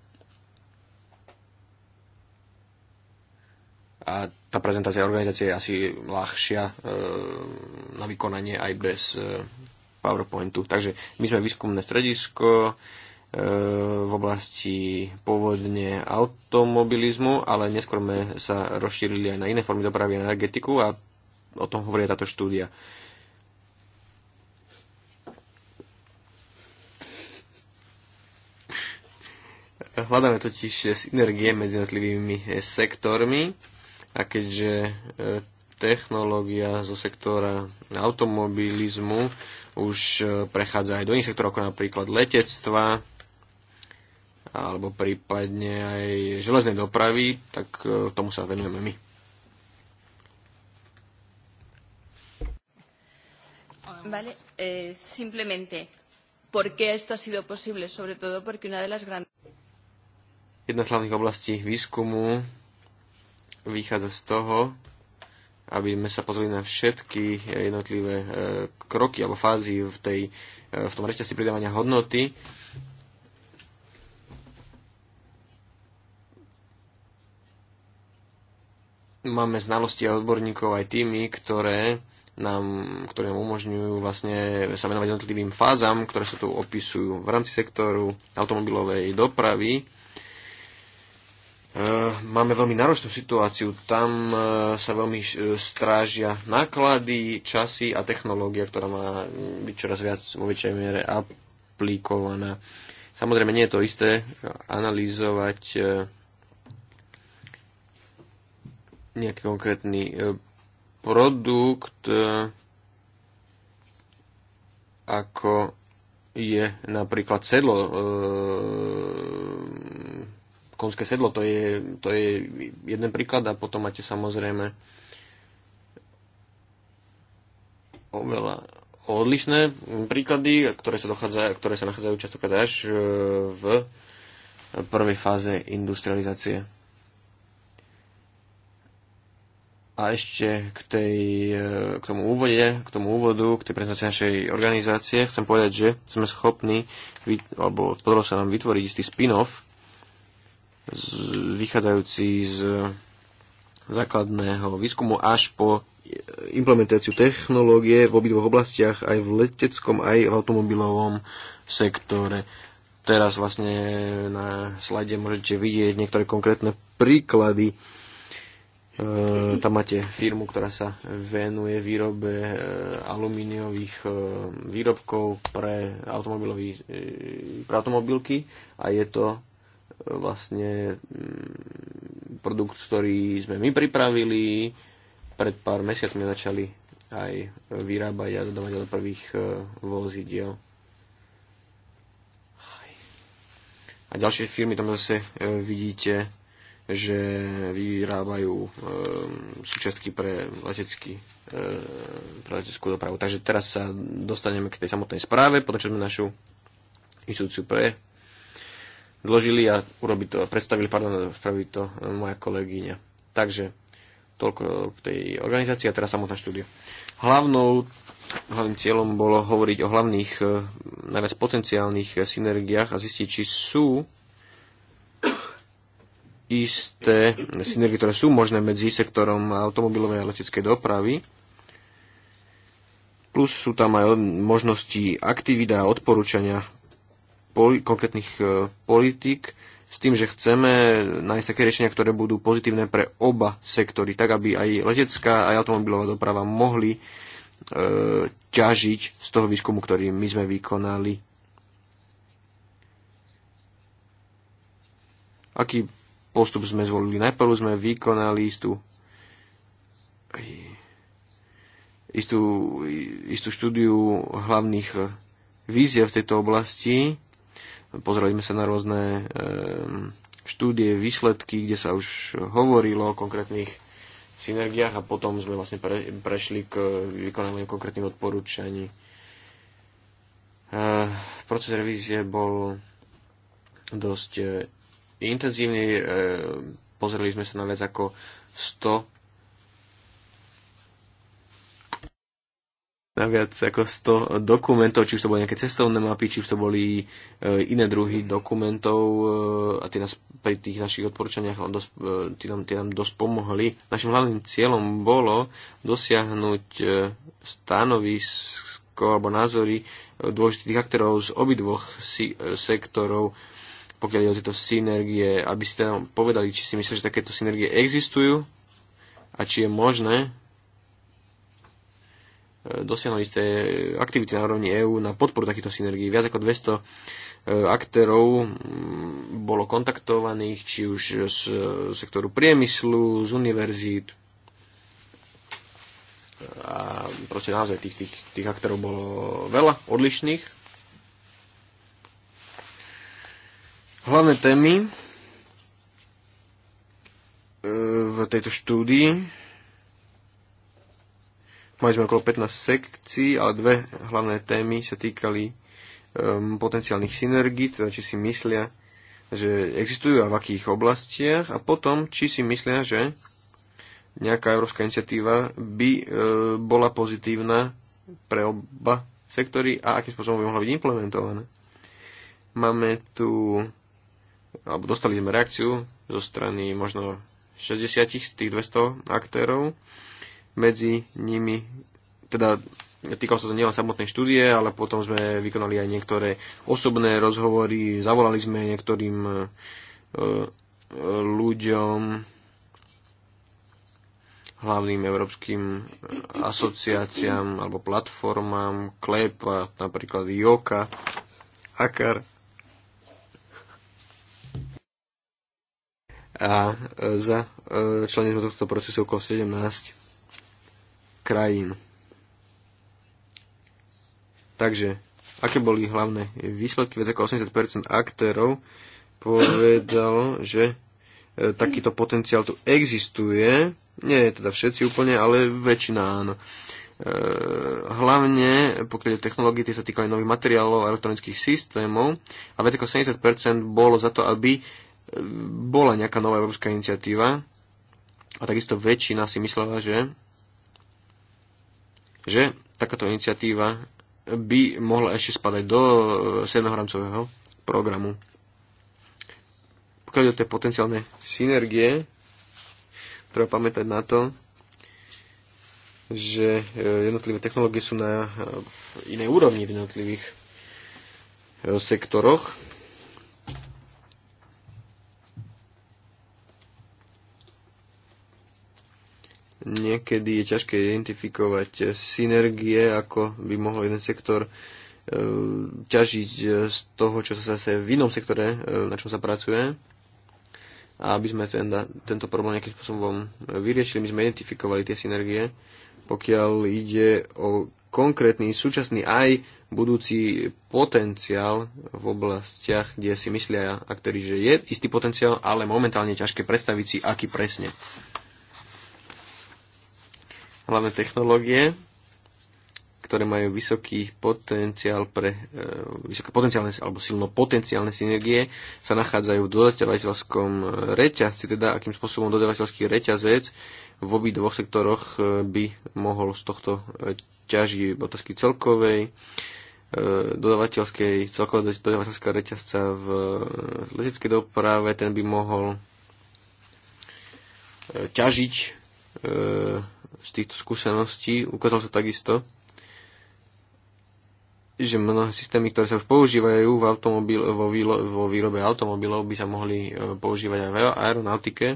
a tá prezentácia organizácie je asi ľahšia e, na vykonanie aj bez e, PowerPointu. Takže my sme výskumné stredisko e, v oblasti pôvodne automobilizmu, ale neskôr sme sa rozšírili aj na iné formy dopravy a energetiku a o tom hovorí táto štúdia. Hľadáme totiž synergie medzi jednotlivými sektormi a keďže e, technológia zo sektora automobilizmu už e, prechádza aj do iných sektorov, ako napríklad letectva, alebo prípadne aj železnej dopravy, tak e, tomu sa venujeme my. Vale, eh, simplemente, ¿por qué esto ha sido posible? Sobre todo porque una de las grandes... Jedna z hlavných oblastí výskumu vychádza z toho, aby sme sa pozreli na všetky eh, jednotlivé eh, kroky alebo fázy v, tej, eh, v tom reťazci pridávania hodnoty. Máme znalosti a odborníkov aj tými, ktoré nám, ktoré nám umožňujú vlastne sa venovať jednotlivým fázam, ktoré sa tu opisujú v rámci sektoru automobilovej dopravy Eh, máme veľmi náročnú situáciu. Tam eh, sa veľmi eh, strážia náklady, časy a technológia, ktorá má byť čoraz viac vo väčšej miere aplikovaná. Samozrejme, nie je to isté analyzovať nejaký konkrétny produkt ako je napríklad sedlo konské sedlo, to je, to je jeden príklad a potom máte samozrejme oveľa odlišné príklady, ktoré sa, dochádza, ktoré sa nachádzajú častokrát až e, v prvej fáze industrializácie. A ešte k, tej, e, k tomu úvode, k tomu úvodu, k tej prezentácii našej organizácie, chcem povedať, že sme schopní, alebo podarilo sa nám vytvoriť istý spin-off z, vychádzajúci z základného výskumu až po implementáciu technológie v obidvoch oblastiach, aj v leteckom, aj v automobilovom sektore. Teraz vlastne na slajde môžete vidieť niektoré konkrétne príklady. E, tam máte firmu, ktorá sa venuje výrobe e, alumíniových e, výrobkov pre, e, pre automobilky a je to vlastne mm, produkt, ktorý sme my pripravili. Pred pár mesiacmi začali aj vyrábať a dodávať do prvých e, vozidiel. A ďalšie firmy tam zase e, vidíte, že vyrábajú e, súčiastky pre letecký pre leteckú dopravu. Takže teraz sa dostaneme k tej samotnej správe, potom čo sme našu inštitúciu pre zložili a urobi to, predstavili, pardon, spraví to e, moja kolegyňa. Takže toľko k tej organizácii a teraz samotná štúdia. Hlavnou, hlavným cieľom bolo hovoriť o hlavných, e, najviac potenciálnych synergiách a zistiť, či sú isté synergie, ktoré sú možné medzi sektorom automobilovej a leteckej dopravy. Plus sú tam aj možnosti aktivita a odporúčania poli- konkrétnych e, politík s tým, že chceme nájsť také riešenia, ktoré budú pozitívne pre oba sektory, tak aby aj letecká, aj automobilová doprava mohli e, ťažiť z toho výskumu, ktorý my sme vykonali. Aký postup sme zvolili? Najprv sme vykonali istú istú, istú štúdiu hlavných e, víziev v tejto oblasti Pozreli sme sa na rôzne ehm, štúdie, výsledky, kde sa už hovorilo o konkrétnych synergiách a potom sme vlastne pre, prešli k vykonaniu konkrétnych odporúčaní. E, proces revízie bol dosť e, intenzívny. E, pozreli sme sa na viac ako 100 na viac ako 100 dokumentov, či už to boli nejaké cestovné mapy, či už to boli e, iné druhy mhm. dokumentov e, a tie nás pri tých našich odporúčaniach nám dosť, e, tie nám, tie nám dosť pomohli. Našim hlavným cieľom bolo dosiahnuť stanovisko alebo názory dôležitých aktérov z obidvoch si, sektorov, pokiaľ ide o tieto synergie, aby ste nám povedali, či si myslíte, že takéto synergie existujú a či je možné dosiahnuť isté aktivity na úrovni EÚ na podporu takýchto synergií. Viac ako 200 e, aktérov bolo kontaktovaných, či už z sektoru priemyslu, z univerzít. A proste naozaj tých, tých, tých aktérov bolo veľa odlišných. Hlavné témy e, v tejto štúdii Mali sme okolo 15 sekcií, ale dve hlavné témy sa týkali um, potenciálnych synergií, teda či si myslia, že existujú a v akých oblastiach a potom, či si myslia, že nejaká európska iniciatíva by e, bola pozitívna pre oba sektory a akým spôsobom by mohla byť implementovaná. Máme tu, alebo dostali sme reakciu zo strany možno 60 z tých 200 aktérov medzi nimi, teda týkalo sa to nielen samotnej štúdie, ale potom sme vykonali aj niektoré osobné rozhovory, zavolali sme niektorým e, e, ľuďom, hlavným európskym asociáciám alebo platformám, klep, napríklad Joka, Akar. A e, za členy sme tohto procesu okolo 17 krajín. Takže, aké boli hlavné výsledky? Viac ako 80% aktérov povedal, že e, takýto potenciál tu existuje. Nie je teda všetci úplne, ale väčšina áno. E, hlavne, pokiaľ technológie tie sa týkali nových materiálov a elektronických systémov a viac ako 70% bolo za to, aby e, bola nejaká nová európska iniciatíva a takisto väčšina si myslela, že že takáto iniciatíva by mohla ešte spadať do 7. E, programu. Pokiaľ o tie potenciálne synergie, treba pamätať na to, že e, jednotlivé technológie sú na e, inej úrovni v jednotlivých sektoroch niekedy je ťažké identifikovať synergie, ako by mohol jeden sektor e, ťažiť z toho, čo sa zase v inom sektore, e, na čom sa pracuje. A aby sme teda tento problém nejakým spôsobom vyriešili, my sme identifikovali tie synergie, pokiaľ ide o konkrétny, súčasný aj budúci potenciál v oblastiach, kde si myslia aktéry, že je istý potenciál, ale momentálne ťažké predstaviť si, aký presne hlavné technológie, ktoré majú vysoký potenciál pre, e, vysoké potenciálne alebo silno potenciálne synergie, sa nachádzajú v dodateľateľskom e, reťazci, teda akým spôsobom dodateľateľský reťazec v obi dvoch sektoroch e, by mohol z tohto e, ťaží otázky celkovej, dodavateľskej, celková dodavateľská reťazca v leteckej doprave, ten by mohol ťažiť z týchto skúseností ukázalo sa takisto, že mnohé systémy, ktoré sa už používajú v automobil, vo, výlo, vo výrobe automobilov, by sa mohli e, používať aj v aeronautike.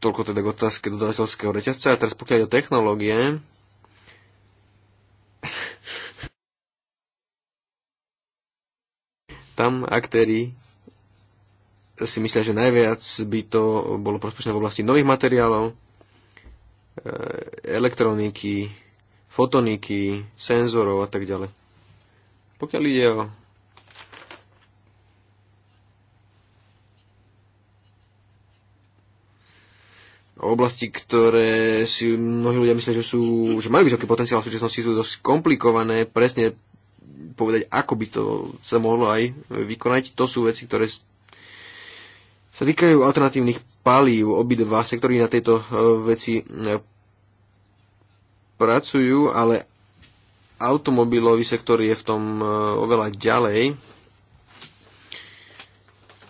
Toľko teda k otázke dodateľského reťazca. A teraz pokiaľ je o technológie, Tam aktéry si myslia, že najviac by to bolo prospešné v oblasti nových materiálov, e, elektroniky, fotoniky, senzorov a tak ďalej. Pokiaľ ide o oblasti, ktoré si mnohí ľudia myslia, že, sú, že majú vysoký potenciál v súčasnosti, sú dosť komplikované, presne povedať, ako by to sa mohlo aj vykonať. To sú veci, ktoré sa týkajú alternatívnych palív. Obidva sektory na tejto e, veci e, pracujú, ale automobilový sektor je v tom e, oveľa ďalej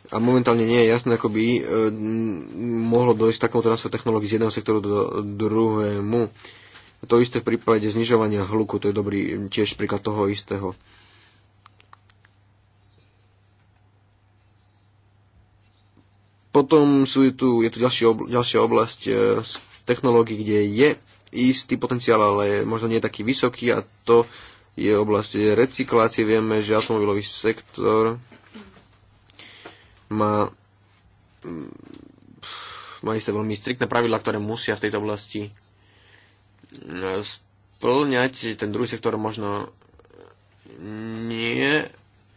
a momentálne nie je jasné, ako by mohlo dojsť takomto transfer technológií z jedného sektoru do druhému. To isté v prípade znižovania hluku, to je dobrý tiež príklad toho istého. Potom sú tu, je tu ďalšia, obl- ďalšia oblasť e, technológií, kde je istý potenciál, ale možno nie taký vysoký a to je oblasť recyklácie. Vieme, že automobilový sektor má, má mm, isté veľmi striktné pravidla, ktoré musia v tejto oblasti splňať, ten druhý sektor možno nie,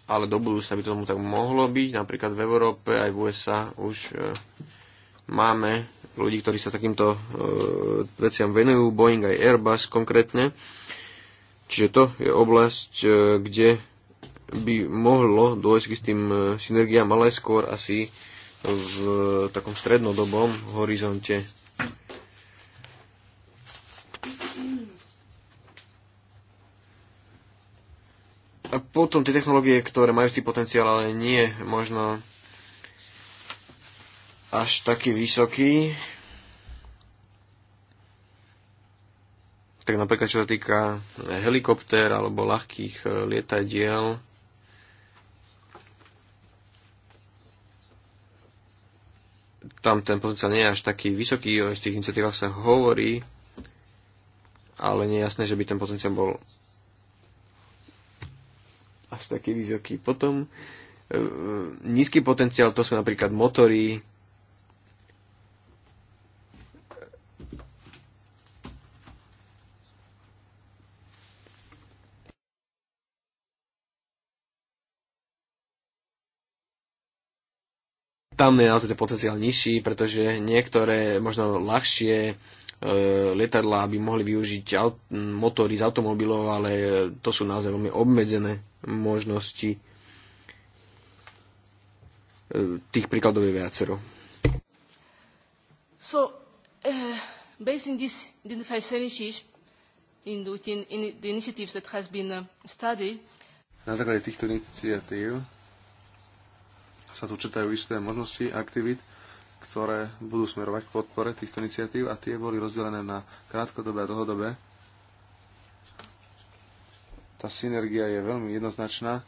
ale do budúcna by to tomu tak mohlo byť. Napríklad v Európe aj v USA už e, máme ľudí, ktorí sa takýmto e, veciam venujú, Boeing aj Airbus konkrétne. Čiže to je oblasť, e, kde by mohlo dôjsť k tým synergiám, ale skôr asi v takom strednodobom horizonte potom tie technológie, ktoré majú tý potenciál, ale nie možno až taký vysoký. Tak napríklad čo sa týka helikoptér alebo ľahkých e, lietadiel, tam ten potenciál nie je až taký vysoký, o tých iniciatívach sa hovorí, ale nie je jasné, že by ten potenciál bol až taký vysoký. Potom e, nízky potenciál to sú napríklad motory, tam je naozaj ten potenciál nižší, pretože niektoré možno ľahšie E, letadla, aby mohli využiť motory z automobilov, ale to sú naozaj veľmi obmedzené možnosti. E, tých príkladov je viacero. So, uh, based in this identified synergies in, within, in the initiatives that has been uh, studied, na základe týchto iniciatív sa tu četajú isté možnosti aktivít, ktoré budú smerovať k podpore týchto iniciatív a tie boli rozdelené na krátkodobé a dlhodobé. Tá synergia je veľmi jednoznačná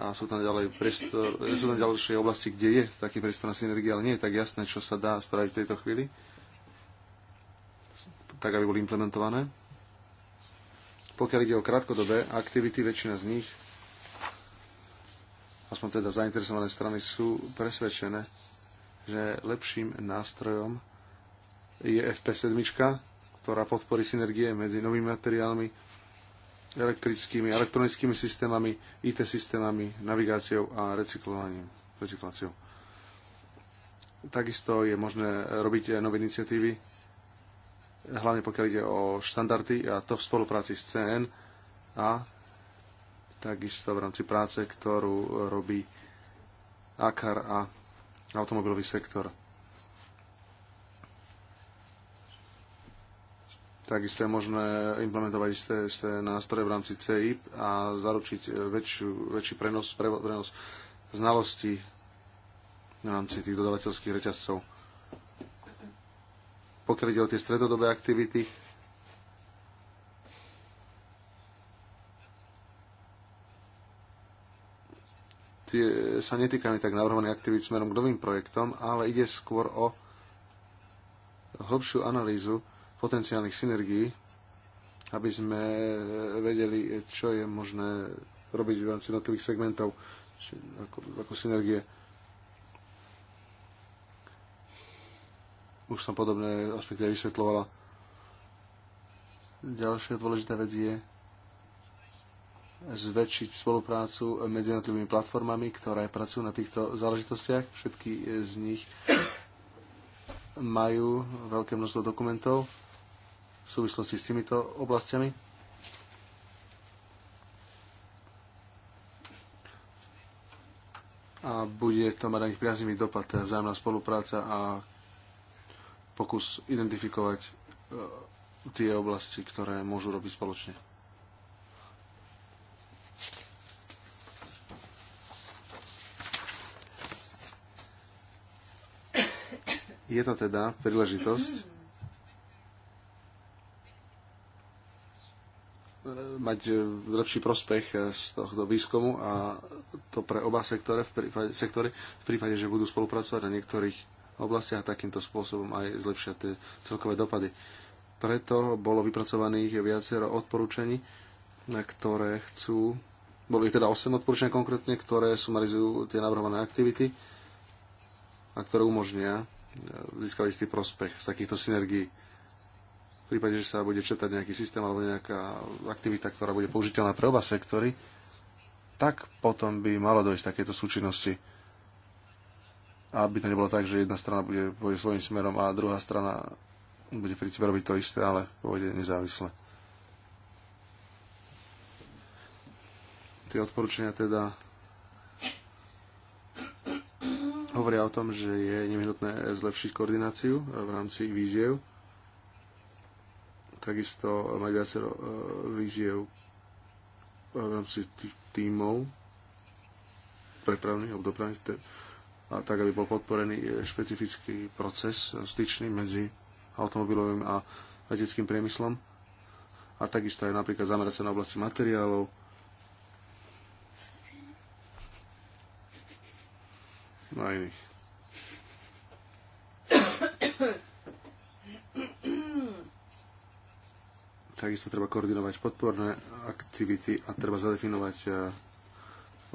a sú tam, ďalej priestor, sú tam ďalšie oblasti, kde je taký priestor na synergia, ale nie je tak jasné, čo sa dá spraviť v tejto chvíli, tak aby boli implementované. Pokiaľ ide o krátkodobé aktivity, väčšina z nich aspoň teda zainteresované strany sú presvedčené, že lepším nástrojom je FP7, ktorá podporí synergie medzi novými materiálmi, elektrickými, elektronickými systémami, IT systémami, navigáciou a recyklovaním, recykláciou. Takisto je možné robiť nové iniciatívy, hlavne pokiaľ ide o štandardy a to v spolupráci s CN a takisto v rámci práce, ktorú robí AKAR a automobilový sektor. Takisto je možné implementovať isté, isté nástroje v rámci CIP a zaručiť eh, väčšiu, väčší prenos, prenos znalostí v rámci tých dodavateľských reťazcov. Pokiaľ ide o tie stredodobé aktivity, tie sa netýkajú tak navrhovaných aktivít smerom k novým projektom, ale ide skôr o hlbšiu analýzu potenciálnych synergií, aby sme vedeli, čo je možné robiť v rámci jednotlivých segmentov, či ako, ako synergie. Už som podobné aspekty vysvetlovala. Ďalšia dôležitá vec je, zväčšiť spoluprácu medzi jednotlivými platformami, ktoré pracujú na týchto záležitostiach. Všetky z nich majú veľké množstvo dokumentov v súvislosti s týmito oblastiami. A bude to mať aj priaznivý dopad, teda vzájomná spolupráca a pokus identifikovať e, tie oblasti, ktoré môžu robiť spoločne. Je to teda príležitosť eh, mať eh, lepší prospech eh, z tohto výskumu a to pre oba sektore v prípade, sektory, v prípade, že budú spolupracovať na niektorých oblastiach takýmto spôsobom aj zlepšia tie celkové dopady. Preto bolo vypracovaných viacero odporúčení, na ktoré chcú, boli teda 8 odporúčení konkrétne, ktoré sumarizujú tie navrhované aktivity a ktoré umožnia získali istý prospech z takýchto synergií. V prípade, že sa bude četať nejaký systém alebo nejaká aktivita, ktorá bude použiteľná pre oba sektory, tak potom by malo dojsť takéto súčinnosti. Aby to nebolo tak, že jedna strana bude pôjde svojim smerom a druhá strana bude v princípe robiť to isté, ale pôjde nezávisle. Tie odporúčania teda hovoria o tom, že je nevyhnutné zlepšiť koordináciu eh, v rámci víziev. Takisto mať viacero eh, víziev eh, v rámci tímov prepravných, obdopravných, a tak, aby bol podporený špecifický proces styčný medzi automobilovým a leteckým priemyslom a takisto aj napríklad zamerať sa na oblasti materiálov, na no iných. Takisto treba koordinovať podporné aktivity a treba zadefinovať e,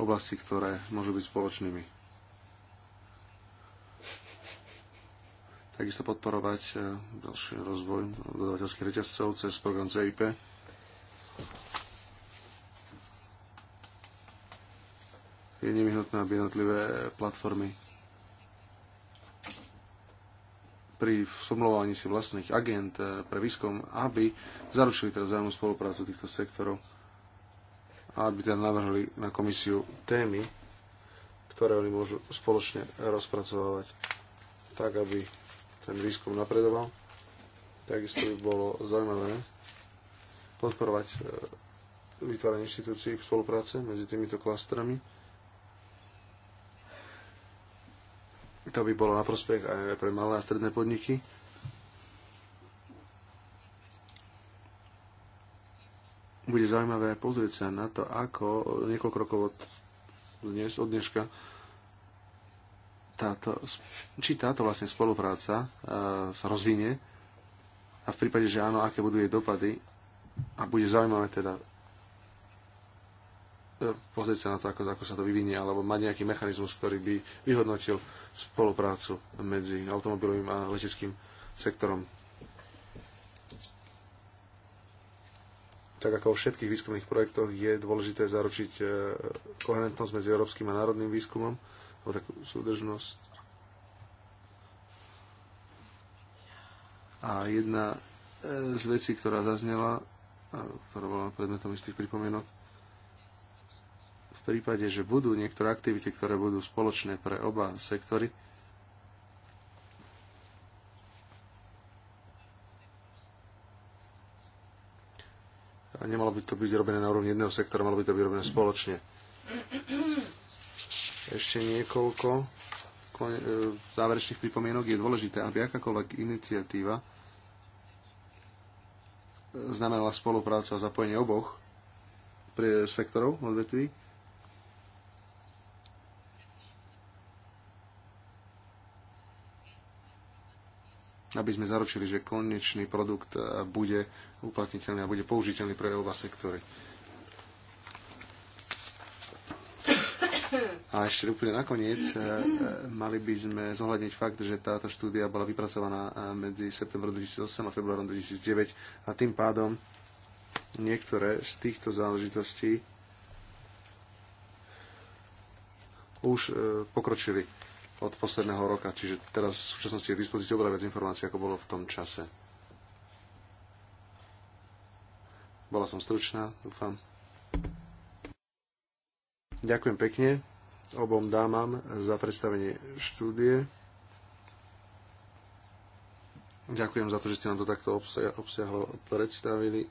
oblasti, ktoré môžu byť spoločnými. Takisto podporovať e, ďalší rozvoj dodavateľských reťazcov cez program CIP. je nevyhnutné, aby jednotlivé platformy pri sumlovaní si vlastných agent eh, pre výskum, aby zaručili teda vzájomnú spoluprácu týchto sektorov a aby teda navrhli na komisiu témy, ktoré oni môžu spoločne rozpracovávať tak, aby ten výskum napredoval. Takisto by bolo zaujímavé podporovať eh, vytváranie inštitúcií v spolupráce medzi týmito klastrami To by bolo na prospech aj pre malé a stredné podniky. Bude zaujímavé pozrieť sa na to, ako niekoľko rokov od, dnes, od dneška táto, či táto vlastne spolupráca e, sa rozvinie a v prípade, že áno, aké budú jej dopady a bude zaujímavé teda pozrieť sa na to, ako, ako sa to vyvinie, alebo mať nejaký mechanizmus, ktorý by vyhodnotil spoluprácu medzi automobilovým a leteckým sektorom. tak ako vo všetkých výskumných projektoch, je dôležité zaručiť e, koherentnosť medzi európskym a národným výskumom, alebo takú súdržnosť. A jedna e, z vecí, ktorá zaznela, ktorá bola predmetom istých pripomienok, prípade, že budú niektoré aktivity, ktoré budú spoločné pre oba sektory, a nemalo by to byť robené na úrovni jedného sektora, malo by to byť robené spoločne. Ešte niekoľko e, záverečných pripomienok. Je dôležité, aby akákoľvek iniciatíva znamenala spoluprácu a zapojenie oboch sektorov odvetví aby sme zaručili, že konečný produkt eh, bude uplatniteľný a bude použiteľný pre oba sektory. A ešte úplne nakoniec, eh, eh, mali by sme zohľadniť fakt, že táto štúdia bola vypracovaná medzi septembrom 2008 a februárom 2009 a tým pádom niektoré z týchto záležitostí už pokročili od posledného roka, čiže teraz v súčasnosti je k dispozícii oveľa viac informácií, ako bolo v tom čase. Bola som stručná, dúfam. Ďakujem pekne obom dámam za predstavenie štúdie. Ďakujem za to, že ste nám to takto obsiahlo predstavili.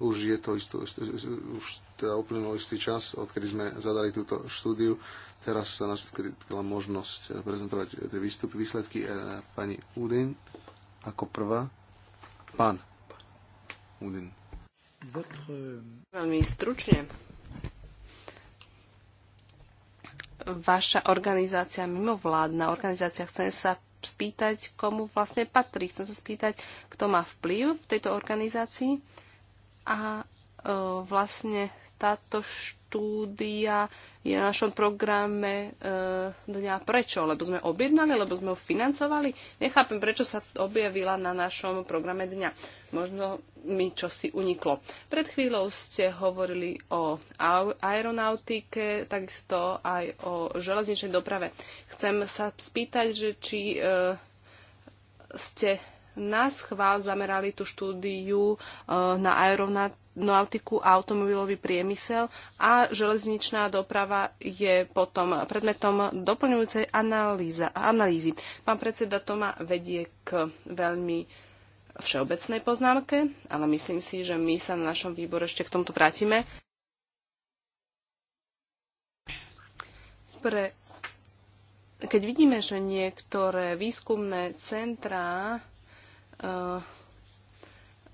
Už je to istú, už teda uplynul istý čas, odkedy sme zadali túto štúdiu. Teraz sa nás odkryla možnosť prezentovať tie výstupy, výsledky e, pani Udin ako prvá. Pán Udin. Veľmi stručne. Vaša organizácia, mimovládna organizácia, chcem sa spýtať, komu vlastne patrí. Chcem sa spýtať, kto má vplyv v tejto organizácii a e, vlastne táto štúdia je na našom programe e, dňa prečo? Lebo sme objednali, lebo sme ho financovali? Nechápem, prečo sa objavila na našom programe dňa. Možno mi čo si uniklo. Pred chvíľou ste hovorili o aeronautike, takisto aj o železničnej doprave. Chcem sa spýtať, že či e, ste na schvál zamerali tú štúdiu e, na aeronautiku a automobilový priemysel a železničná doprava je potom predmetom doplňujúcej analýza, analýzy. Pán predseda Toma vedie k veľmi všeobecnej poznámke, ale myslím si, že my sa na našom výbore ešte k tomuto vrátime. Pre... Keď vidíme, že niektoré výskumné centrá Eh,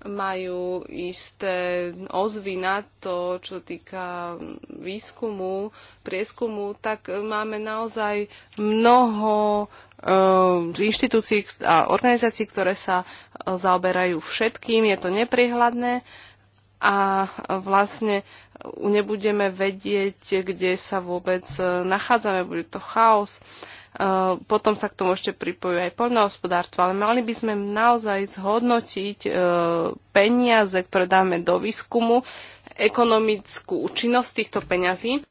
majú isté ozvy na to, čo týka výskumu, prieskumu, tak máme naozaj mnoho eh, inštitúcií a organizácií, ktoré sa eh, zaoberajú všetkým. Je to neprihľadné a vlastne nebudeme vedieť, kde sa vôbec nachádzame. Bude to chaos. Uh, Eh, potom sa k tomu ešte pripojuje aj poľnohospodárstvo, ale mali by sme naozaj zhodnotiť eh, peniaze, ktoré dáme do výskumu, ekonomickú účinnosť týchto peňazí.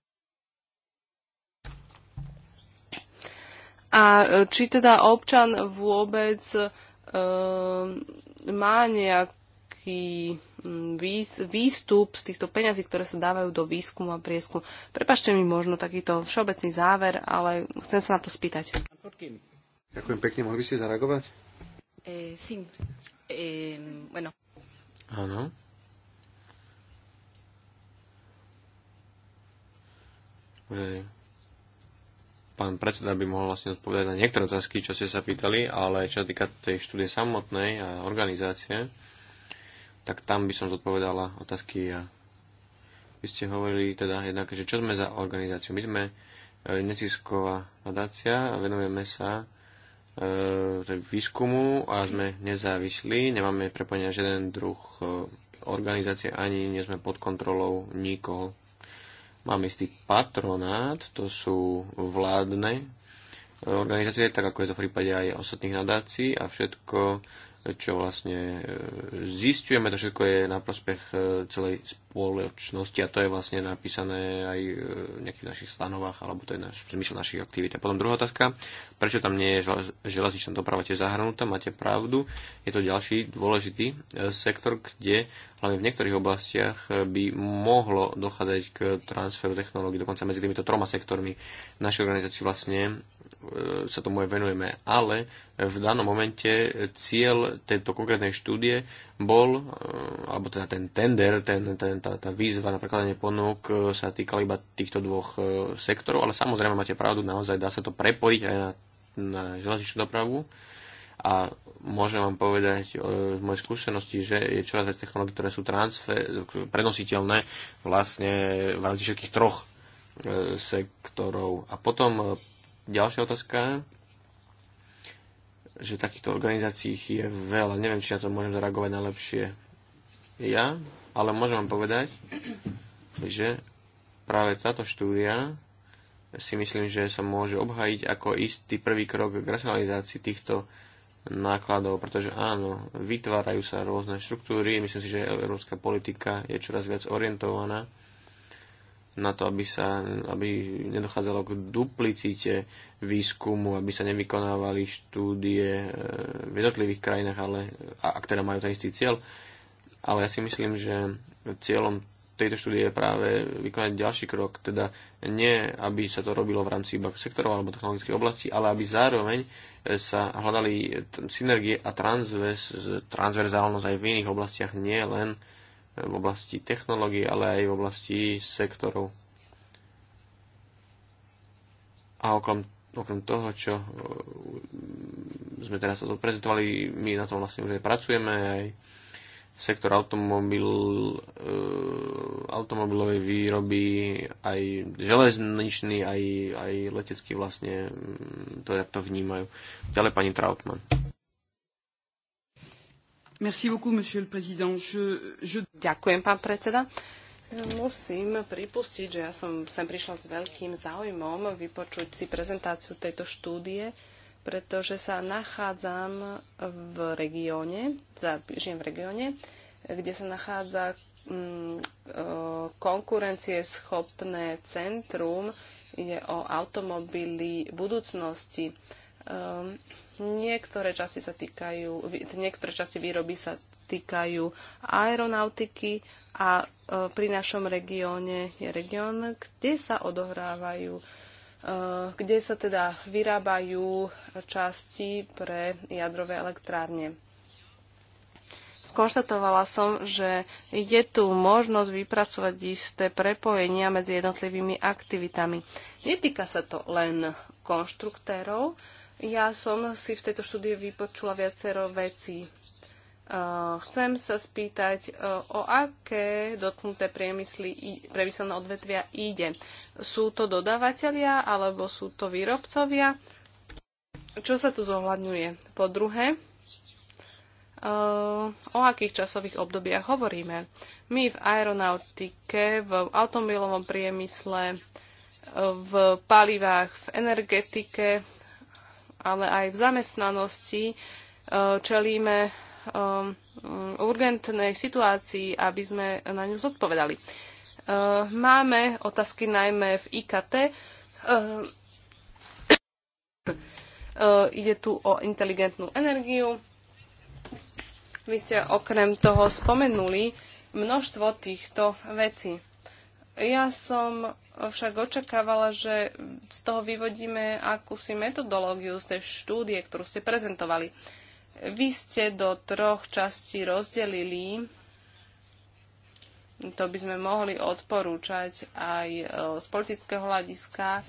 A eh, či teda občan vôbec e, má nejaký Mm, výstup z týchto peňazí, ktoré sa dávajú do výskumu a prieskumu. Prepašte mi možno takýto všeobecný záver, ale chcem sa na to spýtať. Ďakujem pekne, mohli by ste zareagovať? E, sí. E, bueno. Áno. E, pán predseda by mohol vlastne odpovedať na niektoré otázky, čo ste sa pýtali, ale čo sa týka tej štúdie samotnej a organizácie, tak tam by som zodpovedala otázky ja. Vy ste hovorili teda jednak, že čo sme za organizáciu. My sme e, nezisková nadácia a venujeme sa e, výskumu a sme nezávislí, nemáme prepojenia žiaden druh e, organizácie ani nie sme pod kontrolou nikoho. Máme istý patronát, to sú vládne e, organizácie, tak ako je to v prípade aj ostatných nadácií a všetko čo vlastne e, zistujeme, to všetko je na prospech e, celej spoločnosti a to je vlastne napísané aj e, v nejakých našich stanovách, alebo to je naš, zmysel našich aktivít. A potom druhá otázka, prečo tam nie je železničná doprava tiež zahrnutá, máte pravdu, je to ďalší dôležitý sektor, kde hlavne v niektorých oblastiach by mohlo dochádzať k transferu technológií, dokonca medzi týmito troma sektormi našej organizácii vlastne E, sa tomu aj venujeme, ale v danom momente cieľ tejto konkrétnej štúdie bol, e, alebo teda ten tender, ten, ten, tá, tá výzva na prekladanie ponúk e, sa týkala iba týchto dvoch sektorov, ale samozrejme máte pravdu, naozaj dá sa to prepojiť aj na, na železničnú dopravu a môžem vám povedať z mojej skúsenosti, že je čoraz viac technológií, ktoré sú transfer, prenositeľné vlastne v rámci všetkých troch sektorov. A potom Ďalšia otázka, že takýchto organizácií je veľa. Neviem, či na to môžem zareagovať najlepšie ja, ale môžem vám povedať, že práve táto štúdia si myslím, že sa môže obhajiť ako istý prvý krok k racionalizácii týchto nákladov, pretože áno, vytvárajú sa rôzne štruktúry, myslím si, že európska politika je čoraz viac orientovaná na to, aby, sa, aby nedochádzalo k duplicite výskumu, aby sa nevykonávali štúdie e, v jednotlivých krajinách, ale, ak teda majú ten istý cieľ. Ale ja si myslím, že cieľom tejto štúdie je práve vykonať ďalší krok, teda nie, aby sa to robilo v rámci iba sektorov alebo technologických oblastí, ale aby zároveň e, sa hľadali synergie a transvers, transverzálnosť aj v iných oblastiach, nie len uh, v oblasti technológií, ale aj v oblasti sektorov. A okrem, okrem toho, čo e, sme teraz to prezentovali, my na tom vlastne už aj pracujeme, aj sektor automobil, e, automobilovej výroby, aj železničný, aj, aj letecký vlastne mm, to takto vnímajú. Ďalej pani Trautmann. Ďakujem, pán predseda. Musím pripustiť, že ja som sem prišla s veľkým záujmom vypočuť si prezentáciu tejto štúdie, pretože sa nachádzam v regióne, žijem v regióne, kde sa nachádza mm, e, konkurencieschopné centrum, ide o automobily budúcnosti. Ehm, Niektoré časti sa týkajú, niektoré časti výroby sa týkajú aeronautiky a e, pri našom regióne je región, kde sa odohrávajú e, kde sa teda vyrábajú časti pre jadrové elektrárne. Skonštatovala som, že je tu možnosť vypracovať isté prepojenia medzi jednotlivými aktivitami. Netýka sa to len konštruktérov, ja som si v tejto štúdii vypočula viacero vecí. E, chcem sa spýtať, e, o aké dotknuté priemysly, priemyselné odvetvia ide. Sú to dodávateľia alebo sú to výrobcovia? Čo sa tu zohľadňuje? Po druhé, e, o akých časových obdobiach hovoríme? My v aeronautike, v automobilovom priemysle, v palivách, v energetike, ale aj v zamestnanosti e, čelíme e, urgentnej situácii, aby sme na ňu zodpovedali. E, máme otázky najmä v IKT. Ide tu o inteligentnú energiu. Vy ste okrem toho spomenuli množstvo týchto vecí. Ja som však očakávala, že z toho vyvodíme akúsi metodológiu z tej štúdie, ktorú ste prezentovali. Vy ste do troch častí rozdelili to by sme mohli odporúčať aj e, z politického hľadiska.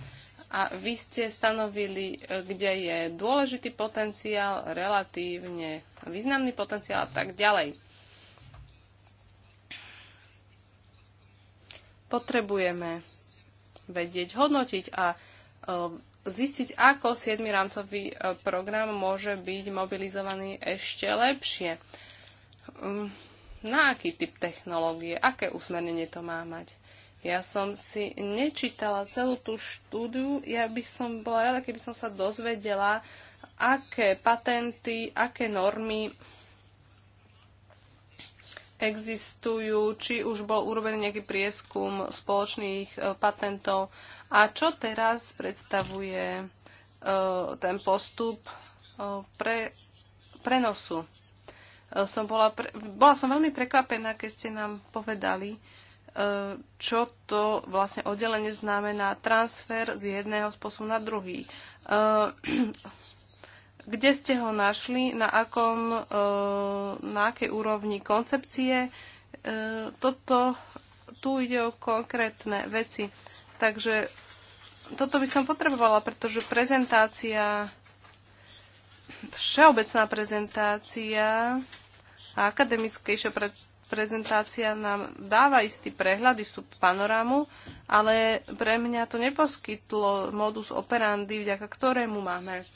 A vy ste stanovili, kde je dôležitý potenciál, relatívne významný potenciál a tak ďalej. Potrebujeme vedieť, hodnotiť a e, zistiť, ako 7. rámcový e, program môže byť mobilizovaný ešte lepšie. Mm, na aký typ technológie, aké usmernenie to má mať. Ja som si nečítala celú tú štúdiu, ja by som bola rada, keby som sa dozvedela, aké patenty, aké normy existujú, či už bol urobený nejaký prieskum spoločných e, patentov a čo teraz predstavuje e, ten postup e, pre, prenosu. Som bola, pre, bola som veľmi prekvapená, keď ste nám povedali, čo to vlastne oddelenie znamená transfer z jedného spôsobu na druhý. Kde ste ho našli, na, akom, e, na akej úrovni koncepcie? E, toto, tu ide o konkrétne veci. Takže toto by som potrebovala, pretože prezentácia, všeobecná prezentácia a akademickejšia pre, prezentácia nám dáva istý prehľad, istú panorámu, ale pre mňa to neposkytlo modus operandi, vďaka ktorému máme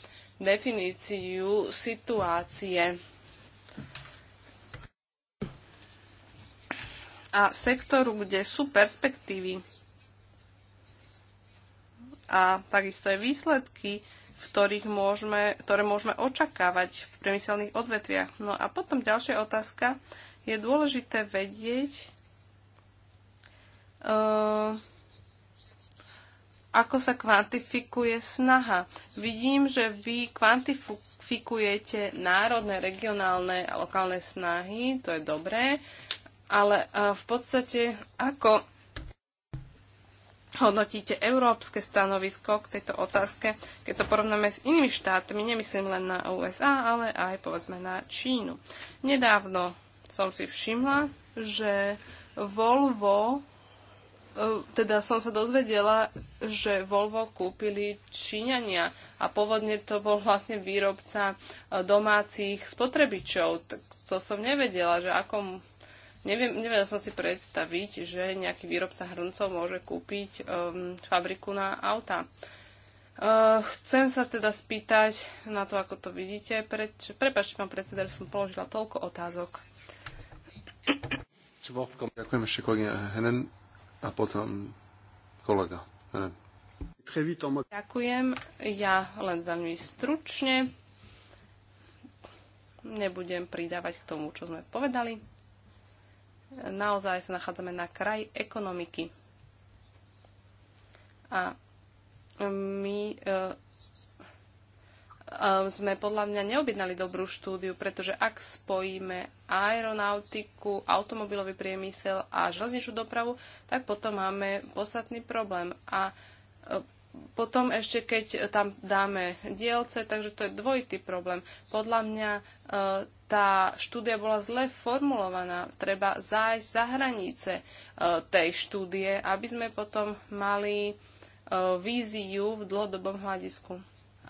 definíciu situácie. A sektoru, kde sú perspektívy a takisto aj výsledky, v ktorých môžeme, ktoré môžeme očakávať v priemyselných odvetviach. No a potom ďalšia otázka. Je dôležité vedieť, uh, ako sa kvantifikuje snaha. Vidím, že vy kvantifikujete národné, regionálne a lokálne snahy, to je dobré, ale e, v podstate ako hodnotíte európske stanovisko k tejto otázke, keď to porovnáme s inými štátmi, nemyslím len na USA, ale aj povedzme na Čínu. Nedávno som si všimla, že Volvo E, teda som sa dozvedela, že Volvo kúpili Číňania a pôvodne to bol vlastne výrobca e, domácich spotrebičov. Tak to som nevedela, že ako... Neviem, nevedela som si predstaviť, že nejaký výrobca hrncov môže kúpiť um, fabriku na auta. Uh, chcem sa teda spýtať na to, ako to vidíte. Preč, prepačte, pán predseda, že som položila toľko otázok. Ďakujem ešte kolegyne Henen a potom kolega. Ďakujem. Ja len veľmi stručne nebudem pridávať k tomu, čo sme povedali. Naozaj sa nachádzame na kraj ekonomiky. A my e, Ehm, sme podľa mňa neobjednali dobrú štúdiu, pretože ak spojíme aeronautiku, automobilový priemysel a železničnú dopravu, tak potom máme podstatný problém. A e, potom ešte keď tam dáme dielce, takže to je dvojitý problém. Podľa mňa e, tá štúdia bola zle formulovaná. Treba zájsť za hranice e, tej štúdie, aby sme potom mali víziu v dlhodobom hľadisku.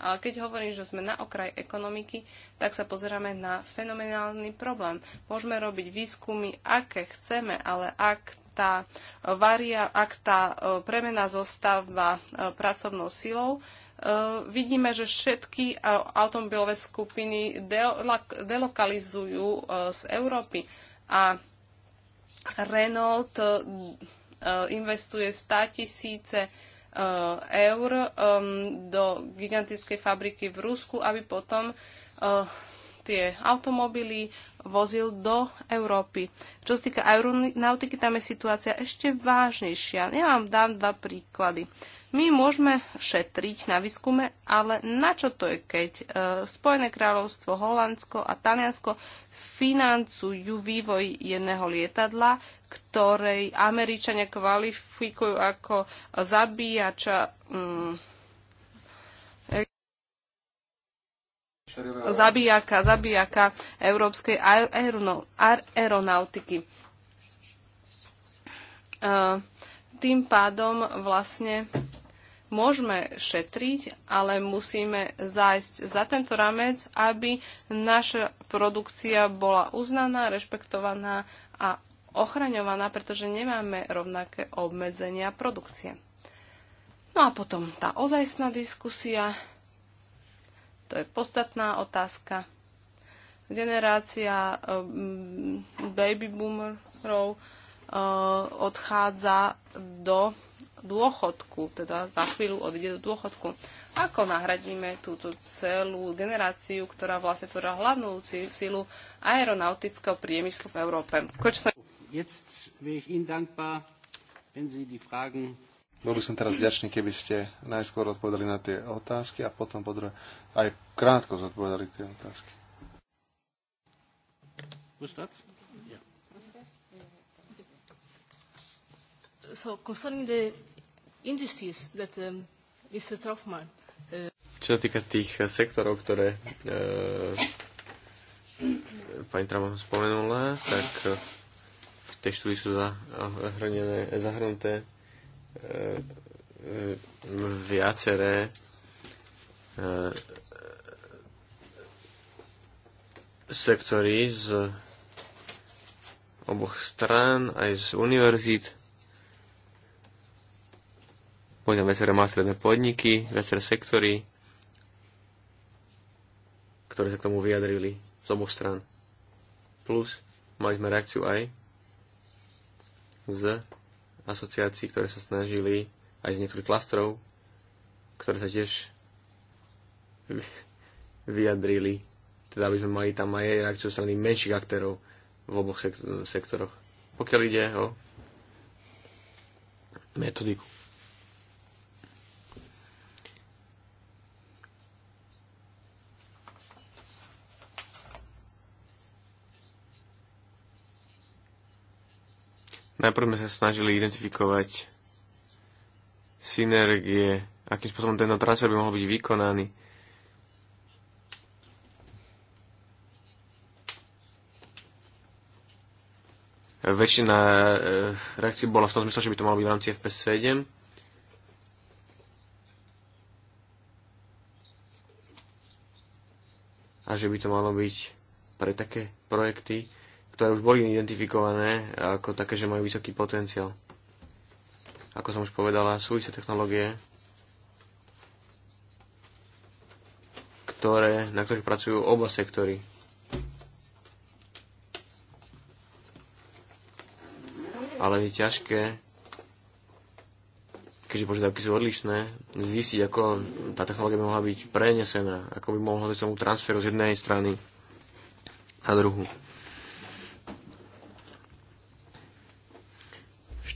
Ale keď hovorím, že sme na okraj ekonomiky, tak sa pozeráme na fenomenálny problém. Môžeme robiť výskumy, aké chceme, ale ak tá, varia, ak tá e, premena zostáva e, pracovnou silou, e, vidíme, že všetky automobilové skupiny delokalizujú z Európy a Renault investuje 100 tisíce Eh, eur do gigantickej fabriky v Rusku, aby potom eh, tie automobily vozil do Európy. Čo sa týka aeronautiky, tam je situácia ešte vážnejšia. Ja vám dám dva príklady. My môžeme šetriť na výskume, ale na čo to je, keď eh, Spojené kráľovstvo, Holandsko a Taliansko financujú vývoj jedného lietadla, ktorej Američania kvalifikujú ako zabíjača mm, zabíjaka, zabíjaka európskej aeronautiky. Tým pádom vlastne môžeme šetriť, ale musíme zájsť za tento ramec, aby naša produkcia bola uznaná, rešpektovaná a ochraňovaná, pretože nemáme rovnaké obmedzenia produkcie. No a potom tá ozajstná diskusia, to je podstatná otázka. Generácia um, baby boomerov uh, odchádza do dôchodku, teda za chvíľu odíde do dôchodku. Ako nahradíme túto celú generáciu, ktorá vlastne tvorila hlavnú sílu aeronautického priemyslu v Európe? Kočne jetzt wäre ich Ihnen dankbar, wenn Sie die Fragen bol by som teraz vďačný, keby ste najskôr odpovedali na tie otázky a potom podru... aj krátko zodpovedali tie otázky. So, concerning the industries that um, Mr. Trofman... Uh... Čo sa týka tých eh, sektorov, ktoré uh, pani Trama spomenula, tak uh, tej štúdii sú zahrnené, zahrnuté e, e, viaceré e, sektory z oboch strán, aj z univerzít. Poďme, viaceré malé podniky, viaceré sektory, ktoré sa k tomu vyjadrili z oboch strán. Plus mali sme reakciu aj z asociácií, ktoré sa snažili aj z niektorých klastrov, ktoré sa tiež vyjadrili, teda aby sme mali tam aj reakciu strany menších aktérov v oboch sektoroch. Pokiaľ ide o metodiku. Najprv sme sa snažili identifikovať synergie, akým spôsobom tento transfer by mohol byť vykonaný. Väčšina eh, reakcií bola v tom zmysle, že by to malo byť v rámci FP7. A že by to malo byť pre také projekty, ktoré už boli identifikované ako také, že majú vysoký potenciál. Ako som už povedala, sú isté technológie, ktoré, na ktorých pracujú oba sektory. Ale je ťažké, keďže požiadavky sú odlišné, zistiť, ako tá technológia by mohla byť prenesená, ako by mohla byť tomu transferu z jednej strany na druhú.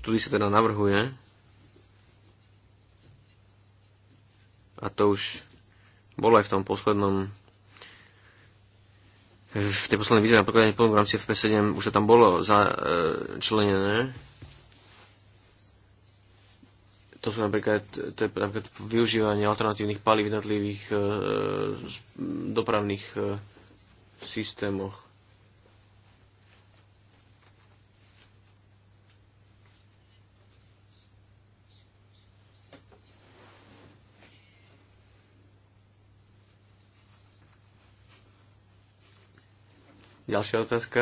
štúdii sa teda navrhuje, a to už bolo aj v tom poslednom v tej poslednej výzve na pokladanie v CFP7 už to tam bolo začlenené. To sú napríklad, to je napríklad využívanie alternatívnych palív v jednotlivých e, dopravných e, systémoch. Ďalšia otázka.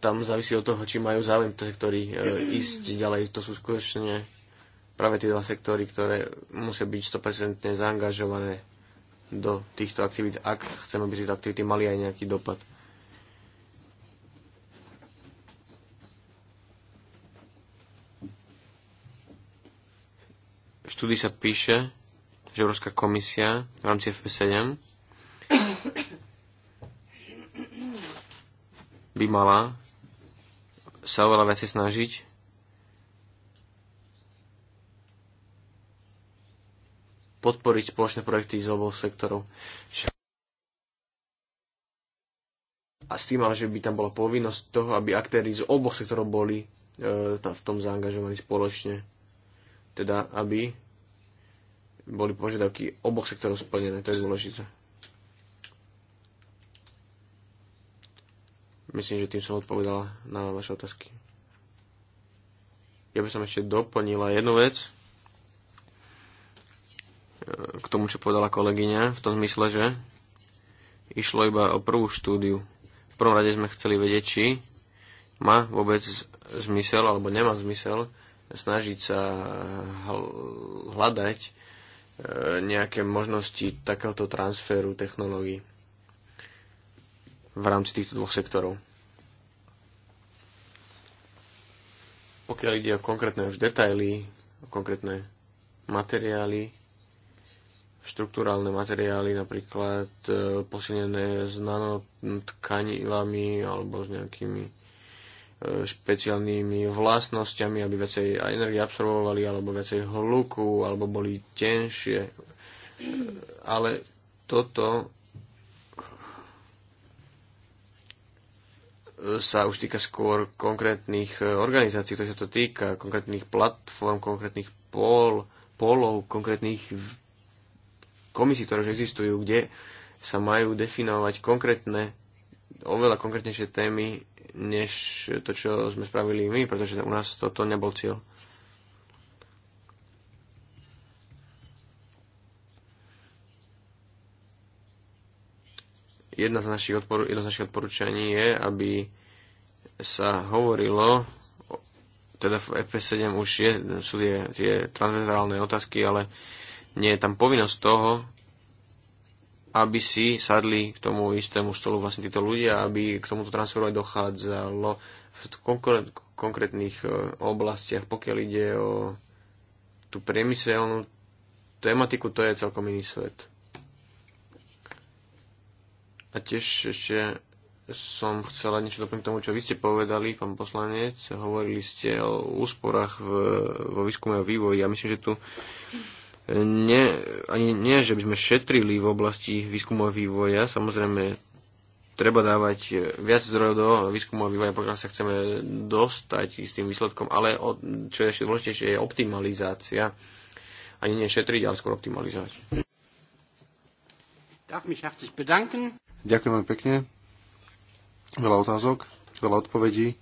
Tam závisí od toho, či majú záujem tie sektory e, ísť ďalej. To sú skutočne práve tie dva sektory, ktoré musia byť 100% zaangažované do týchto aktivít, ak chceme, aby tieto aktivity mali aj nejaký dopad. V štúdii sa píše, že Európska komisia v rámci FP7 by mala sa oveľa veci snažiť podporiť spoločné projekty z oboch sektorov. A s tým ale, že by tam bola povinnosť toho, aby aktéry z oboch sektorov boli e, v tom zaangažovaní spoločne. Teda, aby boli požiadavky oboch sektorov splnené. To je dôležité. Myslím, že tým som odpovedala na vaše otázky. Ja by som ešte doplnila jednu vec e, k tomu, čo povedala kolegyňa, v tom zmysle, že išlo iba o prvú štúdiu. V prvom rade sme chceli vedieť, či má vôbec zmysel alebo nemá zmysel snažiť sa hľadať nejaké možnosti takéhoto transferu technológií v rámci týchto dvoch sektorov. Pokiaľ ide o konkrétne už detaily, o konkrétne materiály, štruktúrálne materiály, napríklad e, posilnené s nanotkanivami alebo s nejakými špeciálnymi vlastnosťami, aby viacej energie absorbovali, alebo viacej hluku, alebo boli tenšie. Ale toto sa už týka skôr konkrétnych organizácií, ktoré sa to týka, konkrétnych platform, konkrétnych pol, polov, konkrétnych komisí, ktoré už existujú, kde sa majú definovať konkrétne, oveľa konkrétnejšie témy, než to, čo sme spravili my, pretože u nás toto nebol cieľ. Jedna z našich odporu- jedno z našich odporúčaní je, aby sa hovorilo, teda v EP7 už je, sú tie, tie transverzálne otázky, ale nie je tam povinnosť toho, aby si sadli k tomu istému stolu vlastne títo ľudia, aby k tomuto transferu aj dochádzalo v konkrétnych e, oblastiach. Pokiaľ ide o tú priemyselnú tematiku, to je celkom iný svet. A tiež ešte som chcela niečo doplniť k tomu, čo vy ste povedali, pán poslanec. Hovorili ste o úsporách v, vo výskume a vývoji. Ja myslím, že tu nie, ani nie, že by sme šetrili v oblasti výskumu a vývoja. Samozrejme, treba dávať viac zdrojov do výskumu a vývoja, pokiaľ sa chceme dostať s tým výsledkom, ale čo je ešte dôležitejšie, je optimalizácia. Ani nie šetriť, ale skôr optimalizovať. Ďakujem veľmi pekne. Veľa otázok, veľa odpovedí.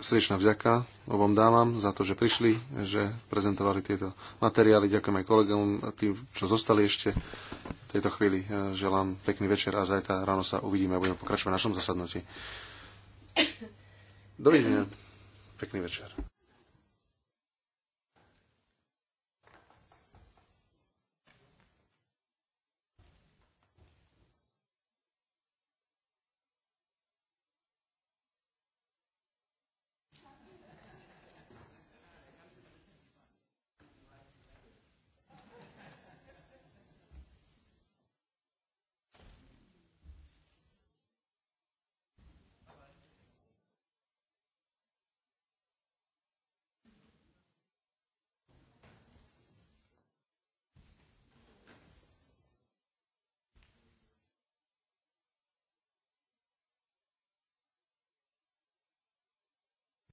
Srdečná vďaka obom dávam za to, že prišli, že prezentovali tieto materiály. Ďakujem aj kolegom, tým, čo zostali ešte v tejto chvíli. E, Želám pekný večer a zajtra ráno sa uvidíme a budeme pokračovať v našom zasadnutí. Dovidenia. Pekný večer.